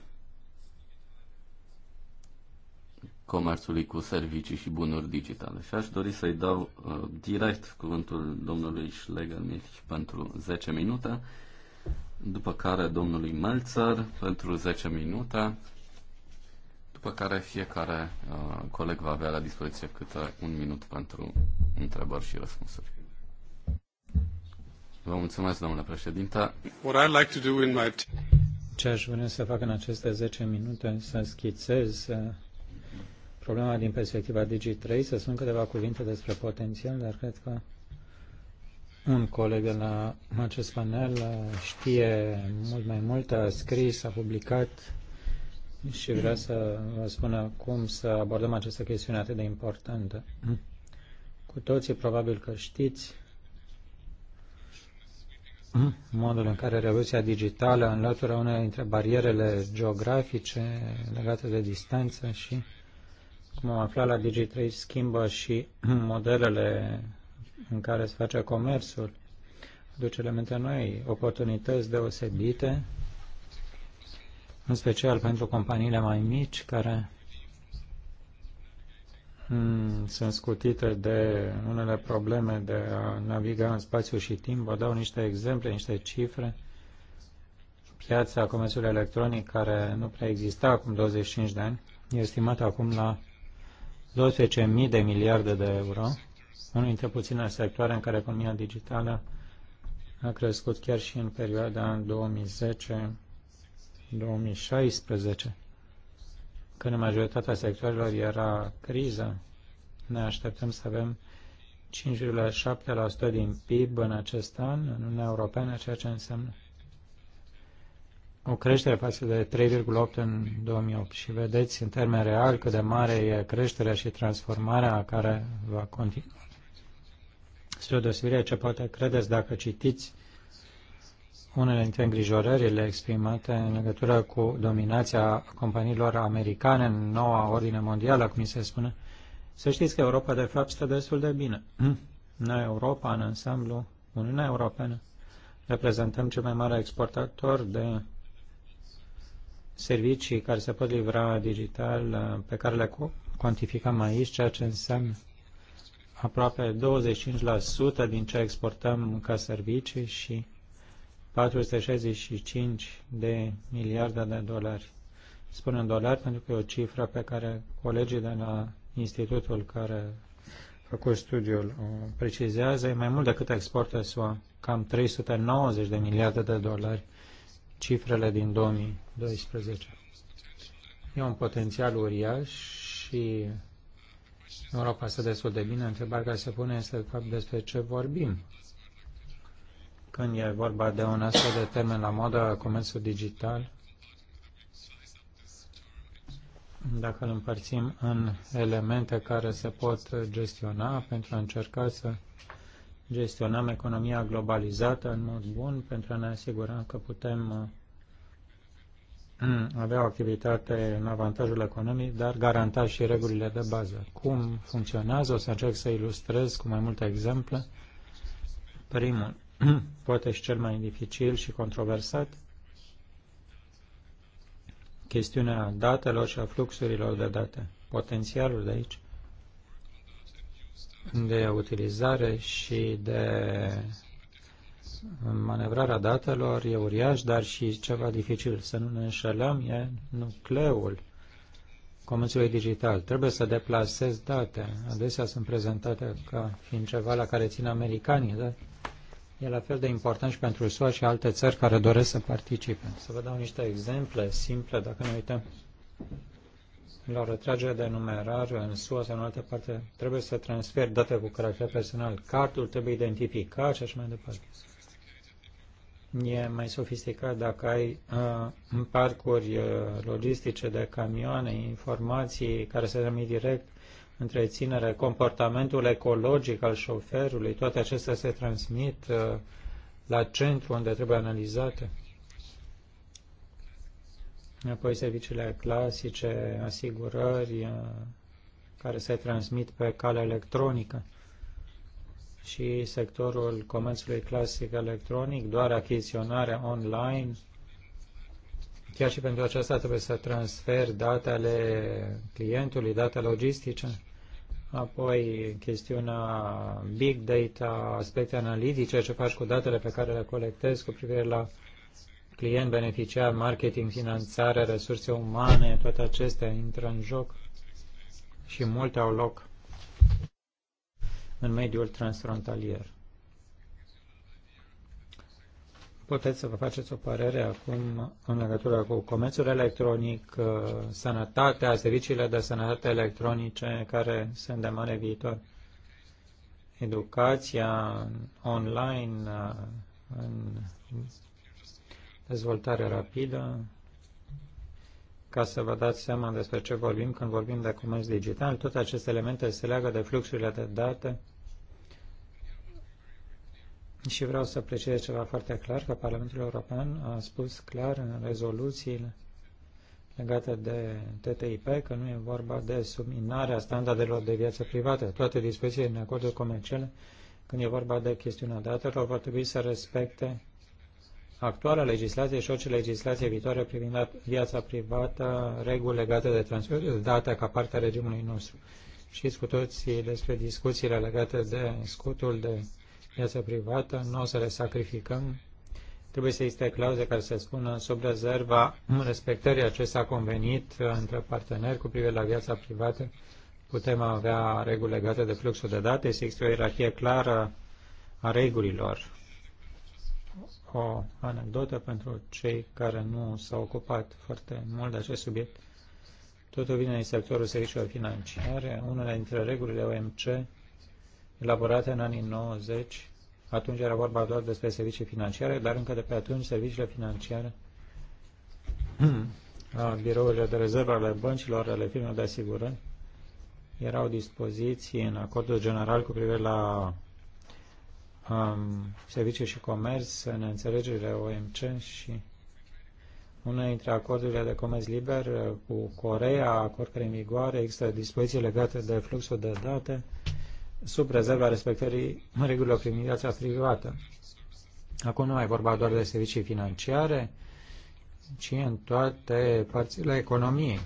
comerțului cu servicii și bunuri digitale. Și aș dori să-i dau uh, direct cuvântul domnului Schlegelmilch pentru 10 minute, după care domnului Melzer pentru 10 minute, după care fiecare uh, coleg va avea la dispoziție câte un minut pentru întrebări și răspunsuri. Vă mulțumesc, domnule președinte. What I'd like to do in my... Ce aș vrea să fac în aceste 10 minute să schițez uh problema din perspectiva Digi3, să spun câteva cuvinte despre potențial, dar cred că un coleg de la acest panel uh, știe mult mai mult, a scris, a publicat și vrea să vă spună cum să abordăm această chestiune atât de importantă. Cu toții probabil că știți hmm, modul în care revoluția digitală înlătură una dintre barierele geografice legate de distanță și cum am aflat la Digi3, schimbă și [clears throat] modelele în care se face comerțul. Aduce elemente noi, oportunități deosebite, în special pentru companiile mai mici care mm, sunt scutite de unele probleme de a naviga în spațiu și timp. Vă dau niște exemple, niște cifre. Piața comerțului electronic, care nu prea exista acum 25 de ani, e estimată acum la 12.000 de miliarde de euro, unul dintre puținele sectoare în care economia digitală a crescut chiar și în perioada 2010-2016, când în majoritatea sectoarelor era criză. Ne așteptăm să avem 5,7% din PIB în acest an în Uniunea Europeană, ceea ce înseamnă o creștere față de 3,8 în 2008 și vedeți în termen real cât de mare e creșterea și transformarea care va continua. Spre o deosebire ce poate credeți dacă citiți unele dintre îngrijorările exprimate în legătură cu dominația companiilor americane în noua ordine mondială, cum se spune, să știți că Europa de fapt stă destul de bine. [clears throat] Noi, Europa, în ansamblu, Uniunea Europeană, reprezentăm cel mai mare exportator de servicii care se pot livra digital, uh, pe care le cuantificăm aici, ceea ce înseamnă aproape 25% din ce exportăm ca servicii și 465 de miliarde de dolari. Spun în dolari pentru că e o cifră pe care colegii de la institutul care a făcut studiul o precizează, e mai mult decât exportă SUA, cam 390 de miliarde de dolari, cifrele din 2000. 12. E un potențial uriaș și Europa stă destul de bine. Întrebarea care se pune este, de fapt, despre ce vorbim. Când e vorba de un astfel de termen la modă, comerțul digital, dacă îl împărțim în elemente care se pot gestiona pentru a încerca să gestionăm economia globalizată în mod bun, pentru a ne asigura că putem uh, Mm, avea o activitate în avantajul economic, dar garanta și regulile de bază. Cum funcționează? O să încerc să ilustrez cu mai multe exemple. Primul, [clears throat] poate și cel mai dificil și controversat, chestiunea datelor și a fluxurilor de date. Potențialul de aici de utilizare și de manevrarea datelor e uriaș, dar și ceva dificil. Să nu ne înșelăm, e nucleul comunțului digital. Trebuie să deplasez date. Adesea sunt prezentate ca fiind ceva la care țin americanii, dar e la fel de important și pentru SUA și alte țări care doresc să participe. Să vă dau niște exemple simple, dacă ne uităm la retragerea de numerar în SUA sau în alte parte, trebuie să transfer date cu caracter personal. Cardul trebuie identificat și așa mai departe. E mai sofisticat dacă ai uh, parcuri uh, logistice de camioane, informații care se transmit direct, întreținere, comportamentul ecologic al șoferului, toate acestea se transmit uh, la centru unde trebuie analizate. Apoi serviciile clasice, asigurări uh, care se transmit pe cale electronică și sectorul comerțului clasic electronic, doar achiziționarea online. Chiar și pentru aceasta trebuie să transfer datele clientului, date logistice, apoi chestiunea big data, aspecte analitice, ce faci cu datele pe care le colectezi cu privire la client, beneficiar, marketing, finanțare, resurse umane, toate acestea intră în joc și multe au loc în mediul transfrontalier. Puteți să vă faceți o părere acum în legătură cu comerțul electronic, uh, sănătatea, serviciile de sănătate electronice care sunt de mare viitor, educația online uh, în dezvoltare rapidă, ca să vă dați seama despre ce vorbim când vorbim de comerț digital. Toate aceste elemente se leagă de fluxurile de date și vreau să precizez ceva foarte clar, că Parlamentul European a spus clar în rezoluțiile legate de TTIP că nu e vorba de subminarea standardelor de viață privată. Toate dispozițiile în acorduri comerciale, când e vorba de chestiunea datelor, vor trebui să respecte Actuala legislație și orice legislație viitoare privind viața privată, reguli legate de transfer, date ca parte a regimului nostru. Știți cu toții despre discuțiile legate de scutul de viață privată, nu o să le sacrificăm. Trebuie să existe clauze care se spună sub rezerva respectării acesta convenit între parteneri cu privire la viața privată. Putem avea reguli legate de fluxul de date și există o ierarhie clară a regulilor o anecdotă pentru cei care nu s-au ocupat foarte mult de acest subiect. Totul vine din sectorul serviciilor financiare. Unele dintre regulile OMC elaborate în anii 90, atunci era vorba doar despre servicii financiare, dar încă de pe atunci serviciile financiare, [clears throat] birourile de rezervă ale băncilor, ale firmelor de asigurări, erau dispoziții în acordul general cu privire la um, servicii și comerț în înțelegerile OMC și una dintre acordurile de comerț liber uh, cu Corea, acord care în vigoare, există dispoziții legate de fluxul de date sub rezerva respectării regulilor prin migrația privată. Acum nu mai vorba doar de servicii financiare, ci în toate părțile economiei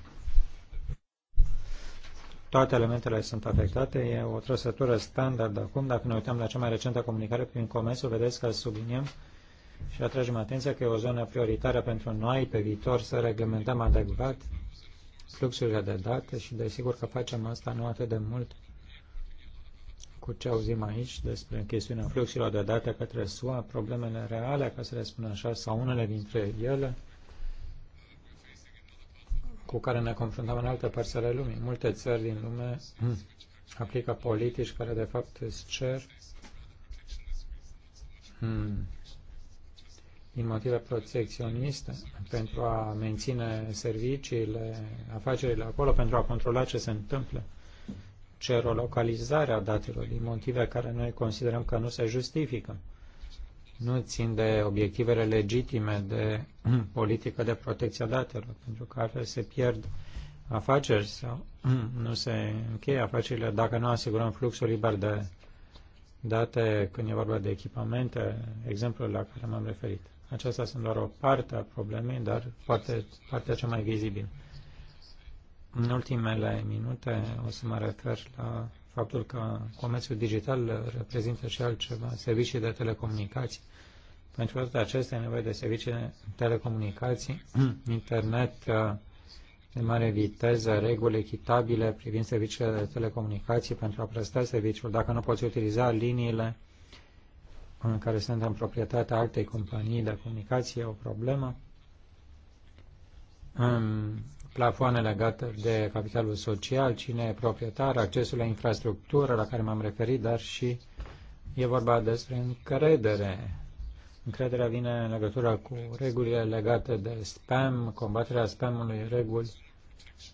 toate elementele sunt afectate. E o trăsătură standard acum. Dacă ne uităm la cea mai recentă comunicare prin comerțul, vedeți că subliniem și atragem atenția că e o zonă prioritară pentru noi pe viitor să reglementăm adecvat fluxurile de date și desigur că facem asta nu atât de mult cu ce auzim aici despre chestiunea fluxurilor de date către SUA, problemele reale, ca să le spun așa, sau unele dintre ele, cu care ne confruntăm în alte părți ale lumii. Multe țări din lume aplică politici care de fapt îți cer hmm, din motive protecționiste pentru a menține serviciile, afacerile acolo, pentru a controla ce se întâmplă. Cer o localizare a datelor din motive care noi considerăm că nu se justifică nu țin de obiectivele legitime de [clears throat] politică de protecție a datelor, pentru că altfel se pierd afaceri sau [clears throat] nu se încheie afacerile dacă nu asigurăm fluxul liber de date când e vorba de echipamente, exemplul la care m-am referit. Aceasta sunt doar o parte a problemei, dar poate partea cea mai vizibilă. În ultimele minute o să mă refer la faptul că comerțul digital reprezintă și altceva, servicii de telecomunicații. Pentru toate acestea e nevoie de servicii de telecomunicații, [clears throat] internet uh, de mare viteză, reguli echitabile privind serviciile de telecomunicații pentru a presta serviciul. Dacă nu poți utiliza liniile în care sunt în proprietatea altei companii de comunicație, e o problemă plafoane legate de capitalul social, cine e proprietar, accesul la infrastructură la care m-am referit, dar și e vorba despre încredere. Încrederea vine în legătură cu regulile legate de spam, combaterea spamului, reguli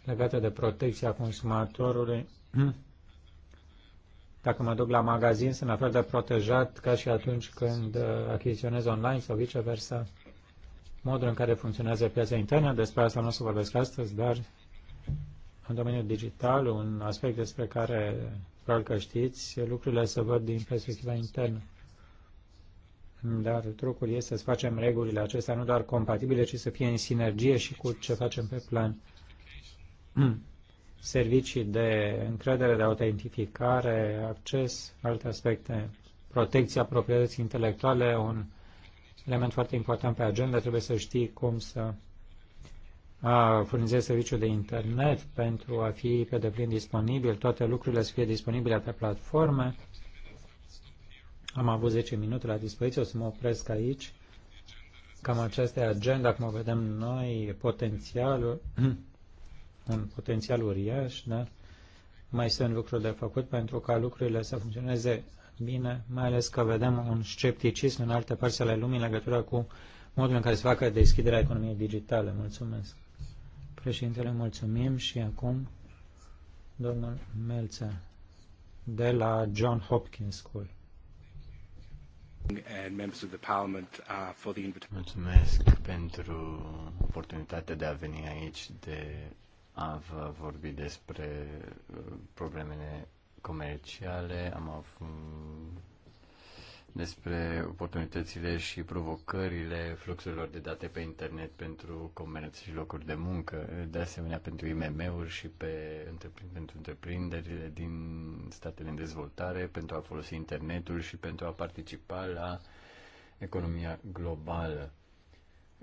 legate de protecția consumatorului. [clears throat] Dacă mă duc la magazin, sunt la fel de protejat ca și atunci când achiziționez online sau viceversa modul în care funcționează piața internă. Despre asta nu o să vorbesc astăzi, dar în domeniul digital, un aspect despre care probabil că știți, lucrurile se văd din perspectiva internă. Dar trucul este să facem regulile acestea nu doar compatibile, ci să fie în sinergie și cu ce facem pe plan. [clears throat] Servicii de încredere, de autentificare, acces, alte aspecte, protecția proprietății intelectuale, un element foarte important pe agenda, trebuie să știi cum să furnizezi serviciul de internet pentru a fi pe deplin disponibil, toate lucrurile să fie disponibile pe platforme. Am avut 10 minute la dispoziție, o să mă opresc aici. Cam aceasta e agenda, cum o vedem noi, potențialul, [clears throat] un potențial uriaș, dar mai sunt lucruri de făcut pentru ca lucrurile să funcționeze bine, mai ales că vedem un scepticism în alte părți ale lumii în legătură cu modul în care se facă deschiderea economiei digitale. Mulțumesc. Președintele, mulțumim și acum domnul Melțe de la John Hopkins School. Uh, Mulțumesc pentru oportunitatea de a veni aici, de a vă vorbi despre uh, problemele comerciale, am avut despre oportunitățile și provocările fluxurilor de date pe internet pentru comerț și locuri de muncă, de asemenea pentru IMM-uri și pe, pentru întreprinderile din statele în dezvoltare, pentru a folosi internetul și pentru a participa la economia globală.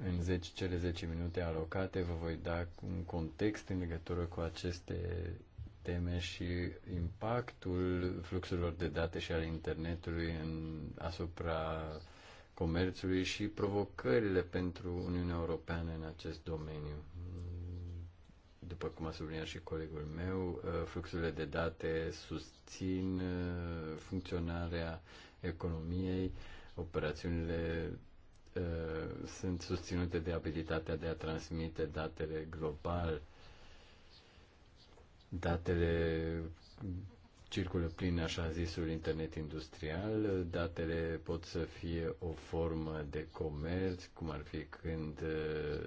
În 10, cele 10 minute alocate vă voi da un context în legătură cu aceste teme și impactul fluxurilor de date și al internetului în, asupra comerțului și provocările pentru Uniunea Europeană în acest domeniu. După cum a subliniat și colegul meu, uh, fluxurile de date susțin uh, funcționarea economiei, operațiunile uh, sunt susținute de abilitatea de a transmite datele global datele circulă prin așa zisul internet industrial, datele pot să fie o formă de comerț, cum ar fi când uh,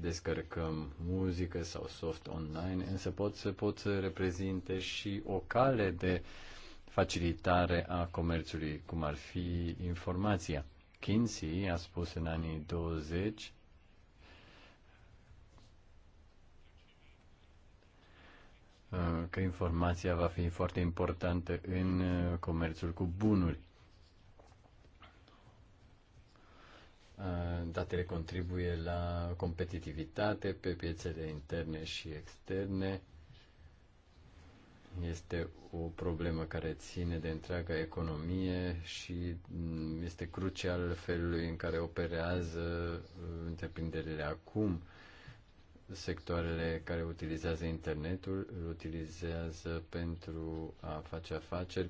descărcăm muzică sau soft online, însă pot să, pot să reprezinte și o cale de facilitare a comerțului, cum ar fi informația. Kinsey a spus în anii 20 Uh, că informația va fi foarte importantă în uh, comerțul cu bunuri. Uh, datele contribuie la competitivitate pe piețele interne și externe. Este o problemă care ține de întreaga economie și mm, este crucial felului în care operează întreprinderile acum sectoarele care utilizează internetul îl utilizează pentru a face afaceri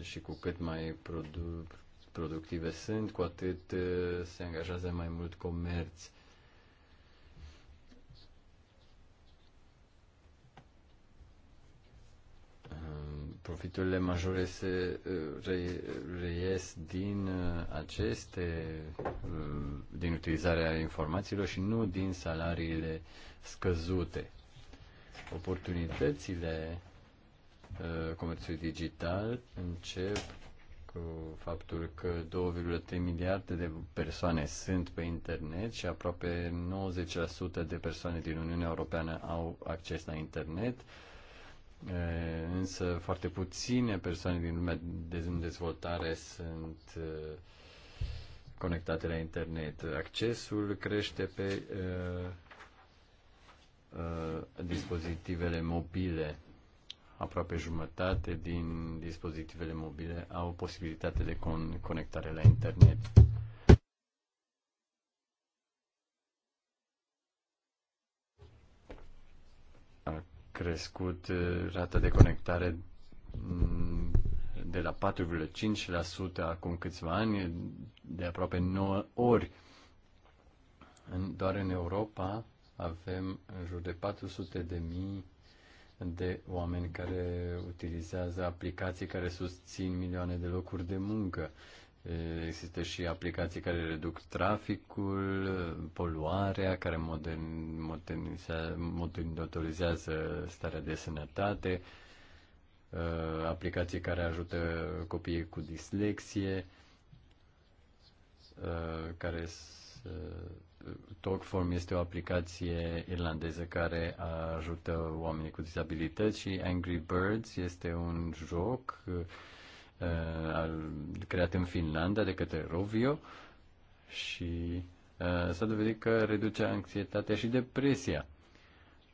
și cu cât mai produ- productive sunt, cu atât uh, se angajează mai mult comerț. profiturile majore se uh, reies din uh, aceste, uh, din utilizarea informațiilor și nu din salariile scăzute. Oportunitățile comerțului digital încep cu faptul că 2,3 miliarde de persoane sunt pe internet și aproape 90% de persoane din Uniunea Europeană au acces la internet însă foarte puține persoane din lumea de dezvoltare sunt conectate la internet. Accesul crește pe uh, uh, dispozitivele mobile. Aproape jumătate din dispozitivele mobile au posibilitate de con- conectare la internet. crescut uh, rata de conectare mm, de la 4,5% acum câțiva ani, de aproape 9 ori. Doar în Europa avem în jur de 400 de mii de oameni care utilizează aplicații care susțin milioane de locuri de muncă. Există și aplicații care reduc traficul, poluarea, care modern, modernizează, starea de sănătate, uh, aplicații care ajută copiii cu dislexie, uh, care uh, Talkform este o aplicație irlandeză care ajută oamenii cu dizabilități și Angry Birds este un joc uh, Uh, creat în Finlanda de către Rovio și uh, s-a dovedit că reduce anxietatea și depresia.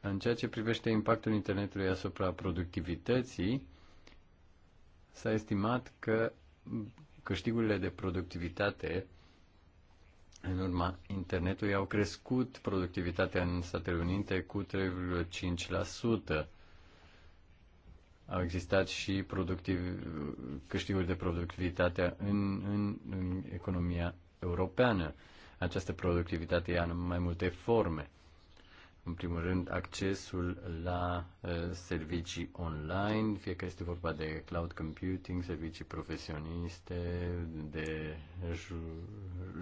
În ceea ce privește impactul internetului asupra productivității, s-a estimat că câștigurile de productivitate în urma internetului au crescut productivitatea în Statele Unite cu 3,5%. Au existat și productiv, câștiguri de productivitate în, în, în economia europeană. Această productivitate ia în mai multe forme în primul rând, accesul la uh, servicii online, fie că este vorba de cloud computing, servicii profesioniste, de ju-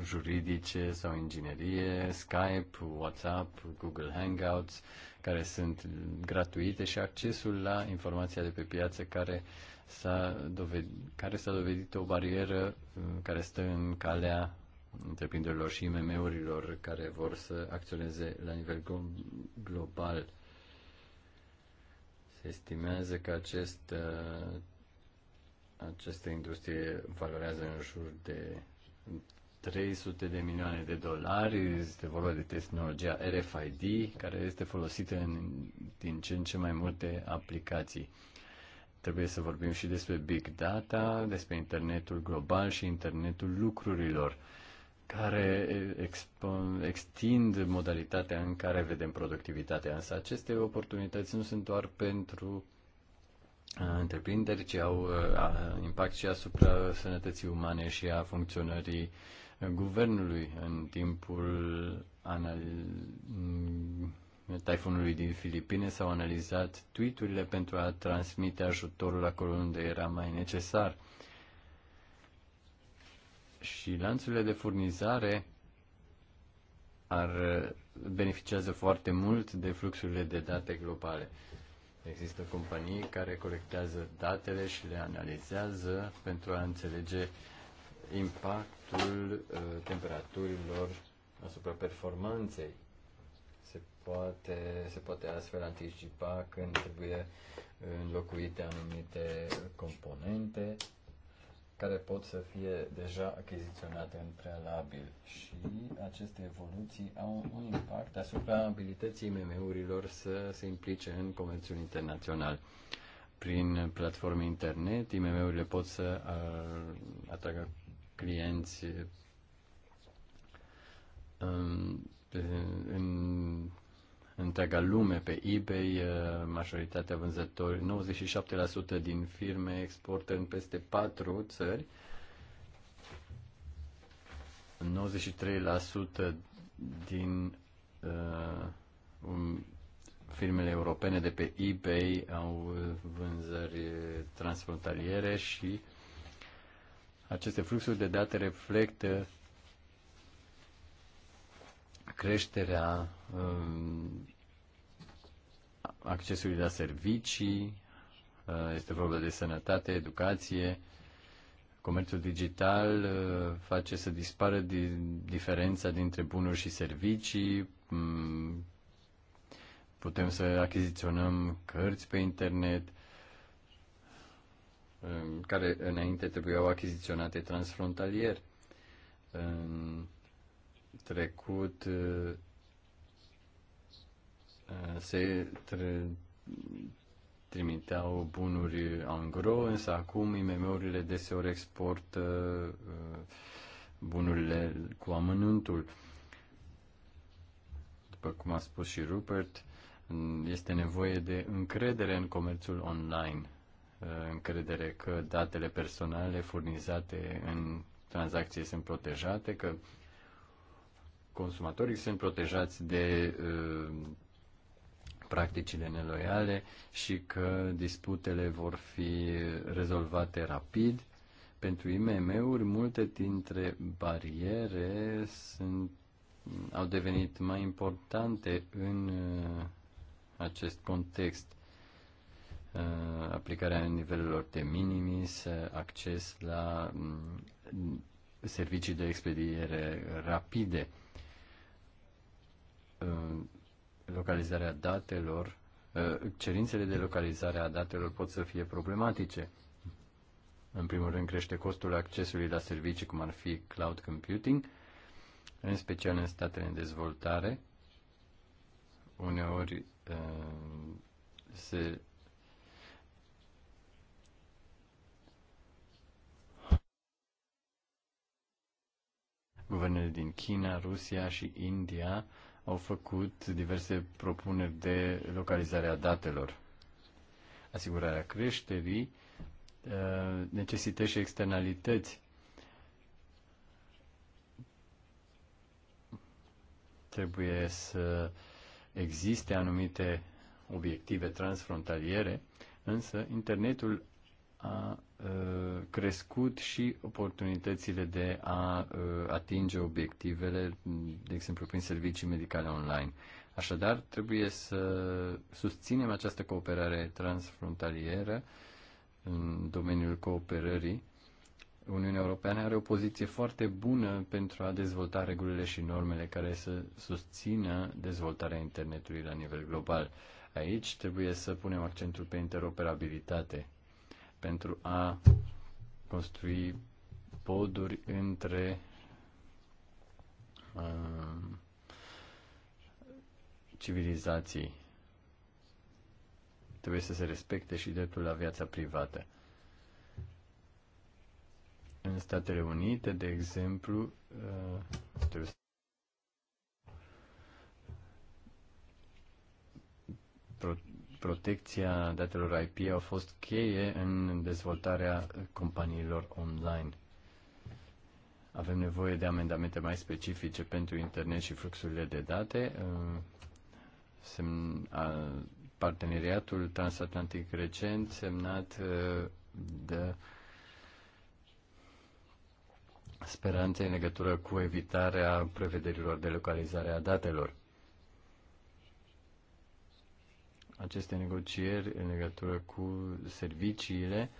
juridice sau inginerie, Skype, WhatsApp, Google Hangouts, care sunt gratuite și accesul la informația de pe piață care s-a dovedit, care s-a dovedit o barieră uh, care stă în calea întreprinderilor și IMM-urilor care vor să acționeze la nivel global. Se estimează că acest, uh, această industrie valorează în jur de 300 de milioane de dolari. Este vorba de tehnologia RFID, care este folosită în, din ce în ce mai multe aplicații. Trebuie să vorbim și despre big data, despre internetul global și internetul lucrurilor care extind modalitatea în care vedem productivitatea. Însă aceste oportunități nu sunt doar pentru uh, întreprinderi, ci au uh, impact și asupra sănătății umane și a funcționării uh, guvernului în timpul anal... taifunului din Filipine s-au analizat tweet-urile pentru a transmite ajutorul acolo unde era mai necesar și lanțurile de furnizare ar beneficiază foarte mult de fluxurile de date globale. Există companii care colectează datele și le analizează pentru a înțelege impactul uh, temperaturilor asupra performanței. Se poate, se poate astfel anticipa când trebuie înlocuite anumite componente care pot să fie deja achiziționate în prealabil și aceste evoluții au un impact asupra abilității MM-urilor să se implice în comerțul internațional. Prin platforme internet, IMM-urile pot să uh, atragă clienți um, în întreaga lume pe eBay, uh, majoritatea vânzători, 97% din firme exportă în peste 4 țări, 93% din uh, um, firmele europene de pe eBay au vânzări transfrontaliere și aceste fluxuri de date reflectă creșterea um, accesului la servicii, uh, este vorba de sănătate, educație, comerțul digital uh, face să dispară diferența dintre bunuri și servicii, um, putem să achiziționăm cărți pe internet, um, care înainte trebuiau achiziționate transfrontalier trecut uh, uh, se tre- trimiteau bunuri gro, însă acum IMM-urile deseori exportă uh, bunurile cu amănuntul. După cum a spus și Rupert, este nevoie de încredere în comerțul online, încredere că datele personale furnizate în tranzacție sunt protejate, că consumatorii sunt protejați de uh, practicile neloiale și că disputele vor fi rezolvate rapid. Pentru IMM-uri, multe dintre bariere sunt, au devenit mai importante în uh, acest context. Uh, aplicarea nivelelor de minimis, acces la mm, servicii de expediere rapide Uh, localizarea datelor, uh, cerințele de localizare a datelor pot să fie problematice. În primul rând crește costul accesului la servicii, cum ar fi cloud computing, în special în statele în dezvoltare. Uneori uh, se guvernele din China, Rusia și India au făcut diverse propuneri de localizare a datelor. Asigurarea creșterii uh, necesită și externalități. Trebuie să existe anumite obiective transfrontaliere, însă internetul a Uh, crescut și oportunitățile de a uh, atinge obiectivele, de exemplu, prin servicii medicale online. Așadar, trebuie să susținem această cooperare transfrontalieră în domeniul cooperării. Uniunea Europeană are o poziție foarte bună pentru a dezvolta regulile și normele care să susțină dezvoltarea internetului la nivel global. Aici trebuie să punem accentul pe interoperabilitate pentru a construi poduri între uh, civilizații. Trebuie să se respecte și dreptul la viața privată. În Statele Unite, de exemplu, uh, trebuie să protecția datelor IP au fost cheie în dezvoltarea companiilor online. Avem nevoie de amendamente mai specifice pentru internet și fluxurile de date. Uh, parteneriatul transatlantic recent semnat uh, de speranțe în legătură cu evitarea prevederilor de localizare a datelor. aceste negocieri în legătură cu serviciile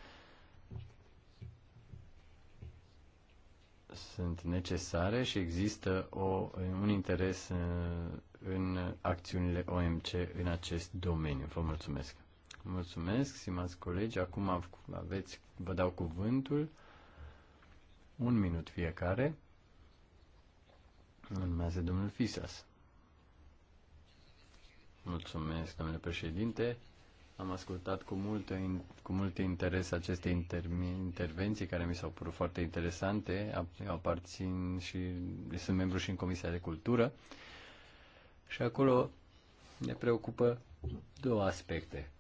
sunt necesare și există o, un interes în, uh, în acțiunile OMC în acest domeniu. Vă mulțumesc! Mulțumesc, stimați colegi. Acum aveți, vă dau cuvântul. Un minut fiecare. Urmează domnul Fisas. Mulțumesc, domnule președinte. Am ascultat cu, mult cu mult interes aceste intermi, intervenții care mi s-au părut foarte interesante. Eu aparțin și sunt membru și în Comisia de Cultură și acolo ne preocupă două aspecte.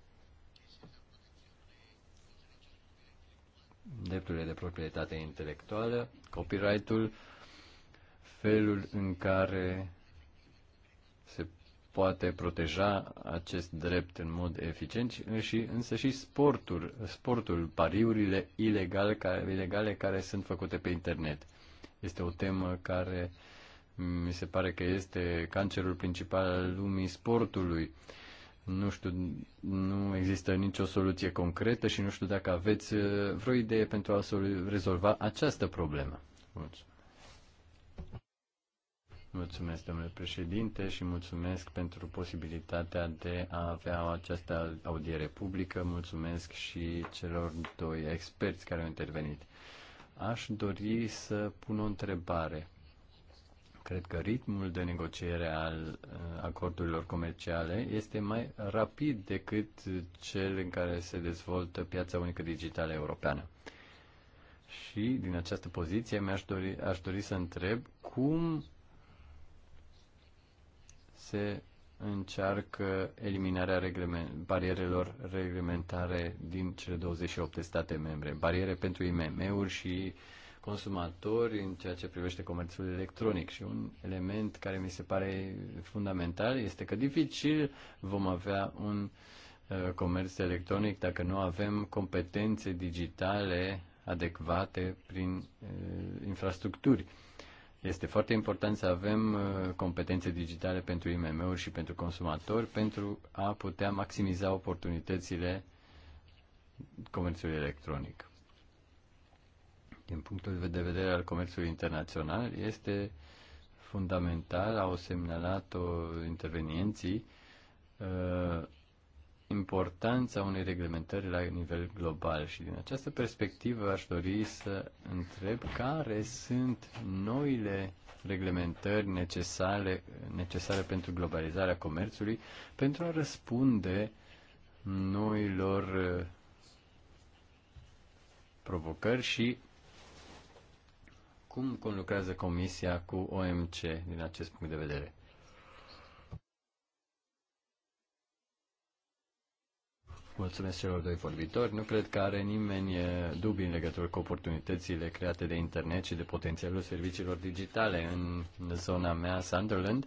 Drepturile de proprietate intelectuală, copyright-ul, felul în care se poate proteja acest drept în mod eficient și însă și sportul, sportul pariurile ilegale care, ilegale care sunt făcute pe internet. Este o temă care mi se pare că este cancerul principal al lumii sportului. Nu știu, nu există nicio soluție concretă și nu știu dacă aveți uh, vreo idee pentru a rezolva această problemă. Mulțumesc. Mulțumesc, domnule președinte, și mulțumesc pentru posibilitatea de a avea această audiere publică. Mulțumesc și celor doi experți care au intervenit. Aș dori să pun o întrebare. Cred că ritmul de negociere al uh, acordurilor comerciale este mai rapid decât cel în care se dezvoltă piața unică digitală europeană. Și din această poziție mi-aș dori, aș dori să întreb cum se încearcă eliminarea reglement, barierelor reglementare din cele 28 de state membre, bariere pentru IMM-uri și consumatori în ceea ce privește comerțul electronic. Și un element care mi se pare fundamental este că dificil vom avea un uh, comerț electronic dacă nu avem competențe digitale adecvate prin uh, infrastructuri. Este foarte important să avem uh, competențe digitale pentru IMM-uri și pentru consumatori pentru a putea maximiza oportunitățile comerțului electronic. Din punctul de vedere al comerțului internațional, este fundamental, au semnalat-o intervenienții, uh, importanța unei reglementări la nivel global și din această perspectivă aș dori să întreb care sunt noile reglementări necesare, necesare pentru globalizarea comerțului pentru a răspunde noilor uh, provocări și cum conlucrează Comisia cu OMC din acest punct de vedere. Mulțumesc celor doi vorbitori. Nu cred că are nimeni dubii în legătură cu oportunitățile create de internet și de potențialul serviciilor digitale în zona mea, Sunderland.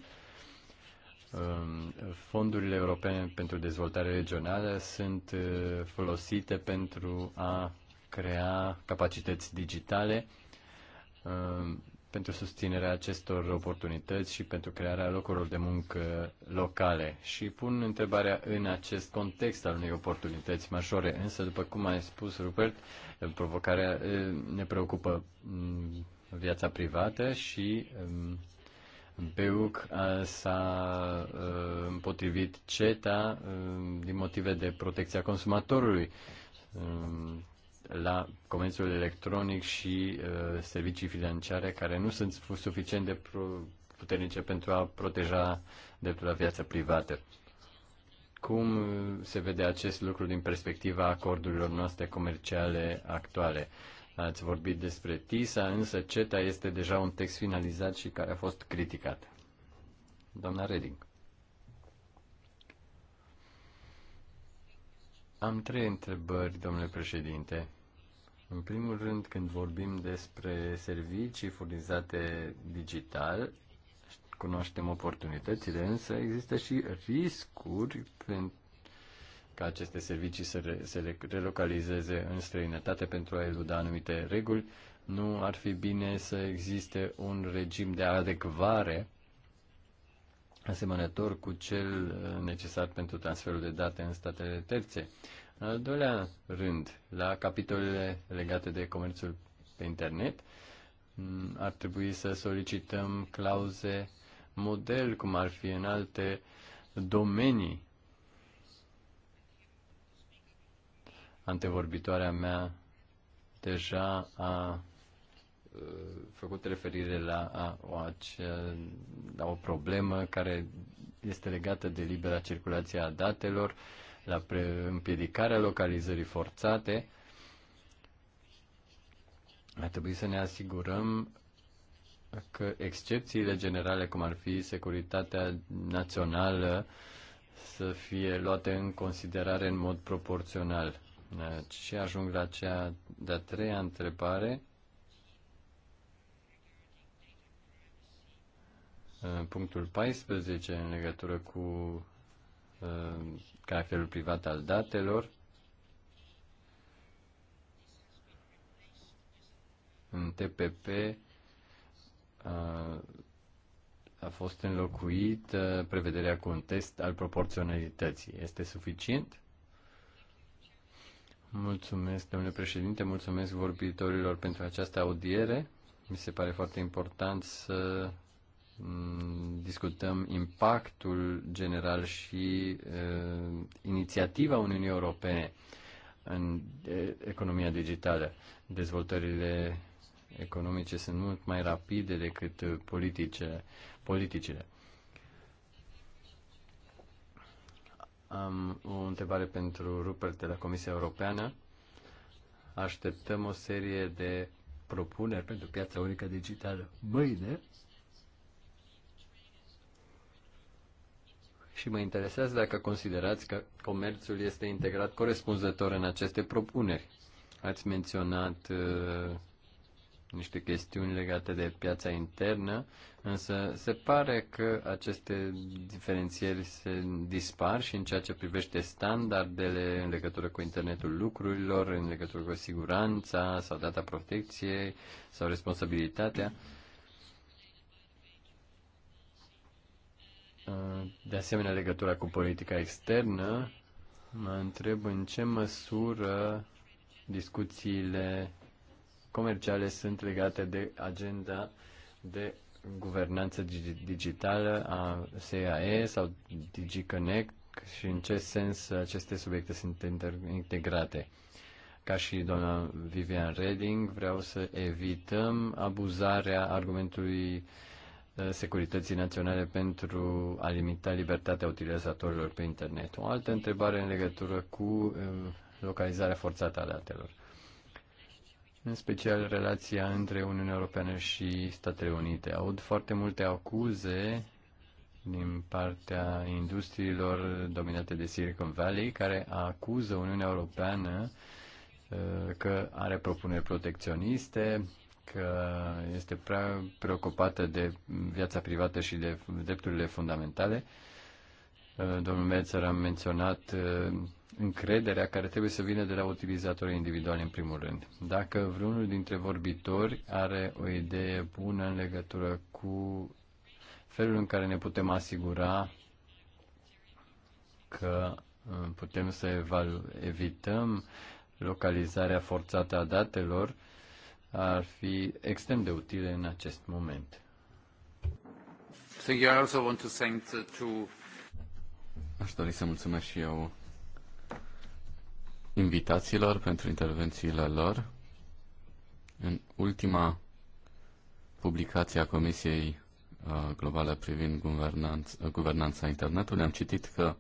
Um, fondurile europene pentru dezvoltare regională sunt uh, folosite pentru a crea capacități digitale um, pentru susținerea acestor oportunități și pentru crearea locurilor de muncă locale. Și pun întrebarea în acest context al unei oportunități majore, însă, după cum ai spus, Rupert, provocarea eh, ne preocupă mm, viața privată și mm, Beuc s-a eh, împotrivit CETA eh, din motive de protecția consumatorului mm, la comerțul electronic și uh, servicii financiare care nu sunt suficient de puternice pentru a proteja dreptul la viața privată. Cum uh, se vede acest lucru din perspectiva acordurilor noastre comerciale actuale? Ați vorbit despre TISA, însă CETA este deja un text finalizat și care a fost criticat. Doamna Reding. Am trei întrebări, domnule președinte. În primul rând, când vorbim despre servicii furnizate digital, cunoaștem oportunitățile, însă există și riscuri pentru ca aceste servicii să, re, se le relocalizeze în străinătate pentru a eluda anumite reguli, nu ar fi bine să existe un regim de adecvare asemănător cu cel necesar pentru transferul de date în statele terțe al doilea rând, la capitolele legate de comerțul pe internet, ar trebui să solicităm clauze model, cum ar fi în alte domenii. Antevorbitoarea mea deja a uh, făcut referire la, a, o, acea, la o problemă care este legată de libera circulație a datelor, la împiedicarea localizării forțate, ar trebui să ne asigurăm că excepțiile generale, cum ar fi securitatea națională, să fie luate în considerare în mod proporțional. Și ajung la cea de-a treia întrebare. Punctul 14 în legătură cu Uh, caracterul privat al datelor. În TPP uh, a fost înlocuit prevederea cu un test al proporționalității. Este suficient? Mulțumesc, domnule președinte, mulțumesc vorbitorilor pentru această audiere. Mi se pare foarte important să Mm, discutăm impactul general și uh, inițiativa Uniunii Europene în economia digitală. Dezvoltările economice sunt mult mai rapide decât politice, politicile. Am o întrebare pentru Rupert de la Comisia Europeană. Așteptăm o serie de propuneri pentru piața unică digitală mâine și mă interesează dacă considerați că comerțul este integrat corespunzător în aceste propuneri. Ați menționat uh, niște chestiuni legate de piața internă, însă se pare că aceste diferențieri se dispar și în ceea ce privește standardele în legătură cu internetul lucrurilor, în legătură cu siguranța sau data protecției sau responsabilitatea. De asemenea, legătura cu politica externă, mă întreb în ce măsură discuțiile comerciale sunt legate de agenda de guvernanță digitală a CAE sau DigiConnect și în ce sens aceste subiecte sunt integrate. Ca și doamna Vivian Reding, vreau să evităm abuzarea argumentului uh, Securității Naționale pentru a limita libertatea utilizatorilor pe internet. O altă întrebare în legătură cu eh, localizarea forțată a datelor. În special relația între Uniunea Europeană și Statele Unite. Aud foarte multe acuze din partea industriilor dominate de Silicon Valley, care acuză Uniunea Europeană eh, că are propuneri protecționiste, că este prea preocupată de viața privată și de drepturile fundamentale. Uh, domnul Melzer a menționat uh, încrederea care trebuie să vină de la utilizatorii individuali în primul rând. Dacă vreunul dintre vorbitori are o idee bună în legătură cu felul în care ne putem asigura că uh, putem să evităm localizarea forțată a datelor, ar fi extrem de utile în acest moment. Thank you. I also want to thank the two... Aș dori să mulțumesc și eu invitațiilor pentru intervențiile lor. În ultima publicație a Comisiei uh, Globale privind guvernanța, uh, guvernanța internetului am citit că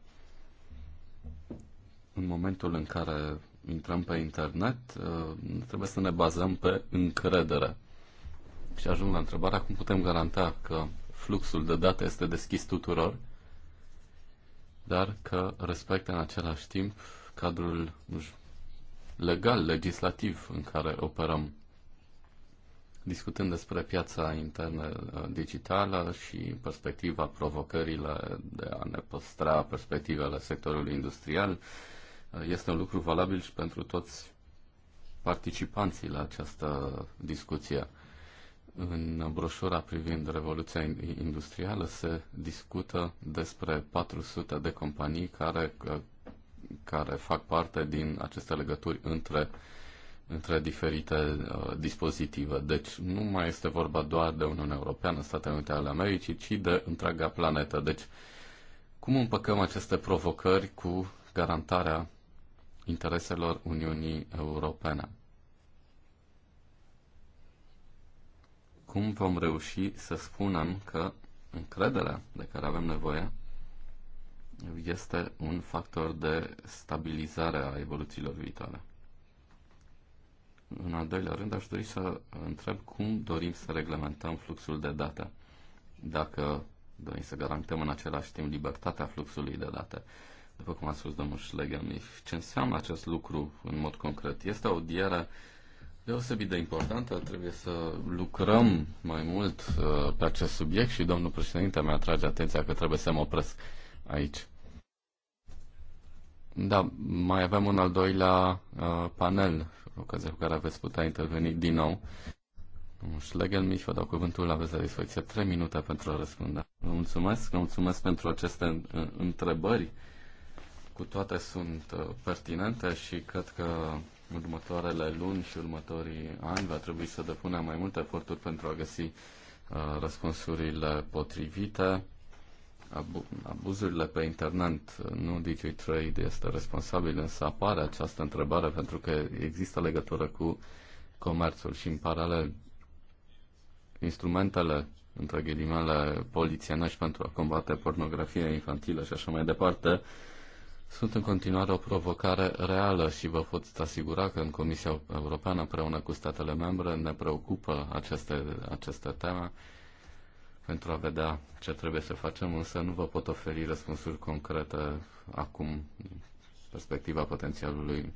în momentul în care intrăm pe internet, uh, trebuie să ne bazăm pe încredere. Și ajung la întrebarea cum putem garanta că fluxul de date este deschis tuturor, dar că respectă în același timp cadrul legal, legislativ în care operăm. Discutând despre piața internă uh, digitală și perspectiva provocările de a ne păstra perspectivele sectorului industrial, este un lucru valabil și pentru toți participanții la această discuție. În broșura privind Revoluția Industrială se discută despre 400 de companii care, care fac parte din aceste legături între, între diferite uh, dispozitive. Deci nu mai este vorba doar de Uniunea Europeană, Statele Unite ale Americii, ci de întreaga planetă. Deci cum împăcăm aceste provocări cu garantarea intereselor Uniunii Europene. Cum vom reuși să spunem că încrederea de care avem nevoie este un factor de stabilizare a evoluțiilor viitoare? În al doilea rând, aș dori să întreb cum dorim să reglementăm fluxul de date. Dacă dorim să garantăm în același timp libertatea fluxului de date, după cum a spus domnul Schlegelmich, ce înseamnă acest lucru în mod concret? Este o diară deosebit de importantă, trebuie să lucrăm mai mult uh, pe acest subiect și domnul președinte mi atrage atenția că trebuie să mă opresc aici. Da, mai avem un al doilea uh, panel, ocazia cu care aveți putea interveni din nou. Domnul Schlegelmich, vă dau cuvântul, aveți la dispoziție 3 minute pentru a răspunde. Vă mulțumesc, vă mulțumesc pentru aceste uh, întrebări cu toate sunt uh, pertinente și cred că următoarele luni și următorii ani va trebui să depunem mai multe eforturi pentru a găsi uh, răspunsurile potrivite. Abuzurile pe internet, uh, nu DigiTrade este responsabil, însă apare această întrebare pentru că există legătură cu comerțul și în paralel instrumentele între ghilimele polițienești pentru a combate pornografia infantilă și așa mai departe, sunt în continuare o provocare reală și vă pot asigura că în Comisia Europeană împreună cu statele membre ne preocupă aceste, aceste teme pentru a vedea ce trebuie să facem, însă nu vă pot oferi răspunsuri concrete acum perspectiva potențialului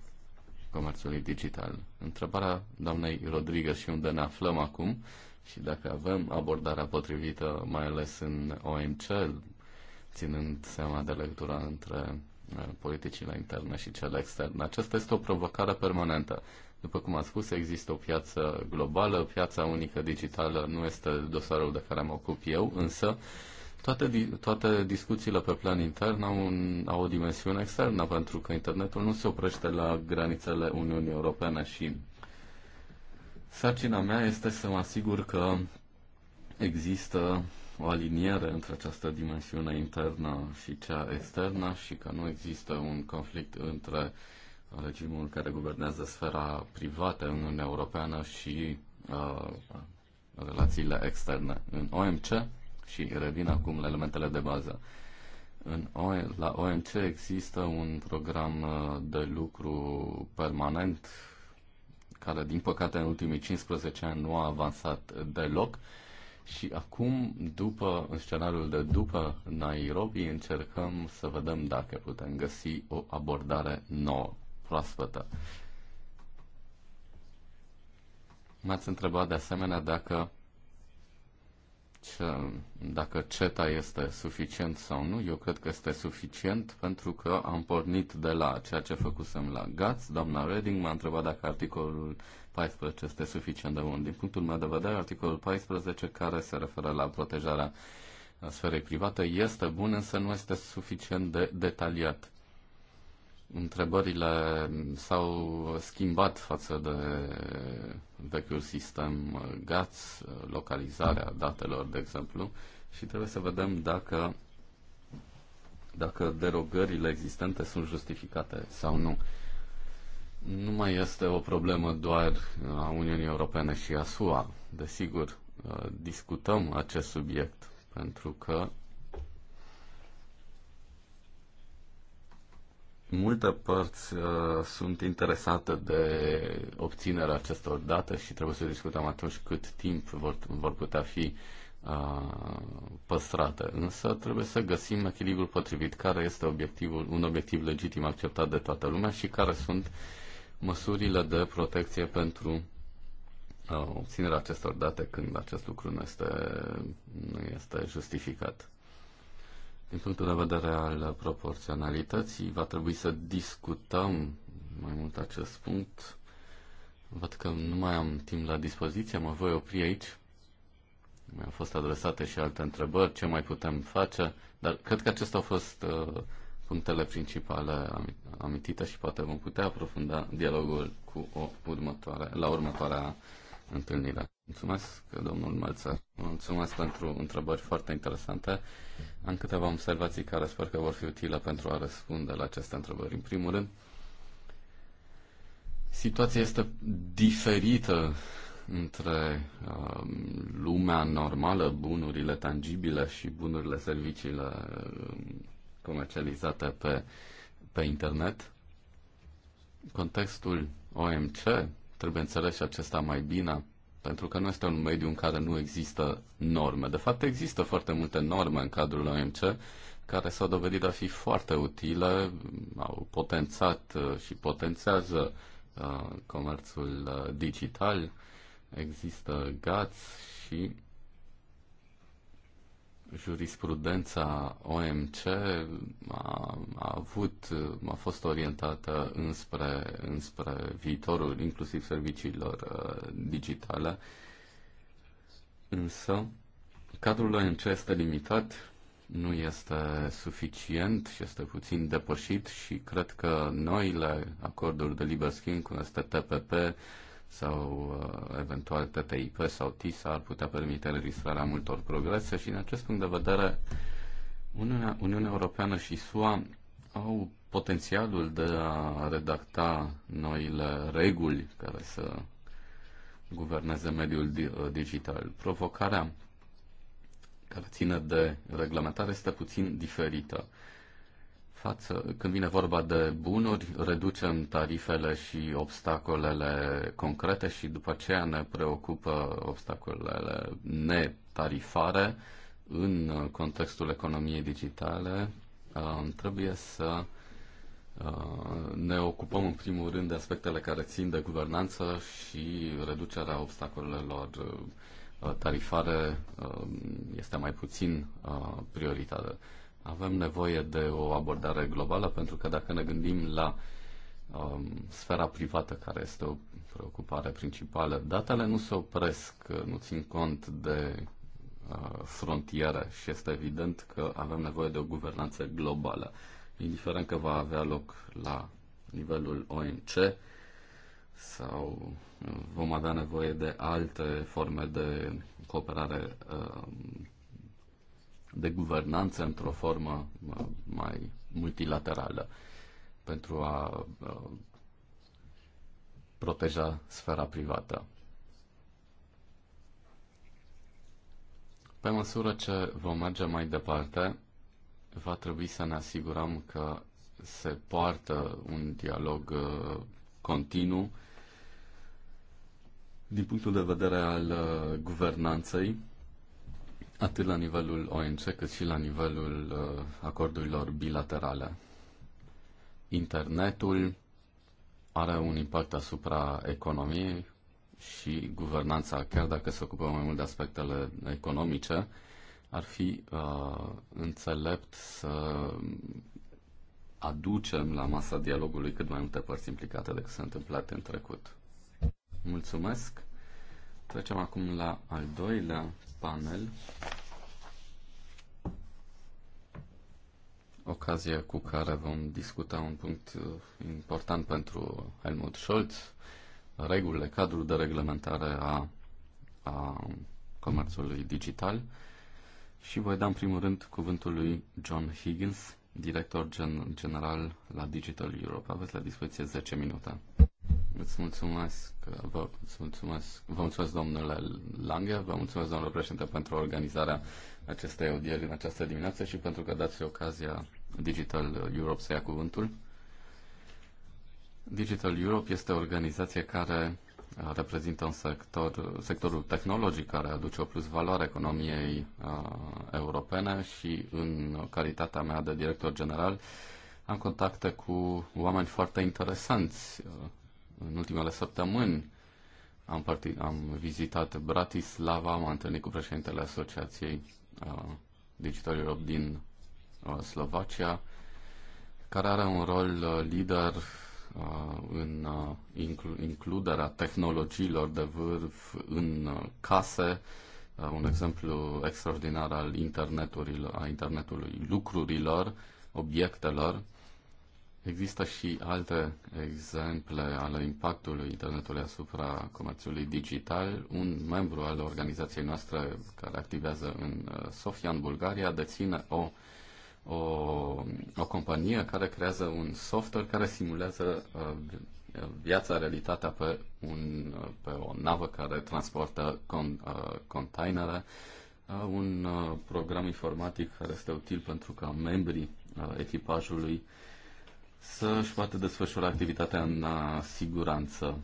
comerțului digital. Întrebarea doamnei Rodriguez și unde ne aflăm acum și dacă avem abordarea potrivită, mai ales în OMC, ținând seama de legătura între Uh, politicile interne și cele externe. Aceasta este o provocare permanentă. După cum am spus, există o piață globală, piața unică digitală nu este dosarul de care mă ocup eu, însă toate, toate discuțiile pe plan intern au, un, au o dimensiune externă, pentru că internetul nu se oprește la granițele Uniunii Europene și sarcina mea este să mă asigur că există o aliniere între această dimensiune internă și cea externă și că nu există un conflict între regimul care guvernează sfera privată în Uniunea Europeană și uh, relațiile externe în OMC și revin acum la elementele de bază. În o, la OMC există un program uh, de lucru permanent care, din păcate, în ultimii 15 ani nu a avansat deloc. Uh, și acum, după, în scenariul de după Nairobi, încercăm să vedem dacă putem găsi o abordare nouă, proaspătă. M-ați întrebat de asemenea dacă, ce, dacă CETA este suficient sau nu. Eu cred că este suficient pentru că am pornit de la ceea ce făcusem la GATS. Doamna Reding m-a întrebat dacă articolul 14 este suficient de mult. Din punctul meu de vedere, articolul 14, care se referă la protejarea sferei private, este bun, însă nu este suficient de detaliat. Întrebările s-au schimbat față de vechiul sistem GATS, localizarea datelor, de exemplu, și trebuie să vedem dacă, dacă derogările existente sunt justificate sau nu nu mai este o problemă doar uh, a Uniunii Europene și a SUA. Desigur, uh, discutăm acest subiect pentru că multe părți uh, sunt interesate de obținerea acestor date și trebuie să discutăm atunci cât timp vor, vor putea fi păstrate. Însă trebuie să găsim echilibrul potrivit, care este obiectivul, un obiectiv legitim acceptat de toată lumea și care sunt uh, măsurile de protecție pentru uh, obținerea acestor date când acest lucru nu este, nu este justificat. Din punctul de vedere al proporționalității, va trebui să discutăm mai mult acest punct. Văd că nu mai am timp la dispoziție, mă voi opri aici. Mi-au fost adresate și alte întrebări, ce mai putem face, dar cred că acestea au fost uh, punctele principale amintite și poate vom putea aprofunda dialogul cu o următoare, la următoarea întâlnire. Mulțumesc, domnul Mălțăr. Mulțumesc pentru întrebări foarte interesante. Am câteva observații care sper că vor fi utile pentru a răspunde la aceste întrebări. În primul rând, situația este diferită între uh, lumea normală, bunurile tangibile și bunurile serviciile uh, comercializate pe, pe internet. Contextul OMC trebuie înțeles și acesta mai bine, pentru că nu este un mediu în care nu există norme. De fapt, există foarte multe norme în cadrul OMC care s-au dovedit a fi foarte utile, au potențat uh, și potențează uh, comerțul uh, digital, există GATS și jurisprudența OMC a, a avut, a fost orientată înspre, înspre viitorul, inclusiv serviciilor uh, digitale, însă cadrul OMC este limitat, nu este suficient și este puțin depășit și cred că noile acorduri de liber schimb, cum este TPP, sau uh, eventual TTIP sau TISA ar putea permite înregistrarea multor progrese și în acest punct de vedere Uniunea, Uniunea Europeană și SUA au potențialul de a redacta noile reguli care să guverneze mediul uh, digital. Provocarea care ține de reglementare este puțin diferită față, când vine vorba de bunuri, reducem tarifele și obstacolele concrete și după aceea ne preocupă obstacolele netarifare în contextul economiei digitale. Um, trebuie să uh, ne ocupăm în primul rând de aspectele care țin de guvernanță și reducerea obstacolelor uh, tarifare um, este mai puțin uh, prioritară. Avem nevoie de o abordare globală pentru că dacă ne gândim la um, sfera privată, care este o preocupare principală, datele nu se opresc, nu țin cont de uh, frontiere și este evident că avem nevoie de o guvernanță globală, indiferent că va avea loc la nivelul OMC sau uh, vom avea nevoie de alte forme de cooperare uh, de guvernanță într-o formă mai multilaterală pentru a proteja sfera privată. Pe măsură ce vom merge mai departe, va trebui să ne asigurăm că se poartă un dialog uh, continuu din punctul de vedere al uh, guvernanței atât la nivelul OMC cât și la nivelul uh, acordurilor bilaterale. Internetul are un impact asupra economiei și guvernanța, chiar dacă se ocupă mai mult de aspectele economice, ar fi uh, înțelept să aducem la masa dialogului cât mai multe părți implicate decât s-a întâmplat în trecut. Mulțumesc! Trecem acum la al doilea panel, Ocazia cu care vom discuta un punct uh, important pentru Helmut Scholz, regulile, cadrul de reglementare a, a comerțului digital și voi da în primul rând cuvântul lui John Higgins, director gen, general la Digital Europe. Aveți la dispoziție 10 minute. Îți mulțumesc, vă mulțumesc, vă mulțumesc domnule Lange, vă mulțumesc domnule președinte pentru organizarea acestei audieri în această dimineață și pentru că dați ocazia Digital Europe să ia cuvântul. Digital Europe este o organizație care reprezintă un sector, sectorul tehnologic care aduce o plus valoare economiei uh, europene și în calitatea mea de director general am contacte cu oameni foarte interesanți în ultimele săptămâni am, partic- am vizitat Bratislava, m-am întâlnit cu președintele Asociației uh, Digital Europe din uh, Slovacia, care are un rol uh, lider uh, în uh, inclu- includerea tehnologiilor de vârf în uh, case, uh, un exemplu extraordinar al internetului, a internetului lucrurilor, obiectelor, Există și alte exemple ale impactului internetului asupra comerțului digital. Un membru al organizației noastre care activează în uh, Sofia, în Bulgaria, deține o, o, o companie care creează un software care simulează uh, viața, realitatea pe, un, uh, pe o navă care transportă con, containere, un program informatic care este util pentru ca membrii echipajului să și poată desfășura activitatea în uh, siguranță.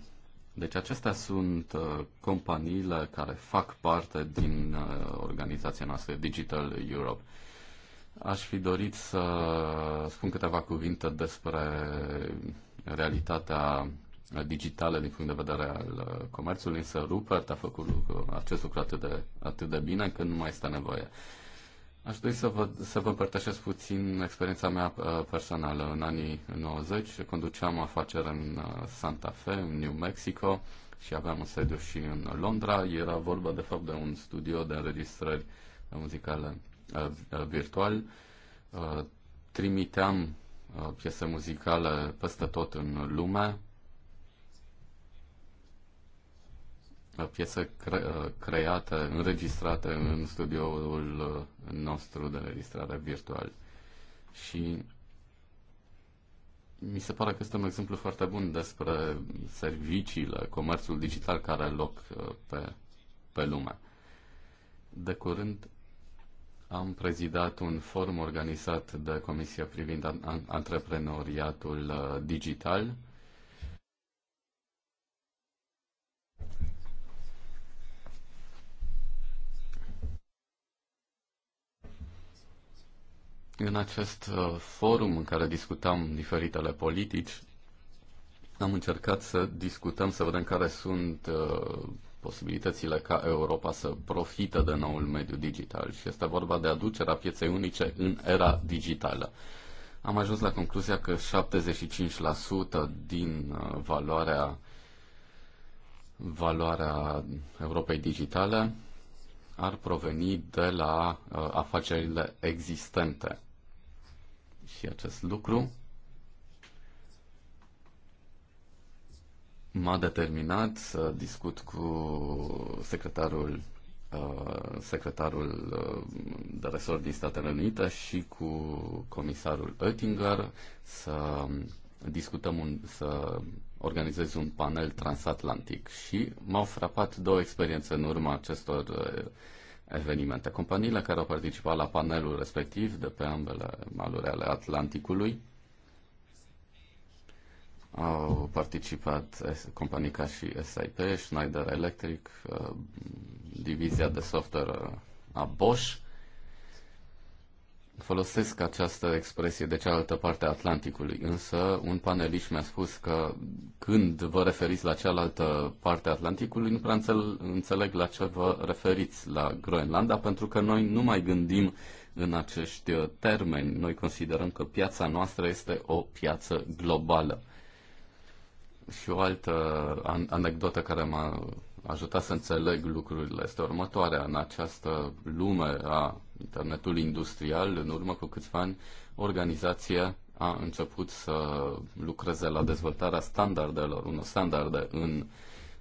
Deci acestea sunt uh, companiile care fac parte din uh, organizația noastră Digital Europe. Aș fi dorit să spun câteva cuvinte despre realitatea digitală din punct de vedere al comerțului, însă Rupert a făcut lucru, acest lucru atât de, atât de bine că nu mai este nevoie. Aș dori să vă, să vă împărtășesc puțin experiența mea uh, personală. În anii 90 conduceam afaceri în uh, Santa Fe, în New Mexico și aveam un sediu și în Londra. Era vorba de fapt de un studio de înregistrări muzicale uh, virtual. Trimiteam piese muzicale peste tot în lume, piesă cre- uh, creată, înregistrată, în studioul uh, nostru de înregistrare virtual. Și mi se pare că este un exemplu foarte bun despre serviciile, comerțul digital care are loc uh, pe, pe lume. De curând am prezidat un forum organizat de Comisia privind antreprenoriatul digital, În acest uh, forum în care discutam diferitele politici, am încercat să discutăm, să vedem care sunt uh, posibilitățile ca Europa să profită de noul mediu digital și este vorba de aducerea pieței unice în era digitală. Am ajuns la concluzia că 75% din uh, valoarea valoarea Europei digitale ar proveni de la uh, afacerile existente. Și acest lucru m-a determinat să discut cu secretarul uh, secretarul uh, de resort din Statele Unite și cu comisarul Oettinger să discutăm un, să organizez un panel transatlantic și m-au frapat două experiențe în urma acestor eh, evenimente. Companiile care au participat la panelul respectiv de pe ambele maluri ale Atlanticului au participat companii ca și SIP, Schneider Electric, eh, divizia de software eh, a Bosch folosesc această expresie de cealaltă parte a Atlanticului, însă un panelist mi-a spus că când vă referiți la cealaltă parte a Atlanticului, nu prea înțeleg la ce vă referiți la Groenlanda, pentru că noi nu mai gândim în acești uh, termeni. Noi considerăm că piața noastră este o piață globală. Și o altă anecdotă care m-a ajutat să înțeleg lucrurile este următoarea. În această lume a internetul industrial, în urmă cu câțiva ani, organizația a început să lucreze la dezvoltarea standardelor, unor standarde în,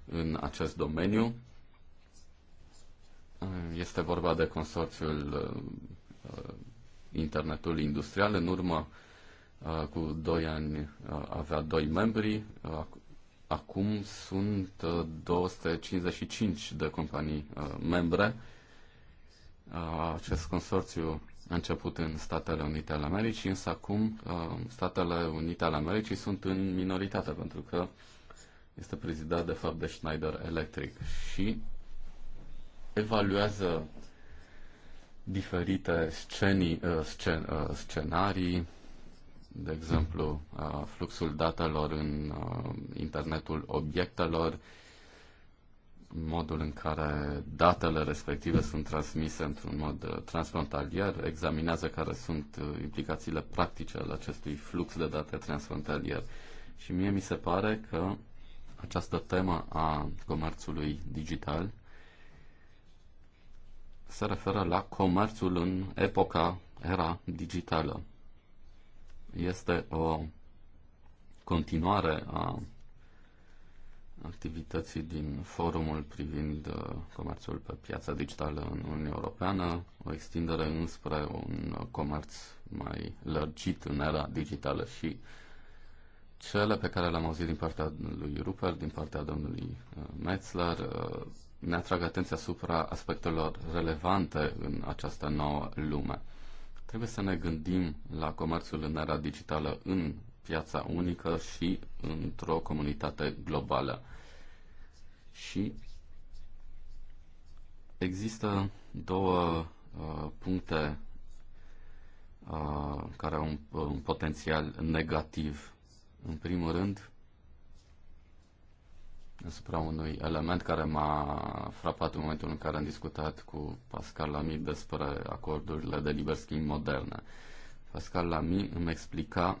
în acest domeniu. Este vorba de consorțiul uh, internetul industrial. În urmă, uh, cu doi ani, uh, avea doi membri. Acum sunt 255 de companii membre acest consorțiu a început în Statele Unite ale Americii, însă acum uh, Statele Unite ale Americii sunt în minoritate, pentru că este prezidat de fapt de Schneider Electric și evaluează diferite scenii, uh, scen, uh, scenarii, de exemplu, fluxul datelor în internetul obiectelor, modul în care datele respective sunt transmise într-un mod uh, transfrontalier, examinează care sunt uh, implicațiile practice ale acestui flux de date transfrontalier. Și mie mi se pare că această temă a comerțului digital se referă la comerțul în epoca, era digitală. Este o continuare a activității din forumul privind uh, comerțul pe piața digitală în Uniunea Europeană, o extindere înspre un uh, comerț mai lărgit în era digitală și cele pe care le-am auzit din partea lui Rupert, din partea domnului uh, Metzler, ne atrag atenția asupra aspectelor relevante în această nouă lume. Trebuie să ne gândim la comerțul în era digitală în piața unică și într-o comunitate globală și există două uh, puncte uh, care au un, uh, un potențial negativ. În primul rând, asupra unui element care m-a frapat în momentul în care am discutat cu Pascal Lamy despre acordurile de liber schimb moderne. Pascal Lamy îmi explica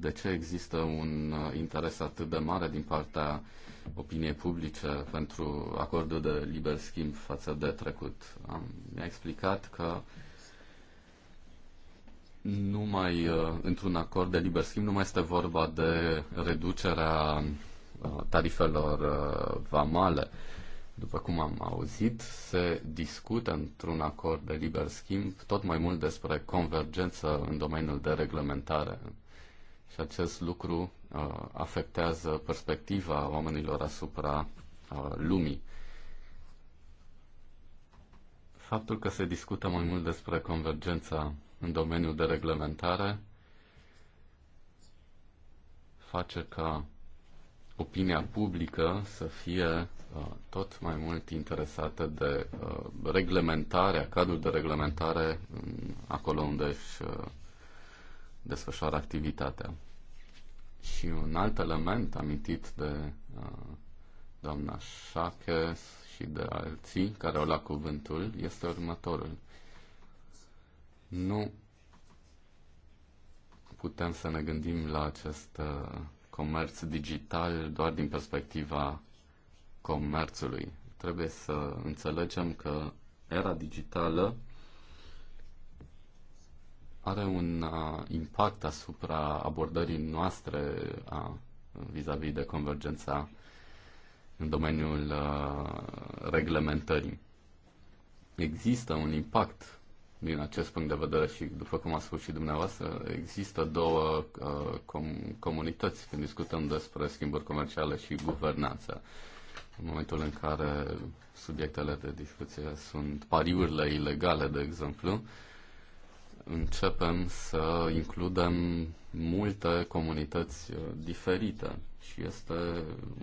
de ce există un uh, interes atât de mare din partea opiniei publice pentru acordul de liber schimb față de trecut. Am, mi-a explicat că numai uh, într-un acord de liber schimb nu mai este vorba de reducerea uh, tarifelor vamale. După cum am auzit, se discută într-un acord de liber schimb tot mai mult despre convergență în domeniul de reglementare și acest lucru uh, afectează perspectiva oamenilor asupra uh, lumii. Faptul că se discută mai mult despre convergența în domeniul de reglementare face ca opinia publică să fie uh, tot mai mult interesată de uh, reglementarea, cadrul de reglementare acolo unde își uh, desfășoară activitatea. Și un alt element amintit de uh, doamna Șache și de alții care au luat cuvântul este următorul. Nu putem să ne gândim la acest uh, comerț digital doar din perspectiva comerțului. Trebuie să înțelegem că era digitală are un uh, impact asupra abordării noastre a, vis-a-vis -vis de convergența în domeniul uh, reglementării. Există un impact din acest punct de vedere și, după cum a spus și dumneavoastră, există două uh, com- comunități când discutăm despre schimburi comerciale și guvernanță. În momentul în care subiectele de discuție sunt pariurile ilegale, de exemplu, uh, începem să includem multe comunități uh, diferite și este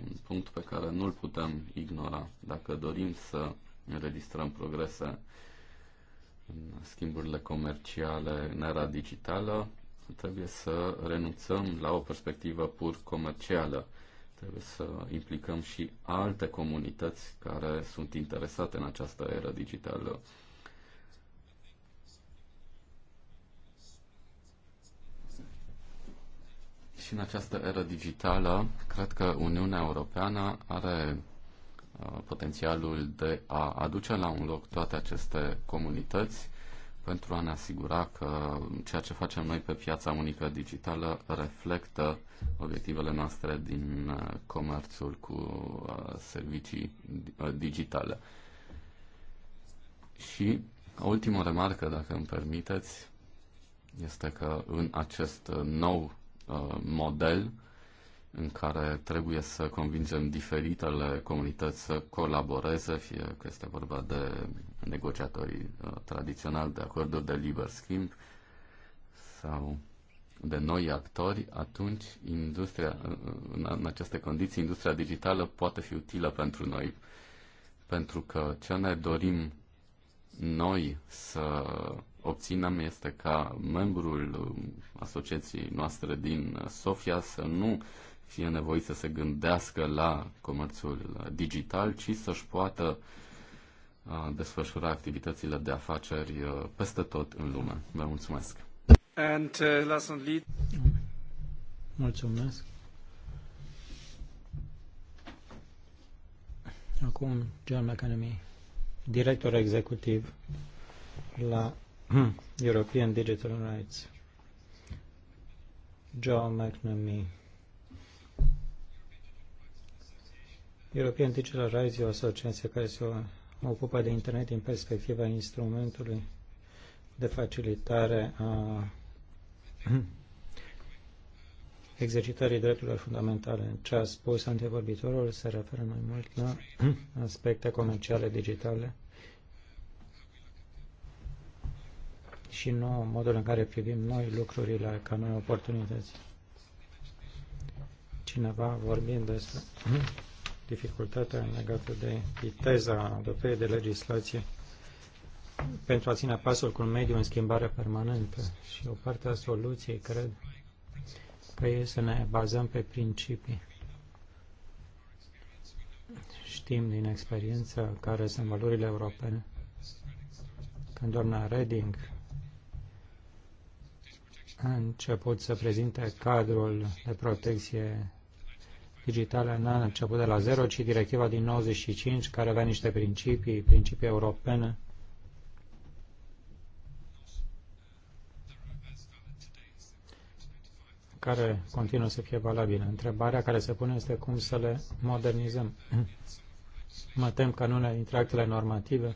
un punct pe care nu-l putem ignora dacă dorim să înregistrăm progrese în schimburile comerciale în era digitală, trebuie să renunțăm la o perspectivă pur comercială. Trebuie să implicăm și alte comunități care sunt interesate în această era digitală. și în această eră digitală, cred că Uniunea Europeană are uh, potențialul de a aduce la un loc toate aceste comunități pentru a ne asigura că ceea ce facem noi pe piața unică digitală reflectă obiectivele noastre din uh, comerțul cu uh, servicii digitale. Și o ultimă remarcă, dacă îmi permiteți, este că în acest nou Uh, model în care trebuie să convingem diferitele comunități să colaboreze, fie că este vorba de negociatorii uh, tradiționali de acorduri de liber schimb sau de noi actori, atunci industria, uh, în aceste condiții, industria digitală poate fi utilă pentru noi. Pentru că ce ne dorim noi să obținem este ca membrul um, asociației noastre din Sofia să nu fie nevoit să se gândească la comerțul digital, ci să-și poată uh, desfășura activitățile de afaceri uh, peste tot în lume. Vă mulțumesc! And, uh, last and lead. Mulțumesc! Acum John McAnamy, director executiv la Hmm. European Digital Rights. Joe McNamee. European Digital Rights e o asociație care se ocupă de internet din perspectiva instrumentului de facilitare a [clears throat] exercitării drepturilor fundamentale. Ce a spus antevorbitorul se referă mai mult la [clears throat] aspecte comerciale digitale și nu modul în care privim noi lucrurile ca noi oportunități. Cineva vorbind despre [clears throat] dificultatea legată de viteza adoptării de legislație pentru a ține pasul cu un mediu în schimbare permanentă. Și o parte a soluției, cred, că e să ne bazăm pe principii. Știm din experiență care sunt valorile europene. Când doamna Reding a început să prezinte cadrul de protecție digitală n-a început de la zero, ci directiva din 95, care avea niște principii, principii europene, care continuă să fie valabile. Întrebarea care se pune este cum să le modernizăm. Mă tem că în unele dintre actele normative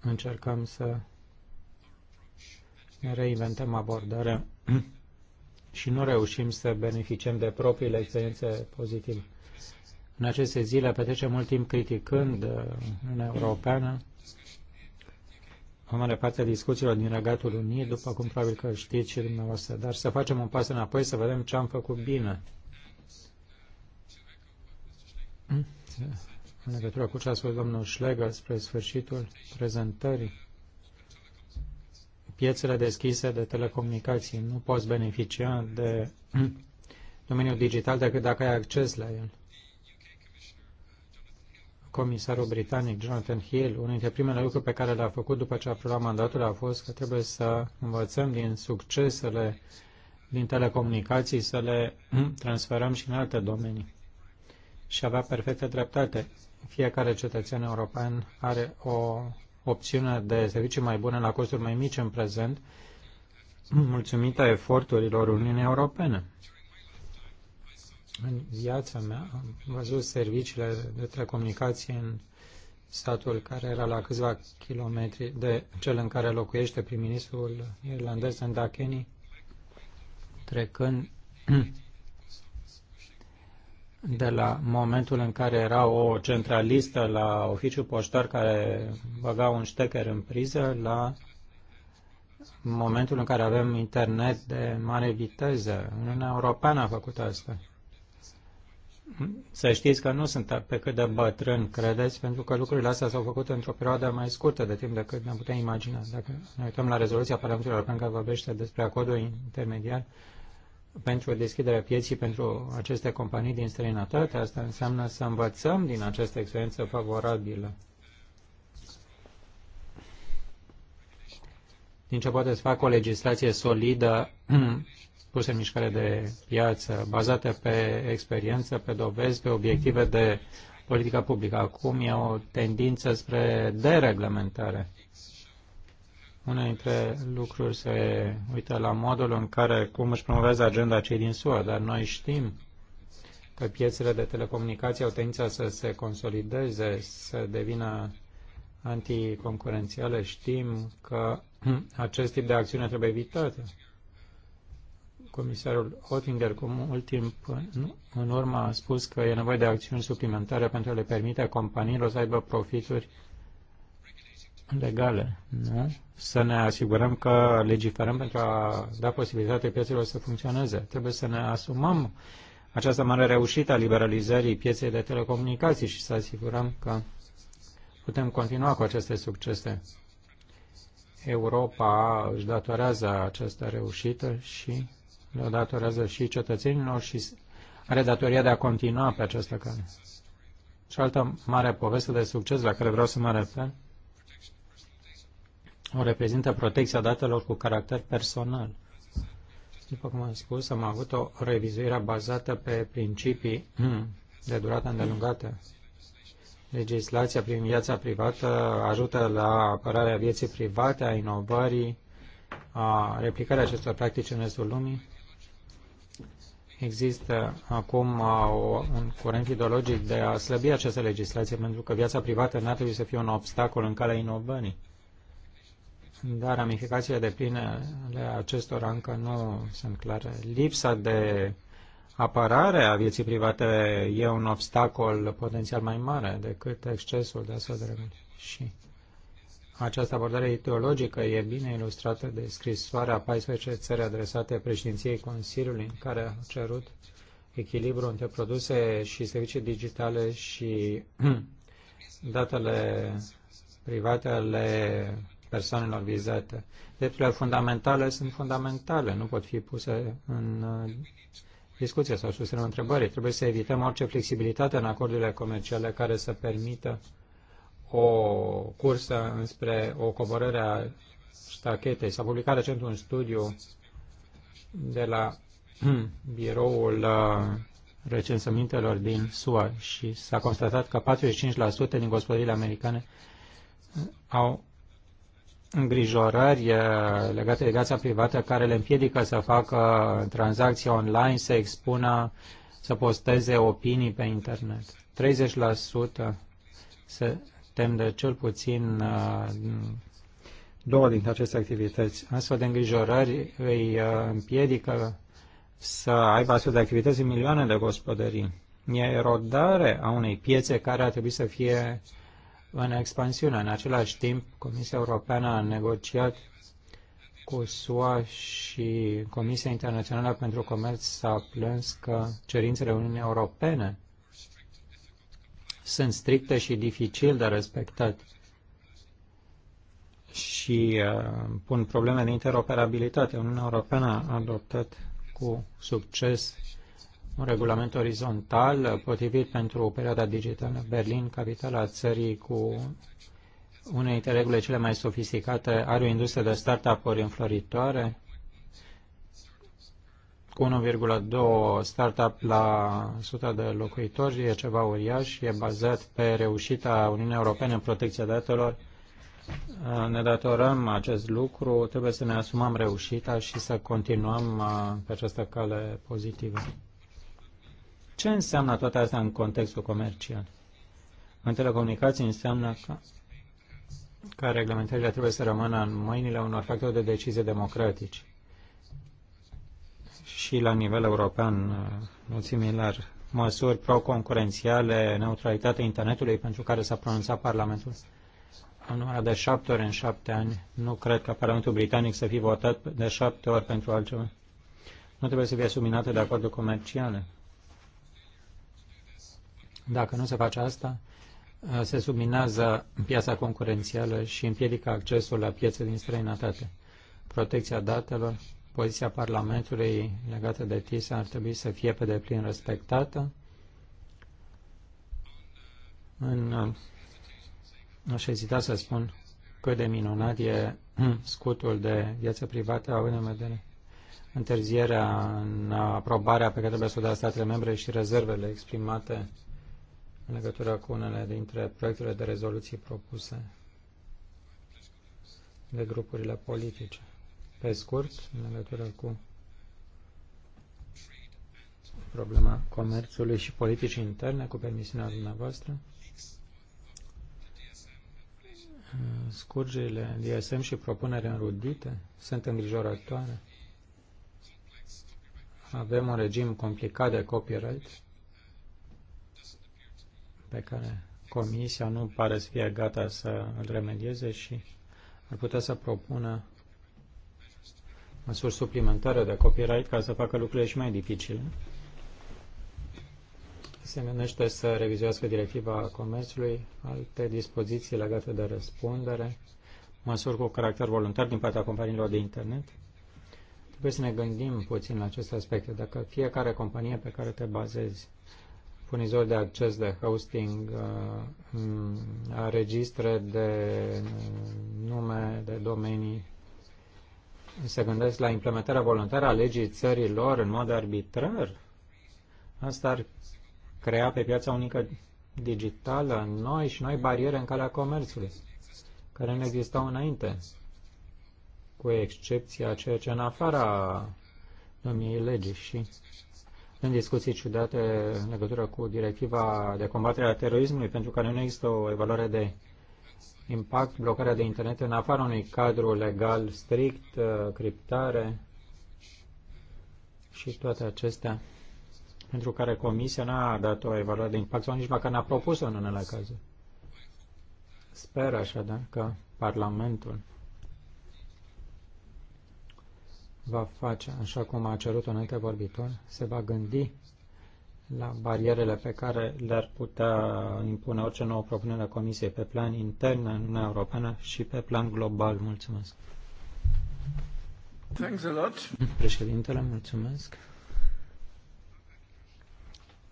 încercăm să reinventăm abordarea [clears throat] și nu reușim să beneficiem de propriile experiențe pozitive. În aceste zile petrecem mult timp criticând uh, Uniunea Europeană, o mare parte a discuțiilor din Regatul Unii, după cum probabil că știți și dumneavoastră, dar să facem un pas înapoi să vedem ce am făcut bine. În legătură cu ce a spus domnul Schlegel spre sfârșitul prezentării, piețele deschise de telecomunicații. Nu poți beneficia de [clears throat] domeniul digital decât dacă ai acces la el. Comisarul britanic Jonathan Hill, unul dintre primele lucruri pe care le-a făcut după ce a preluat mandatul a fost că trebuie să învățăm din succesele din telecomunicații să le [clears throat] transferăm și în alte domenii. Și avea perfectă dreptate. Fiecare cetățean european are o opțiune de servicii mai bune la costuri mai mici în prezent, mulțumită eforturilor Uniunii Europene. În viața mea am văzut serviciile de telecomunicații în statul care era la câțiva kilometri de cel în care locuiește prim-ministrul irlandez în Dakeni, trecând de la momentul în care era o centralistă la oficiu poștar care băga un ștecher în priză la momentul în care avem internet de mare viteză. Uniunea Europeană a făcut asta. Să știți că nu sunt pe cât de bătrân credeți, pentru că lucrurile astea s-au făcut într-o perioadă mai scurtă de timp decât ne putem imagina. Dacă ne uităm la rezoluția Parlamentului European care vorbește despre acordul intermediar, pentru deschiderea pieții pentru aceste companii din străinătate. Asta înseamnă să învățăm din această experiență favorabilă. Din ce poate să fac o legislație solidă [clears throat] pusă în mișcare de piață, bazată pe experiență, pe dovezi, pe obiective de politică publică. Acum e o tendință spre dereglementare una dintre lucruri se uită la modul în care, cum își promovează agenda cei din SUA, dar noi știm că piețele de telecomunicații au tendința să se consolideze, să devină anticoncurențiale. Știm că [clears throat] acest tip de acțiune trebuie evitată. Comisarul Oettinger, cu mult timp în urmă, a spus că e nevoie de acțiuni suplimentare pentru a le permite companiilor să aibă profituri legale, nu? Să ne asigurăm că legiferăm pentru a da posibilitate piețelor să funcționeze. Trebuie să ne asumăm această mare reușită a liberalizării pieței de telecomunicații și să asigurăm că putem continua cu aceste succese. Europa își datorează această reușită și le datorează și cetățenilor și are datoria de a continua pe această cale. Și altă mare poveste de succes la care vreau să mă refer o reprezintă protecția datelor cu caracter personal. După cum am spus, am avut o revizuire bazată pe principii [clears throat] de durată îndelungată. Legislația prin viața privată ajută la apărarea vieții private, a inovării, a replicării acestor practici în restul lumii. Există acum uh, un curent ideologic de a slăbi această legislație pentru că viața privată nu ar trebui să fie un obstacol în calea inovării dar ramificațiile de pline ale acestora încă nu sunt clare. Lipsa de apărare a vieții private e un obstacol potențial mai mare decât excesul de astfel de reguli. Și această abordare ideologică e bine ilustrată de scrisoarea 14 țări adresate președinției Consiliului, în care a cerut echilibru între produse și servicii digitale și [clears throat] datele private ale persoanelor vizate. Drepturile fundamentale sunt fundamentale, nu pot fi puse în uh, discuție sau în întrebări. Trebuie să evităm orice flexibilitate în acordurile comerciale care să permită o cursă înspre o coborâre a stachetei. S-a publicat recent un studiu de la [clears throat] biroul uh, recensămintelor din SUA și s-a constatat că 45% din gospodările americane au îngrijorări eh, legate de viața privată care le împiedică să facă tranzacții online, să expună, să posteze opinii pe internet. 30% se tem de cel puțin eh, două dintre aceste activități. Astfel de îngrijorări îi eh, împiedică să aibă astfel de activități în milioane de gospodării. E erodare a unei piețe care ar trebui să fie uh, în expansiune. În același timp, Comisia Europeană a negociat cu SUA și Comisia Internațională pentru Comerț s-a plâns că cerințele Uniunii Europene sunt stricte și dificil de respectat și uh, pun probleme de interoperabilitate. Uniunea Europeană a adoptat cu succes uh, un regulament orizontal potrivit pentru perioada digitală. Berlin, capitala țării cu unei dintre regulile cele mai sofisticate, are o industrie de startup-uri înfloritoare, cu 1,2 startup la 100 de locuitori, e ceva uriaș, e bazat pe reușita Uniunii Europene în protecția datelor. Ne datorăm acest lucru, trebuie să ne asumăm reușita și să continuăm uh, pe această cale pozitivă. Ce înseamnă toate astea în contextul comercial? În telecomunicații înseamnă că, că reglementările trebuie să rămână în mâinile unor factori de decizie democratici. Și la nivel european, nu similar, măsuri pro-concurențiale, neutralitatea internetului pentru care s-a pronunțat Parlamentul în număr de șapte ori în șapte ani. Nu cred că Parlamentul Britanic să fi votat de șapte ori pentru altceva. Nu trebuie să fie subminate de acorduri comerciale. Dacă nu se face asta, uh, se subminează piața concurențială și împiedică accesul la piețe din străinătate. Protecția datelor, poziția Parlamentului legată de TISA ar trebui să fie pe deplin respectată. În, uh, aș ezita să spun cât de minunat e uh, scutul de viață privată, având în vedere întârzierea în aprobarea pe care trebuie să o dea statele membre și rezervele exprimate în legătură cu unele dintre proiectele de rezoluții propuse de grupurile politice. Pe scurt, în legătură cu problema comerțului și politicii interne, cu permisiunea dumneavoastră, scurgerile DSM și propunere înrudite sunt îngrijorătoare. Avem un regim complicat de copyright pe care Comisia nu pare să fie gata să îl remedieze și ar putea să propună măsuri suplimentare de copyright ca să facă lucrurile și mai dificile. Se menește să revizuiască directiva comerțului, alte dispoziții legate de răspundere, măsuri cu caracter voluntar din partea companiilor de internet. Trebuie să ne gândim puțin la aceste aspecte. Dacă fiecare companie pe care te bazezi furnizori de acces de hosting a uh, registre de nume, de domenii, se gândesc la implementarea voluntară a legii lor în mod arbitrar? Asta ar crea pe piața unică digitală noi și noi bariere în calea comerțului, care nu existau înainte, cu excepția ceea ce în afara domniei legii și în discuții ciudate în legătură cu directiva de combatere a terorismului, pentru care nu există o evaluare de impact, blocarea de internet în afara unui cadru legal strict, uh, criptare și toate acestea, pentru care Comisia n-a dat o evaluare de impact sau nici măcar n-a propus-o în unele cazuri. Sper da, că Parlamentul va face, așa cum a cerut un vorbitor, se va gândi la barierele pe care le-ar putea impune orice nouă propunere a Comisiei pe plan intern în Uniunea Europeană și pe plan global. Mulțumesc. Thanks a lot. Președintele, mulțumesc.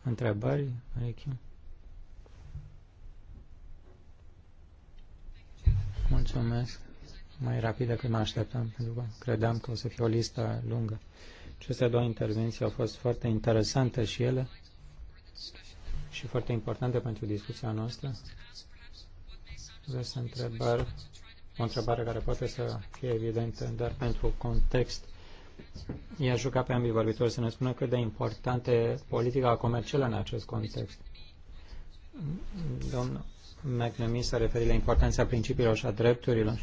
Întrebări, Marichi? Mulțumesc mai rapid decât mă așteptam, pentru că credeam că o să fie o listă lungă. Aceste două intervenții au fost foarte interesante și ele și foarte importante pentru discuția noastră. Vreau să întrebar o întrebare care poate să fie evidentă, dar pentru context i-a jucat pe ambii vorbitori să ne spună cât de importantă e politica comercială în acest context. Domnul McNamee s-a referit la importanța principiilor și a drepturilor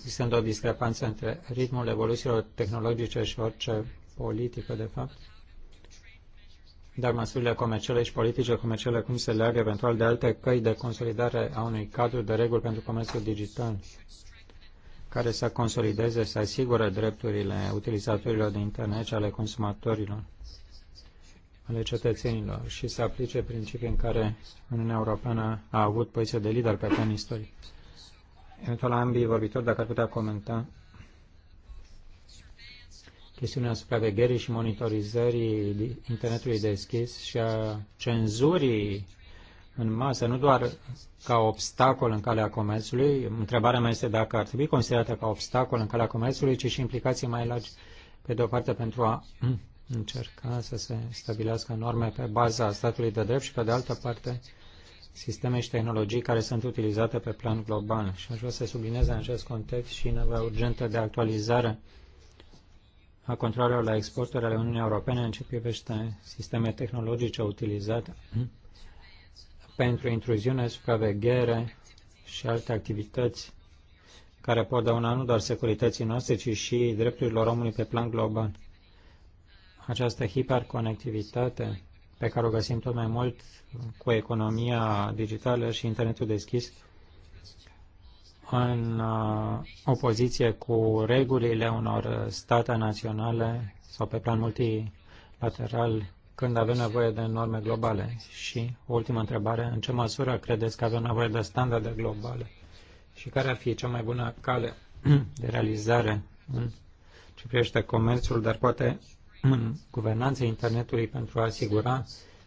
existând o discrepanță între ritmul evoluțiilor tehnologice și orice politică, de fapt, dar măsurile comerciale și politice comerciale cum se leagă eventual de alte căi de consolidare a unui cadru de reguli pentru comerțul digital care să consolideze, să asigure drepturile utilizatorilor de internet și ale consumatorilor, ale cetățenilor și să aplice principii în care Uniunea Europeană a avut poziție de lider pe plan istoric eventual ambii vorbitori, dacă ar putea comenta chestiunea supravegherii și monitorizării internetului deschis și a cenzurii în masă, nu doar ca obstacol în calea comerțului. Întrebarea mea este dacă ar trebui considerată ca obstacol în calea comerțului, ci și implicații mai largi, pe de o parte, pentru a încerca să se stabilească norme pe baza statului de drept și, pe de altă parte, sisteme și tehnologii care sunt utilizate pe plan global. Și aș vrea să sublinez în acest context și nevoia urgentă de actualizare a controlelor la exporturi ale Uniunii Europene în ce privește sisteme tehnologice utilizate pentru intruziune, supraveghere și alte activități care pot dauna nu doar securității noastre, ci și drepturilor omului pe plan global. Această hiperconectivitate pe care o găsim tot mai mult cu economia digitală și internetul deschis în uh, opoziție cu regulile unor state naționale sau pe plan multilateral când avem nevoie de norme globale? Și ultima întrebare, în ce măsură credeți că avem nevoie de standarde globale? Și care ar fi cea mai bună cale [clears throat] de realizare în ce privește comerțul, dar poate guvernanța internetului pentru a asigura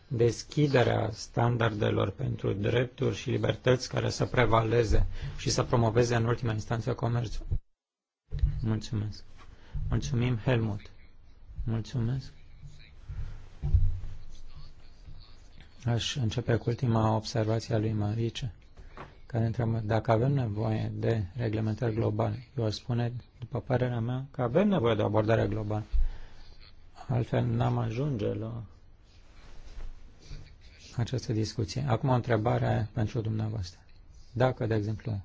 deschiderea standardelor pentru drepturi și libertăți care să prevaleze și să promoveze în ultima instanță comerțul. Mulțumesc. Mulțumim, Helmut. Mulțumesc. Aș începe cu ultima observație a lui Marice, care întreabă dacă avem nevoie de reglementări globale. Eu aș spune, după părerea mea, că avem nevoie de o abordare globală. Altfel n-am ajunge la această discuție. Acum o întrebare pentru dumneavoastră. Dacă, de exemplu,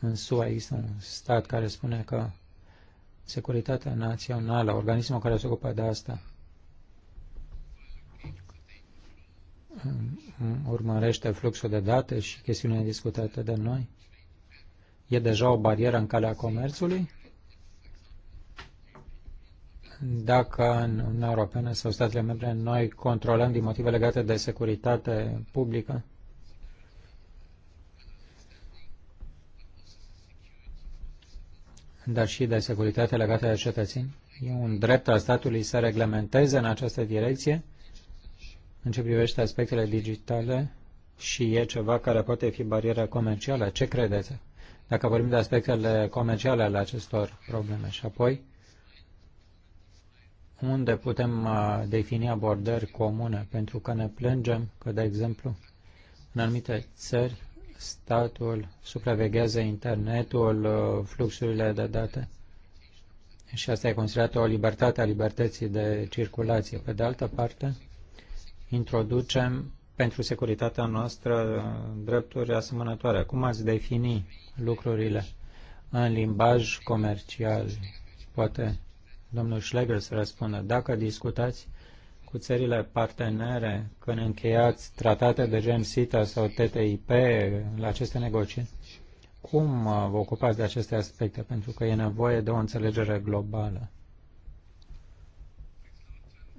în SUA există un stat care spune că securitatea națională, organismul care se ocupă de asta, urmărește fluxul de date și chestiunea discutată de noi? E deja o barieră în calea comerțului? dacă în Uniunea Europeană sau statele membre noi controlăm din motive legate de securitate publică dar și de securitate legată de cetățeni. E un drept al statului să reglementeze în această direcție în ce privește aspectele digitale și e ceva care poate fi barieră comercială. Ce credeți? Dacă vorbim de aspectele comerciale ale acestor probleme și apoi unde putem uh, defini abordări comune, pentru că ne plângem că, de exemplu, în anumite țări, statul supraveghează internetul, uh, fluxurile de date și asta e considerată o libertate a libertății de circulație. Pe de altă parte, introducem pentru securitatea noastră uh, drepturi asemănătoare. Cum ați defini lucrurile în limbaj comercial? Poate domnul Schlegel, să răspundă. Dacă discutați cu țările partenere când încheiați tratate de gen SITA sau TTIP la aceste negocieri, cum uh, vă ocupați de aceste aspecte? Pentru că e nevoie de o înțelegere globală.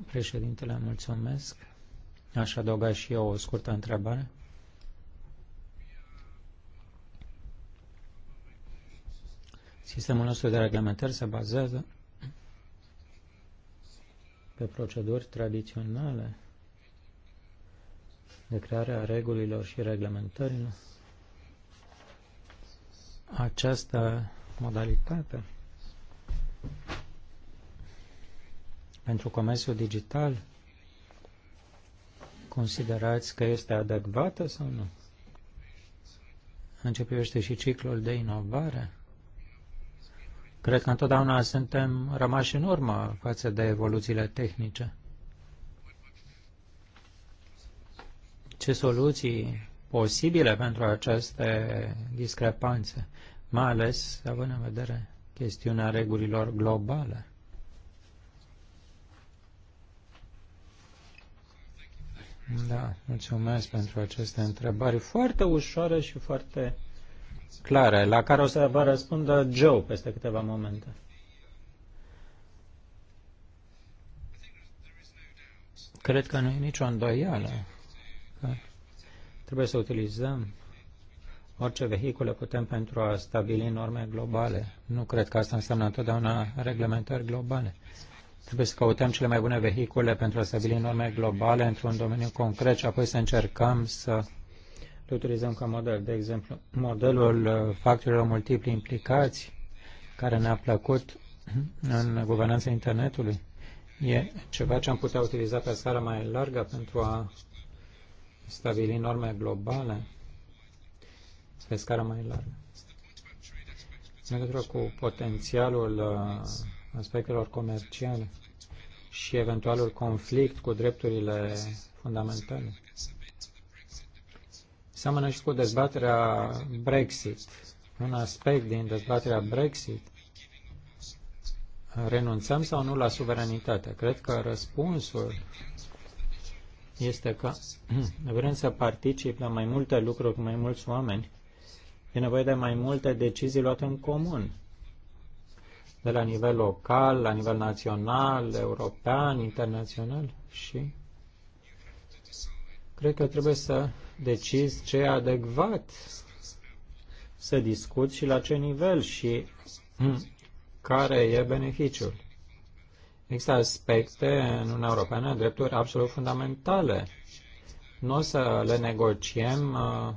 Președintele, mulțumesc. Aș adăuga și eu o scurtă întrebare. Sistemul nostru de reglementări se bazează pe proceduri tradiționale de creare a regulilor și reglementărilor. Această modalitate pentru comerțul digital considerați că este adecvată sau nu? Începește și ciclul de inovare, Cred că întotdeauna suntem rămași în urmă față de evoluțiile tehnice. Ce soluții posibile pentru aceste discrepanțe, mai ales având în vedere chestiunea regulilor globale? Da, mulțumesc pentru aceste întrebări foarte ușoare și foarte clare, la care o să vă răspundă Joe peste câteva momente. Cred că nu e nicio îndoială că trebuie să utilizăm orice vehicule putem pentru a stabili norme globale. Nu cred că asta înseamnă întotdeauna reglementări globale. Trebuie să căutăm cele mai bune vehicule pentru a stabili norme globale într-un domeniu concret și apoi să încercăm să le utilizăm ca model. De exemplu, modelul uh, factorilor multipli implicați, care ne-a plăcut în guvernanța internetului, e ceva ce am putea utiliza pe scară mai largă pentru a stabili norme globale pe scară mai largă. În legătură cu potențialul uh, aspectelor comerciale și eventualul conflict cu drepturile fundamentale. Seamănă și cu dezbaterea Brexit. Un aspect din dezbaterea Brexit renunțăm sau nu la suveranitate. Cred că răspunsul este că [clears throat] vrem să particip la mai multe lucruri cu mai mulți oameni, e nevoie de mai multe decizii luate în comun, de la nivel local, la nivel național, european, internațional și cred că trebuie să decis ce e adecvat să discut și la ce nivel și hmm, care e beneficiul. Există aspecte în Uniunea Europeană, drepturi absolut fundamentale. Nu o să le negociem uh,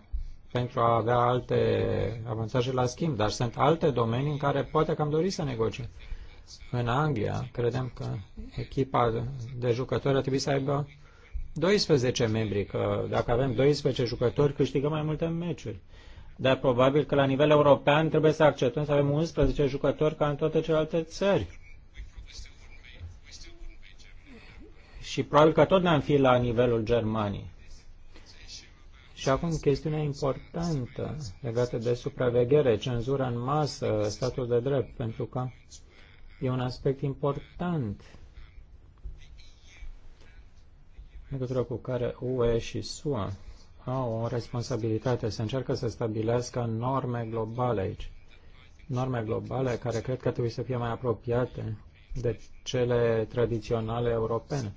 pentru a avea alte avantaje la schimb, dar sunt alte domenii în care poate că am dorit să negociem. În Anglia, credem că echipa de jucători ar trebui să aibă 12 membri, că dacă avem 12 jucători, câștigăm mai multe meciuri. Dar probabil că la nivel european trebuie să acceptăm să avem 11 jucători ca în toate celelalte țări. Și probabil că tot ne-am fi la nivelul Germaniei. Și acum chestiunea importantă legată de supraveghere, cenzura în masă, statul de drept, pentru că e un aspect important în legătură cu care UE și SUA au o responsabilitate să încearcă să stabilească norme globale aici. Norme globale care cred că trebuie să fie mai apropiate de cele tradiționale europene.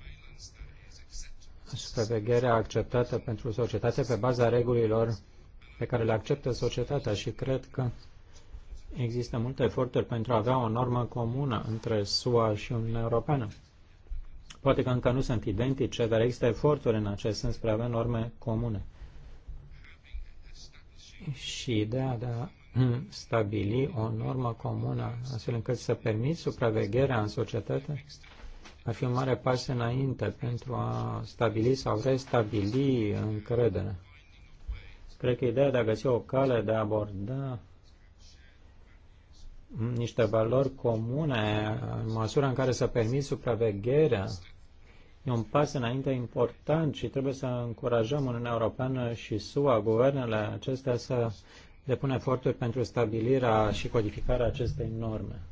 Supravegherea acceptată pentru societate pe baza regulilor pe care le acceptă societatea și cred că există multe eforturi pentru a avea o normă comună între SUA și Uniunea Europeană. Poate că încă nu sunt identice, dar există eforturi în acest sens spre a avea norme comune. Și ideea de a [clears throat] stabili o normă comună astfel încât să permit supravegherea în societate ar fi un mare pas înainte pentru a stabili sau restabili încrederea. Cred că ideea de a găsi o cale de a aborda niște valori comune în măsura în care să permit supravegherea. E un pas înainte important și trebuie să încurajăm Uniunea Europeană și SUA, guvernele acestea, să depună eforturi pentru stabilirea și codificarea acestei norme.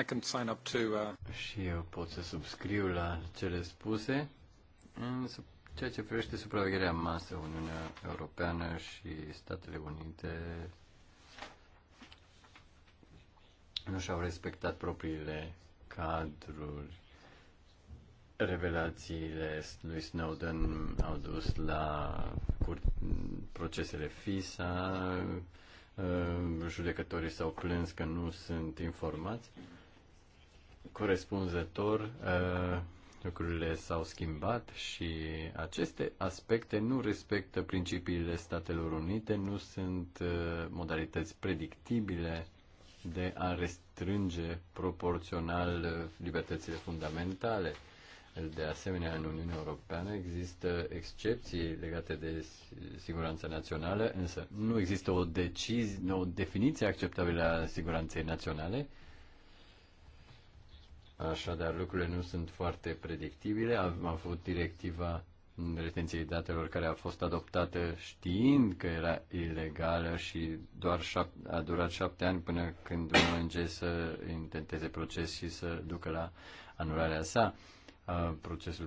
I can sign up to, uh... Și eu pot să subscriu la cele spuse, în ceea ce privește supravegherea masă Uniunea Europeană și Statele Unite nu și-au respectat propriile cadruri. Revelațiile lui Snowden au dus la procesele FISA, judecătorii s-au plâns că nu sunt informați. Corespunzător, lucrurile s-au schimbat și aceste aspecte nu respectă principiile Statelor Unite, nu sunt eh, modalități predictibile de a restrânge proporțional libertățile fundamentale. De asemenea, în Uniunea Europeană există excepții legate de siguranța națională, însă nu există o, decizie, o definiție acceptabilă a siguranței naționale. Așadar, lucrurile nu sunt foarte predictibile. Am avut directiva retenției datelor care a fost adoptată știind că era ilegală și doar șap- a durat șapte ani până când un ONG să intenteze proces și să ducă la anularea sa. Uh, procesul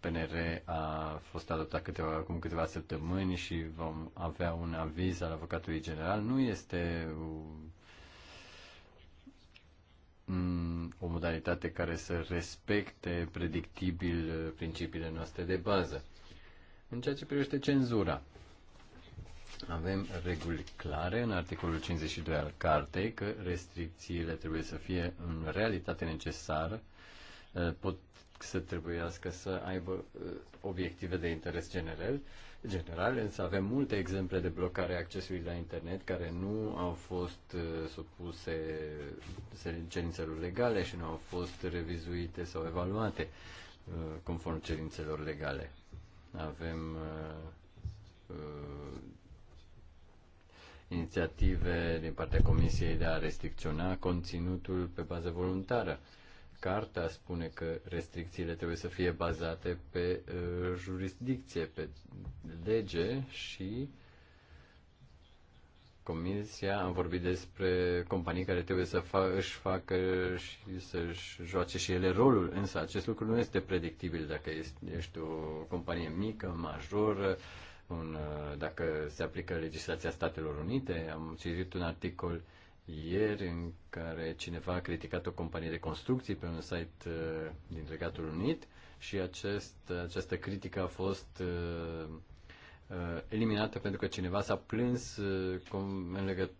PNR a fost adoptat câteva, acum câteva săptămâni și vom avea un aviz al avocatului general. Nu este Mm, o modalitate care să respecte predictibil uh, principiile noastre de bază. În ceea ce privește cenzura, avem reguli clare în articolul 52 al cartei că restricțiile trebuie să fie în realitate necesară, uh, pot să trebuiască să aibă uh, obiective de interes general, generale, însă avem multe exemple de blocare accesului la internet care nu au fost uh, supuse cerințelor legale și nu au fost revizuite sau evaluate uh, conform cerințelor legale. Avem uh, inițiative din partea Comisiei de a restricționa conținutul pe bază voluntară. Uh, Carta spune că restricțiile trebuie să fie bazate pe uh, jurisdicție, pe lege și Comisia am vorbit despre companii care trebuie să fa- își facă și să-și joace și ele rolul, însă acest lucru nu este predictibil dacă ești o companie mică, majoră, un, dacă se aplică legislația Statelor Unite. Am citit un articol uh, ieri în care cineva a criticat o companie de construcții pe un site uh, din Regatul Unit și acest, această critică a fost uh, uh, eliminată pentru că cineva s-a plâns în legătură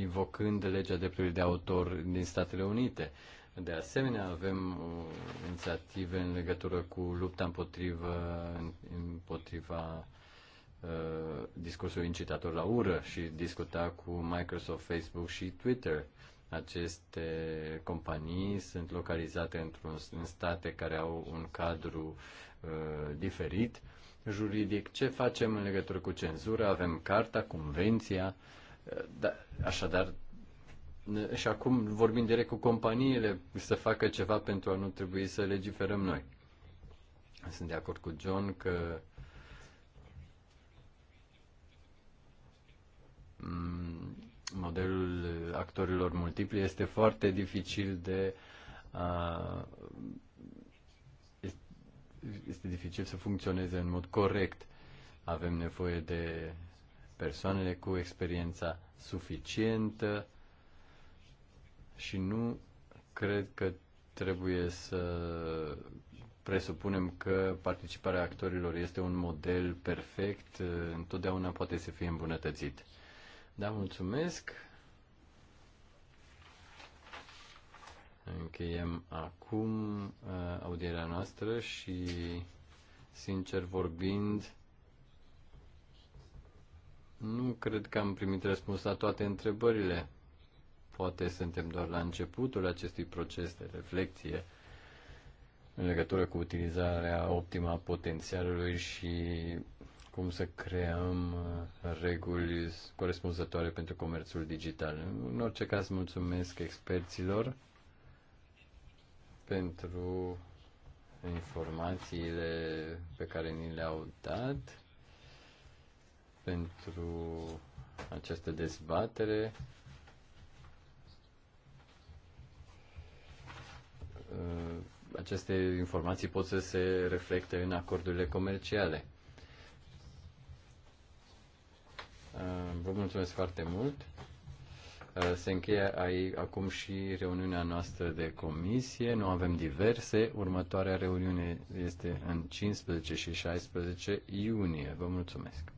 invocând legea dreptului de autor din Statele Unite. De asemenea, avem inițiative în legătură cu lupta împotriva, împotriva Uh, discursul incitator la ură și discuta cu Microsoft, Facebook și Twitter. Aceste companii sunt localizate într-un în state care au un cadru uh, diferit juridic. Ce facem în legătură cu cenzură? Avem carta, convenția, uh, da, așadar și acum vorbim direct cu companiile să facă ceva pentru a nu trebui să legiferăm noi. Sunt de acord cu John că uh, Mm, modelul actorilor multipli este foarte dificil de este dificil să funcționeze în mod corect. Avem nevoie de persoanele cu experiența suficientă și nu cred că trebuie să presupunem că participarea actorilor este un model perfect, întotdeauna poate să fie îmbunătățit. Da, mulțumesc. Încheiem acum uh, audierea noastră și, sincer vorbind, nu cred că am primit răspuns la toate întrebările. Poate suntem doar la începutul acestui proces de reflexie în legătură cu utilizarea optimă a potențialului și cum să creăm uh, reguli corespunzătoare pentru comerțul digital. În orice caz, mulțumesc experților pentru informațiile pe care ni le-au dat, pentru această dezbatere. Uh, aceste informații pot să se reflecte în acordurile comerciale. Uh, vă mulțumesc foarte mult. Uh, se încheie ai, acum și reuniunea noastră de comisie. Nu avem diverse. Următoarea reuniune este în 15 și 16 iunie. Vă mulțumesc.